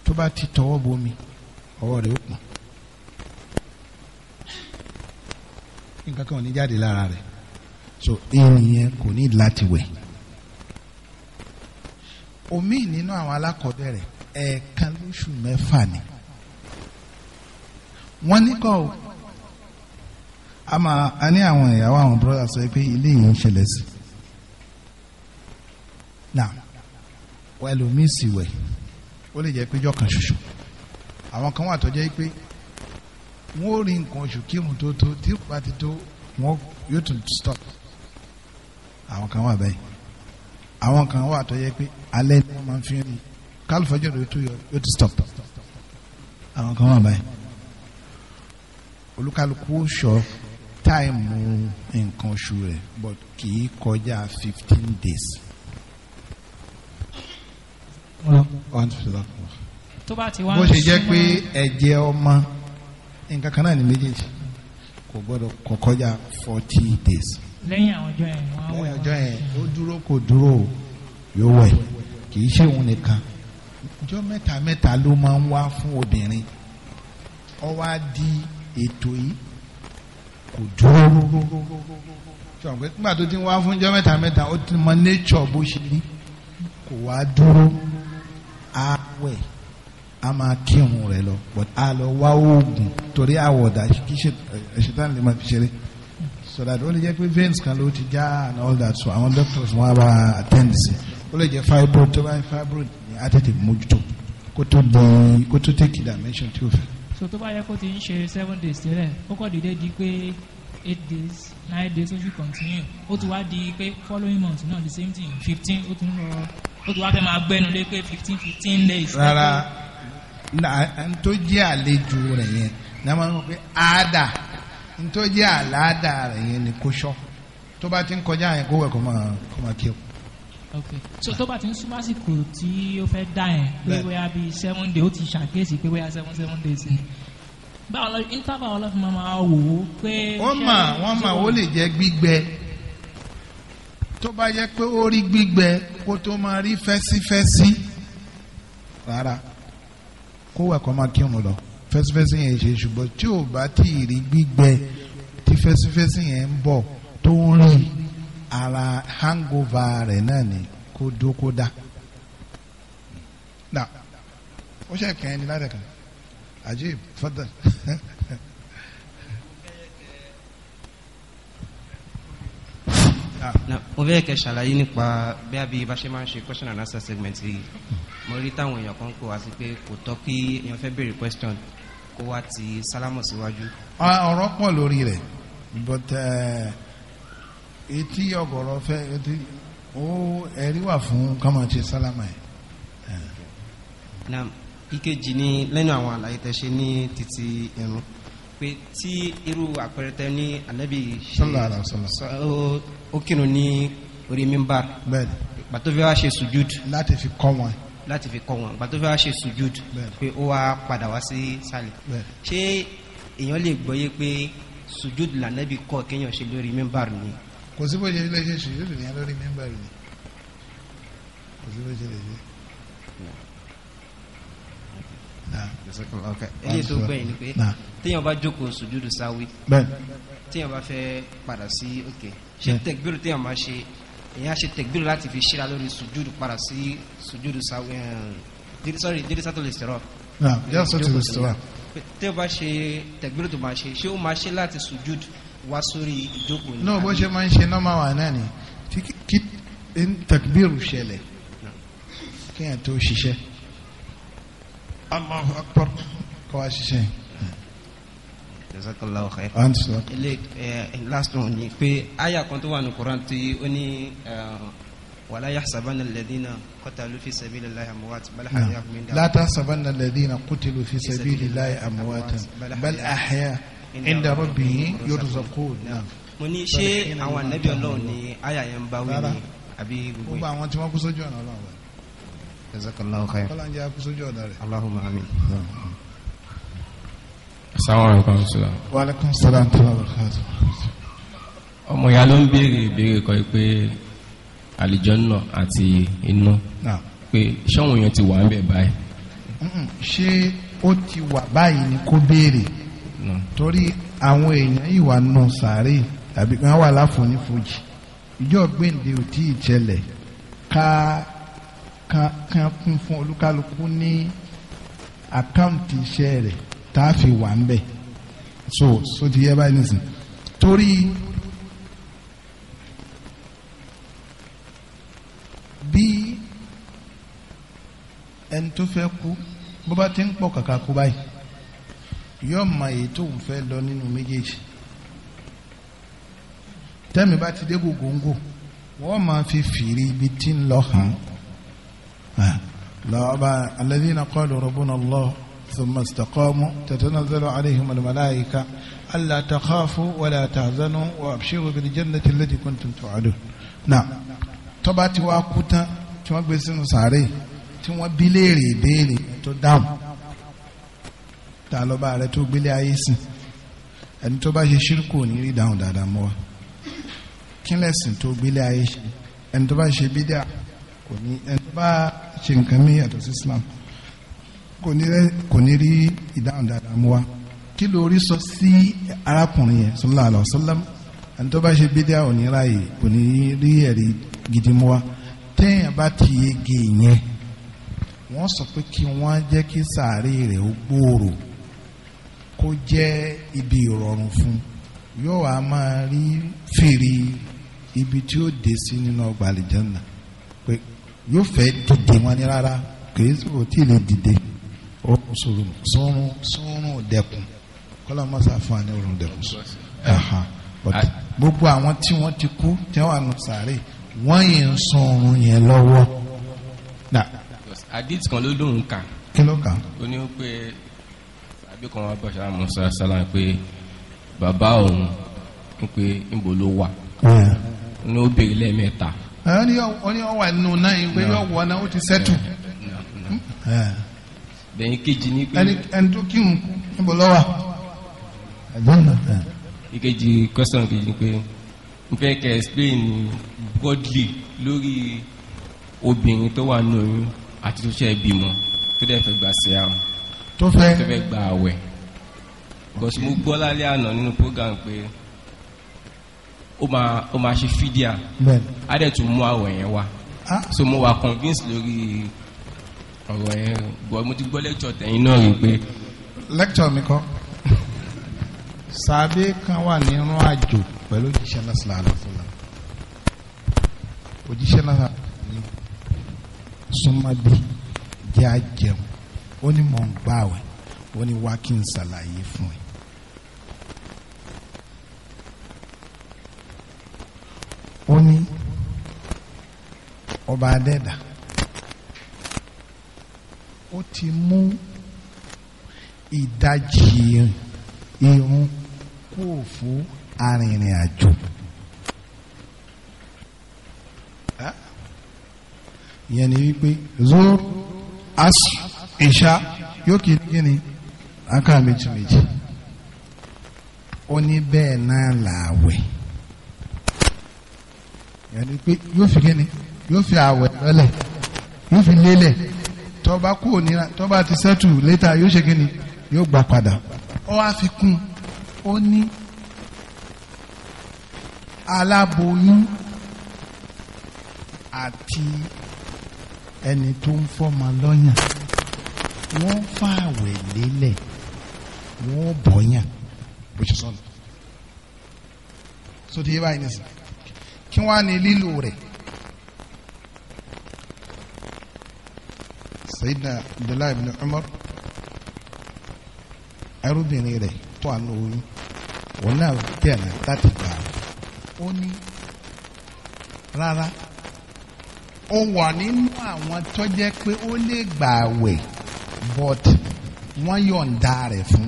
tó bá ti tọwọ́ bomi ọwọ́ rẹ̀ ó pọ̀n nǹkan kan ò ní jáde lára rẹ̀ so ènìyàn kò ní láti wẹ̀ omi nínú àwọn alákọ̀ọ́bẹ̀rẹ̀ ẹ̀ẹ̀kan lóṣù mẹ́fà ni wọ́n ní kọ́ ọ a máa a ní àwọn ìyàwó àwọn búrọ́dà sọ pé ilé yìí ń ṣẹlẹ̀ sí. Now ẹlòmíì sì wẹ̀ ó lè jẹ́ pé jọ́ kan ṣoṣo àwọn kan wà tó jẹ́ pé wọ́n ó rí nǹkan oṣù kírun tó tó tí ìpa ti tó wọ́n yóò tún stop àwọn kan wà bẹ́ẹ̀ àwọn kan wà tó jẹ́ pé alẹ́ ni wọ́n máa fi rí kálífọ́jọ́ rẹ̀ tó yọ yóò tún stop àwọn kan wà bẹ́ẹ̀ olúkálùkù sọ táìmù nǹkan oṣù rẹ̀ but kì í kọjá fifteen days. tó bá ti wá ń súnmọ́ bó ṣe jẹ́ pé ẹ̀jẹ̀ ọmọ nǹkan kan náà ní méjèèjì kò gbọ́dọ̀ kọkọjá forty days. lẹ́yìn àwọn ọjọ́ yẹn wọ́n wẹ̀ lẹ́yìn ọjọ́ yẹn ó dúró kò dúró yóò wẹ̀ kì í ṣe òun nìkan ọjọ́ mẹ́ta mẹ́ta ló máa ń wá fún obìnrin ó wá di ètò yìí kò dúró ṣọ̀gbẹ́ nígbà tó ti wá fún ọjọ́ mẹ́ta mẹ́ta ó ti mọ nature bó ṣe rí kò wá dúró á wẹ̀ a máa kírun rẹ̀ lọ but a lọ wá oògùn torí àwọ̀dà kì í ṣe ṣetán lè máa fi ṣeré so that ó lè jẹ́ pé veins kan ló ti já and all that so àwọn doctors wọn á bá attend sí ó lè jẹ́ fibroid tó bá ń fibroid ni a tètè mójútó kó tó di kó tó take dimension tí o fẹ́. so tó bá yẹ kó ti ń ṣe seven days tẹ́lẹ̀ ó kọ́ dìde di pé eight days nine days ó sì continue ó ti wá di pé following month náà the same thing fifteen ó ti ń lọ ó ti wá fẹ́ máa gbẹ́nu lé pé fifteen fifteen days. rárá tó jẹ́ àlejò rẹ̀ yẹn ní a máa ń sọ pé àádà tó jẹ́ àládà rẹ̀ yẹn ni kò sọ tó bá ti ń kọjá yẹn kó wẹ̀ kó máa kó máa kí o. ok so tó bá ti ń súnmọ́ àsìkò tí ó fẹ́ dá yẹn pé bóyá bíi seven days ó ti ṣàkíyèsí pé bóyá seven seven days ni báwo lọ interval ọlọ́fin máa wò ó pé. wọ́n mà wọ́n mà ó lè jẹ́ gbígbẹ tó bá yẹ pé ó rí gbígbẹ kó tó máa rí fẹsífẹsí rárá kó wà kó máa kírun lọ fẹsífẹsí yẹn ṣe ṣùgbọ́n tí ò bá tí ì rí gbígbẹ tí fẹsífẹsí yẹn ń bọ̀ tó ń rí ara hangover rẹ̀ náà ni kó dó kó dá. ó ṣe kàn ẹni ládàkàn àjíb fọdà. Ah. mo fẹ́ kẹ́ ṣàlàyé nípa bí abiy bá ṣe máa ń ṣe question and answer segment yìí mo rí táwọn èèyàn kan kó wá sí pé kò tọ́ kí èèyàn fẹ́ béèrè question kó wá ti sálámọ̀ síwájú. ọ̀rọ̀ pọ̀ lórí rẹ̀ but eh, etí ọ̀gọ̀rọ̀ fẹ́ etí ó ẹ̀rí wà fún ká máa ṣe sálámà eh. na ìkejì ni lẹ́nu àwọn àlàyé tẹ ṣe ní títí irun pé tí irú àpẹẹrẹ tẹ ní ànábì ṣe ó ó kírun ní orí mímbà gbàtó fẹ́ wá ṣe sujud. láti fi kọ́ wọn. láti fi kọ́ wọn gbàtó fẹ́ wá ṣe sujud. pé ó wá padà wá sí sálẹ̀. ṣé èèyàn lè gbọ́yé pé sujud lànàbí kọ́ kéèyàn ṣe lórí mímbà ni. kò sí bó ṣe lè ṣe sujud nìyẹn lórí mímbà ni kò sí bó ṣe lè ṣe. ilé tó gbẹ̀yìn ni pé téèyàn bá jókòó sujud sáwí téèyàn bá fẹ́ padà sí òkè. Okay ṣe hmm. tẹ̀gbìrì tí a máa ṣe èyàn ṣe tẹ̀gbìrì láti fi ṣíra lórí sùjúdù padà sí sùjúdù sáwẹ́ sọ́rí dírísà tó lè sọ̀rọ̀. dírísà tó lè sọ̀rọ̀. tí o bá ṣe tẹ̀gbìrì tó máa ṣe ṣé o máa ṣe láti sùjúdù wá sórí ìjókòó ni. náà bó ṣe máa ń ṣe náà máa wà náà ni kí tẹ̀gbìrì ṣẹlẹ̀ kí ẹ̀ tó ṣiṣẹ́. Allahu akbar kọ́ wa ṣiṣẹ́ yìí jazakallahu khair. ilé eh, last one ni pé aya kan tó wà ní Quran tí ó ní eh, wala yahsabanna alladhina qatalu fi sabilillahi amwat bal ahya. la tahsabanna alladhina qutilu fi sabilillahi amwatan bal ahya inda rabbihim yurzaqun. mo ní ṣé àwọn ànábì Ọlọ́run ni aya yẹn bá wí ni àbí gbogbo yìí. ó bá àwọn tí wọ́n kú sójú ọ̀nà Ọlọ́run. jazakallahu khair. kọ́lá ń jẹ́ akú sójú rẹ̀. Allahumma amin asalaamualeykum sula. waaleykum salaam tala barakatu. ọmọ ìyá ló ń béèrè ìbéèrè kan pé àlìjọ́nà àti iná pé ṣọ́wọ́n yẹn ti wà ń bẹ̀ báyìí. ṣé ó ti wà báyìí ni kó béèrè torí àwọn èèyàn ìwà nù sàárè tàbí kan wà láfonífojì ìjọ gbèǹde ò tí ì jẹlẹ̀ ká ká kún fún olúkálukú ní àkáǹtì iṣẹ́ rẹ̀ tá a fi wà ń bẹ̀ so so ti yẹ báyìí nìsín torí bí ẹni tó fẹ́ kú bó bá ti ń pọ̀ kàkà kú báyìí yóò mọ èyí tó ń fẹ́ lọ nínú méjèèjì tẹ́mi bá ti dé gògóńgò wọ́n máa fi fìrí ibi tí ń lọ hàn án ah, lọ́ba alladhina qalu rabbuna Allah. ثم استقاموا تتنزل عليهم الملائكة ألا تخافوا ولا تحزنوا وأبشروا بالجنة التي كنتم توعدون نعم tọ́ba ti wá kú tán tí wọ́n gbé sínú sàárè tí wọ́n bí léèrè ìbéèrè tó dáhùn tá a lọ bá rẹ tó gbélé ayé sìn ẹni tó bá ṣe ṣírkù ní rí dáhùn dáadáa mọ́ wa kí lẹ́sìn tó gbélé ayé ṣe ẹni tó bá ṣe bídà kò ní ẹni tó bá ṣe nǹkan mí yàtọ̀ sí Islam kò ní rí ìdáhùn dáadáa mú wa kí ló rí sọ sí arákùnrin yẹn sallallahu alaihi wasallam ẹni tó bá ṣe bídíà ò ní kò ní rí ẹ̀rí gidi mú wa téèyàn bá ti yege yẹn wọ́n sọ pé kí wọ́n jẹ́ kí sàárè rẹ̀ ó gbòòrò kó jẹ́ ibi ìrọ̀rùn fún yóò wá máa rí fìrí ibi tí ó dé sí nínú ọgbà àlìjánà pé yóò fẹ́ dìde wọn ní rárá kò tí ì lè dìde oorun sùúrù sùúrù sùúrù dẹkùn kọ́lá má sàfàní oorun dẹkùn gbogbo àwọn tí wọ́n ti kú tí wọ́n wà nù sàárè wọ́n yìí ń sun oorun yẹn lọ́wọ́. hadith kan ló lóun kà. kí ló kà. ó ní pé àbí kan wá bá ṣáà musa sálà pé bàbá òun ń pé níbo ló wà. ní ó béèrè lẹ́ẹ̀mẹ́ta. ó ní ó wà nínú náà yìí pé yóò wọ náà ó ti sẹ́tù bẹ̀yìn kejì ní pé. ẹni tó kírun níbo lọ́wọ́ àjọ́nà tán. ìkejì question kejì ni pé n fẹ́ kẹ́ explain broadly lórí obìnrin tó wà nínú oyún àti tó ṣe bímọ tó dẹ̀ fẹ́ gbà sí àwọn. tó fẹ́ tó fẹ́ gba àwẹ̀. because mo gbọ́ lálẹ́ àná nínú program pé ó máa ó máa ṣe fídíà. bẹ́ẹ̀ ni. á dẹ̀ tún mú àwẹ̀ yẹn wá. Ah. so mo wà convinced lórí ọ̀rọ̀ ẹ̀ bọ̀ mo ti gbọ́ lẹ́kṣọ̀ tẹ̀yìn náà rí pé. lẹ́kṣọ̀ mi kọ́ sàbẹ̀ kan wà ní irun àjò pẹ̀lú òjíṣẹ́ náà sílá àlọ́fọ́lá òjíṣẹ́ náà ní súnmọ́bí jẹ́ àjẹun ó ní mò ń gbààwẹ̀ ó ní wá kí n ṣàlàyé fún ẹ. ó ní ọba adẹ́dàá ó ti mú ìdajì irun kúò fún arìnrìn àjò ìyẹn ni wípé zor as isha yóò kí ní kíni aka méjì méjì ó ní bẹ́ẹ̀ náà làwẹ̀ ìyẹn ni pé yóò fi kíni yóò fi àwẹ̀ lọ́lẹ̀ yóò fi lélẹ̀ tọba kú òníra tọba ti sẹ́tù létà yóò ṣe kíni yóò gbà padà ó wá fi kún ó ní aláboyún àti ẹni tó ń fọmọ lọ́yàn wọ́n fàwẹ̀ lélẹ̀ wọ́n bọ̀yàn bó ṣe sọ̀rọ̀ sóde báyìí nìsín kí wọ́n á ní lílo rẹ̀ sayidina abdullahi ibn umar ẹrúbìnrin rẹ̀ tó àná oyún òun náà bẹ̀rẹ̀ láti ó wà nínú àwọn tó jẹ́ pé ó lè gbà wẹ̀ but wọ́n yọ̀ǹda rẹ̀ fún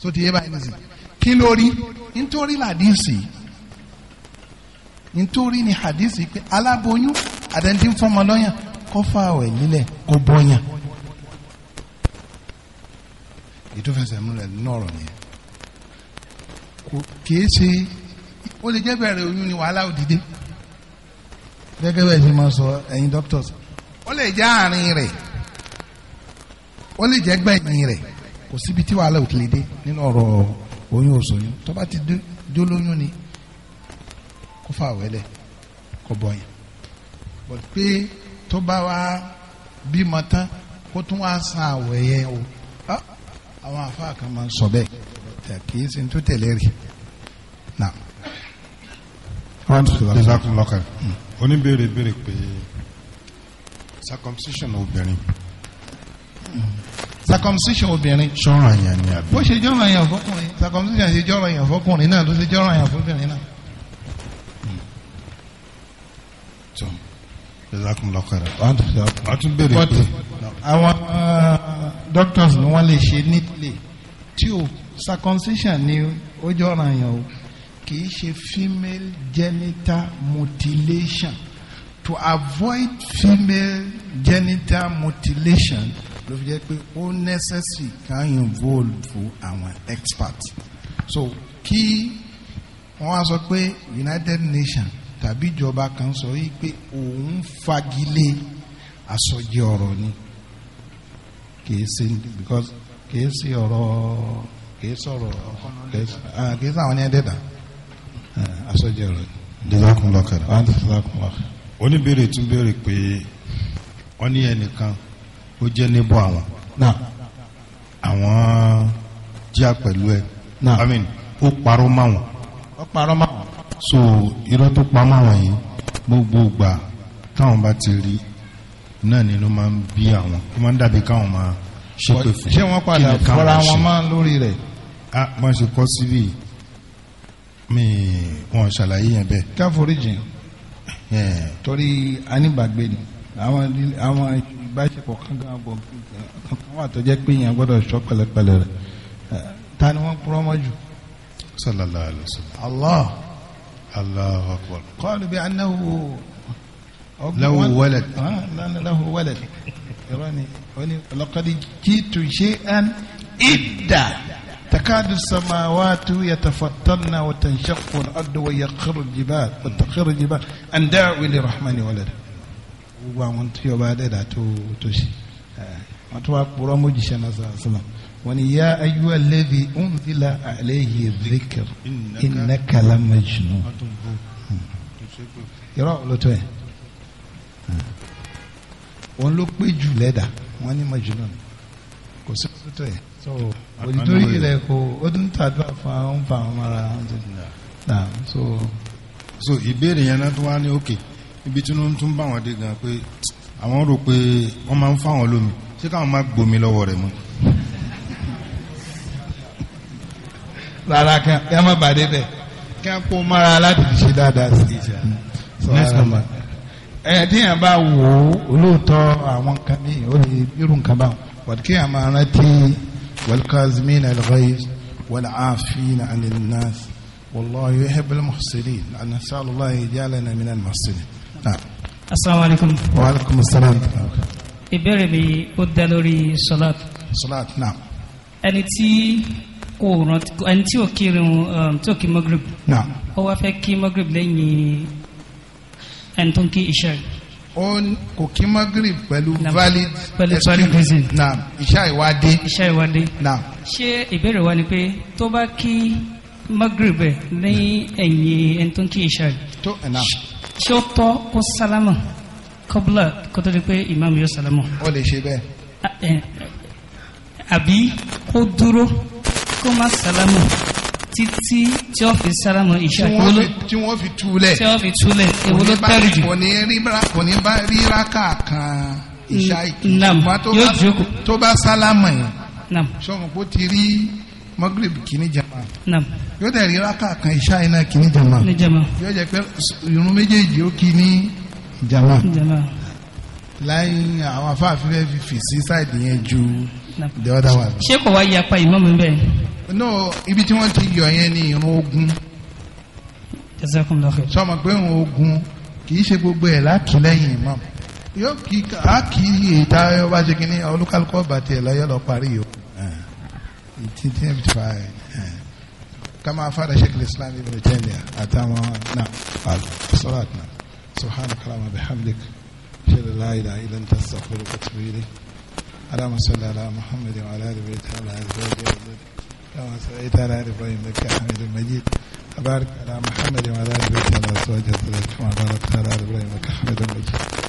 so yé báyìí nìsín kí ló rí nítorí làdíìsì nítorí ni hadisi pé aláboyún àtẹnudínfọmọlọ́yàn kọ́fà àwẹ̀ lílẹ̀ kó bọ́yàn ìtúfẹsẹ̀ múlẹ̀ nọ̀rọ̀ yẹn kìí ṣe ó lè jẹ́ bẹ̀rẹ̀ oyún ni wàhálà òdìdé gẹ́gẹ́ bẹ́ẹ̀ ṣe máa sọ ẹ̀yin doctors ó lè jẹ́ àárín rẹ̀ ó lè jẹ́ gbẹ̀yìn rẹ̀ kò síbi tí wàhálà òdìdé dé nínú ọ̀rọ̀ oyún òṣòyún tó bá ti dó lóyún ni kó fà wẹ́lẹ̀ kó bọ̀ yẹn bọ̀ pé tó bá wá bímọ tán kó tún wá san àwẹ̀ yẹn o àwọn àfáà kan máa ń sọ bẹ́ẹ̀ kì í sin tó tẹ̀lé rí náà. wọ́n ti sọ̀rọ̀ ṣáà kún lọ́kàn oníbèrè béèrè pé circumcision obìnrin. circumcision obìnrin. sọ̀rọ̀ àyàn ni àbí. bó ṣe jọ̀rọ̀ àyàn fọkùnrin circumcision ṣe jọ̀rọ̀ àyàn fọkùnrin náà ló ṣe jọ̀rọ̀ àyàn fọkùnrin náà. jazakumullahu khairan. a tún béèrè pé. àwọn uh, doctors ni wọ́n lè ṣe nílé tí circumcision ni ó jọra yàn o kì í ṣe female genital mutilation to avoid female genital mutilation ló fi jẹ́ pé ó necessary kan involve àwọn experts so kí wọ́n wá sọ pé United Nations tàbí ìjọba kan sọ yìí pé òun fagilé àsọjí ọ̀rọ̀ ni kìí ṣe because kìí ṣe ọ̀rọ̀ kìí sọ̀rọ̀ ah, kìí ṣe àwọn ẹni ẹ̀dẹ̀dà àsọjí ah, ọ̀rọ̀ ni. jazakumullahu khairan. Ah, oníbèrè tún béèrè pé wọ́n ní ẹnìkan ó jẹ́ níbọ̀ àwọn. náà àwọn jíà pẹ̀lú ẹ. náà I mean ó parọ́ máwọn. ó parọ́ máwọn so irọ́ tó pamọ́ wọ̀nyí gbogbo gbà táwọn bá ti rí náà nínú máa ń bí àwọn ó máa ń dàbí káwọn máa ṣépè fún ṣé wọ́n padà fọ́ra wọn máa lórí rẹ̀. a ah, máa ṣe kọ́ síbí mi wọn ṣàlàyé yẹn bẹ́ẹ̀. káforíjì torí anígbàgbé ni àwọn àwọn ìbáṣepọ̀ kankan bọ̀ kankan wà tó jẹ́ pé yẹn gbọ́dọ̀ sọ pẹ̀lẹ́pẹ̀lẹ́ rẹ̀ ta ni wọ́n kúrọ́ mọ́ jù. sallallahu alaihi wasallam. allah. الله أكبر قالوا بأنه له ولد لأن له ولد إيراني لقد جئت شيئا إدا تكاد السماوات يتفطرن وتنشق الأرض ويقر الجبال وتقر الجبال أن دعوا للرحمن ولدا gbogbo àwọn tí ọba adẹ́dà tó tó ṣe wọ́n wọ́n ní yá ayú alẹ́bi unzila alẹ́yẹ zikir iná kalama jùlọ. Hmm. yọrọ olótó yẹ wọn hmm. ló pé jù lẹ́dà wọn ní majnun ni kò sí olótó yẹ olùdórí ilẹ̀ kò ó tún tàdúrà fún àwọn ń fa àwọn ọmọ ara wọn tó dùn. so so ìbéèrè yẹn náà tún wá ní òkè ibi tí wọn tún bá wọn dé gan pé àwọn rò pé wọn máa ń fáwọn lómi ṣé káwọn máa gbomi lọ́wọ́ rẹ̀ mọ́. rárá kan kí a má bàa débẹ̀ kí a kó mọ́ra láti fi ṣe dáadáa sí i. next um, number. ẹ díyàn bá wò ó olóòótọ́ àwọn kan ní orí irú nǹkan báwọn wàdí kí a máa rántí wal-kaazimina al-ghayz wal-aafina 'ani an-naas wallahu yuhibbul muhsinin nasallallahu yaj'alana minal muhsinin. asalaamualeykum. salaam. ìbéèrè mi ó dá lórí sọláàtì. sọláàtì náà. ẹni tí kò rántí ẹni tí ò kírun um, tí ò kí magrib ó wá fẹ́ kí magrib lẹ́yìn ẹni tó ń kí iṣẹ́ ó kò kí magrib pẹ̀lú valid excuse naam iṣẹ́ ìwádìí. iṣẹ́ ìwádìí naam. ṣé ìbéèrè wa ni pé tó bá kí magrib ẹ̀ lẹ́yìn ẹ̀yìn ẹni tó ń kí iṣẹ́ rẹ̀. tó ẹ̀ náà. ṣé ó tọ́ kó sálámà kọ́bùlà kó tó di pé ìmáàmù yóò sálámà. ó lè ṣe bẹ́ẹ̀. àbí kó dúró kó má sálámù títí tí ó fi sálámù ìṣá ìwolo tí wọ́n fi túlẹ̀ tí wọ́n fi túlẹ̀ ìwolo tẹ́rì jù. kò ní rírà kò ní bá rírà kàkan ìṣá ìkìlá yóò tó bá sálámù yẹn sọ̀rọ̀ kó ti rí magrib kìíní jama yóò dẹ̀ rírà kàkan ìṣá iná kìíní jama yóò jẹ́ pé irun méjèèjì ó kìíní jama láyé àwọn afáàfin fẹ́ fi fèsì sáìdì yẹn ju the other one. ṣé kò wá yapa ìmọ̀ mi bẹ́ẹ̀ no ibi tí wọ́n ti yọ yẹn ni irun ogun. jazakumullahu khair. sọmọ pé irun ogun kì í ṣe gbogbo ẹ̀ lákìlẹ́yìn imam yóò kí a kì í ta ọba ṣe kínní olúkálùkù ọba tiẹ̀ lọ́yọ́ lọ parí yòó. Eh. títí ẹ̀ ti fa ẹ̀ eh. kama afára sheikh al-islam ibn taymiyyah àtàwọn náà asọ́lá àtàwọn subhanaka wa bihamdika. أشهد أن لا إله إلا أنت أستغفرك وأتوب إليك اللهم صل على محمد وعلى آل بيته وعلى آل بيته كما صليت على آل إبراهيم إنك حميد مجيد وبارك على محمد وعلى آل بيته وعلى أزواجه وذريته وعلى آل إبراهيم حميد مجيد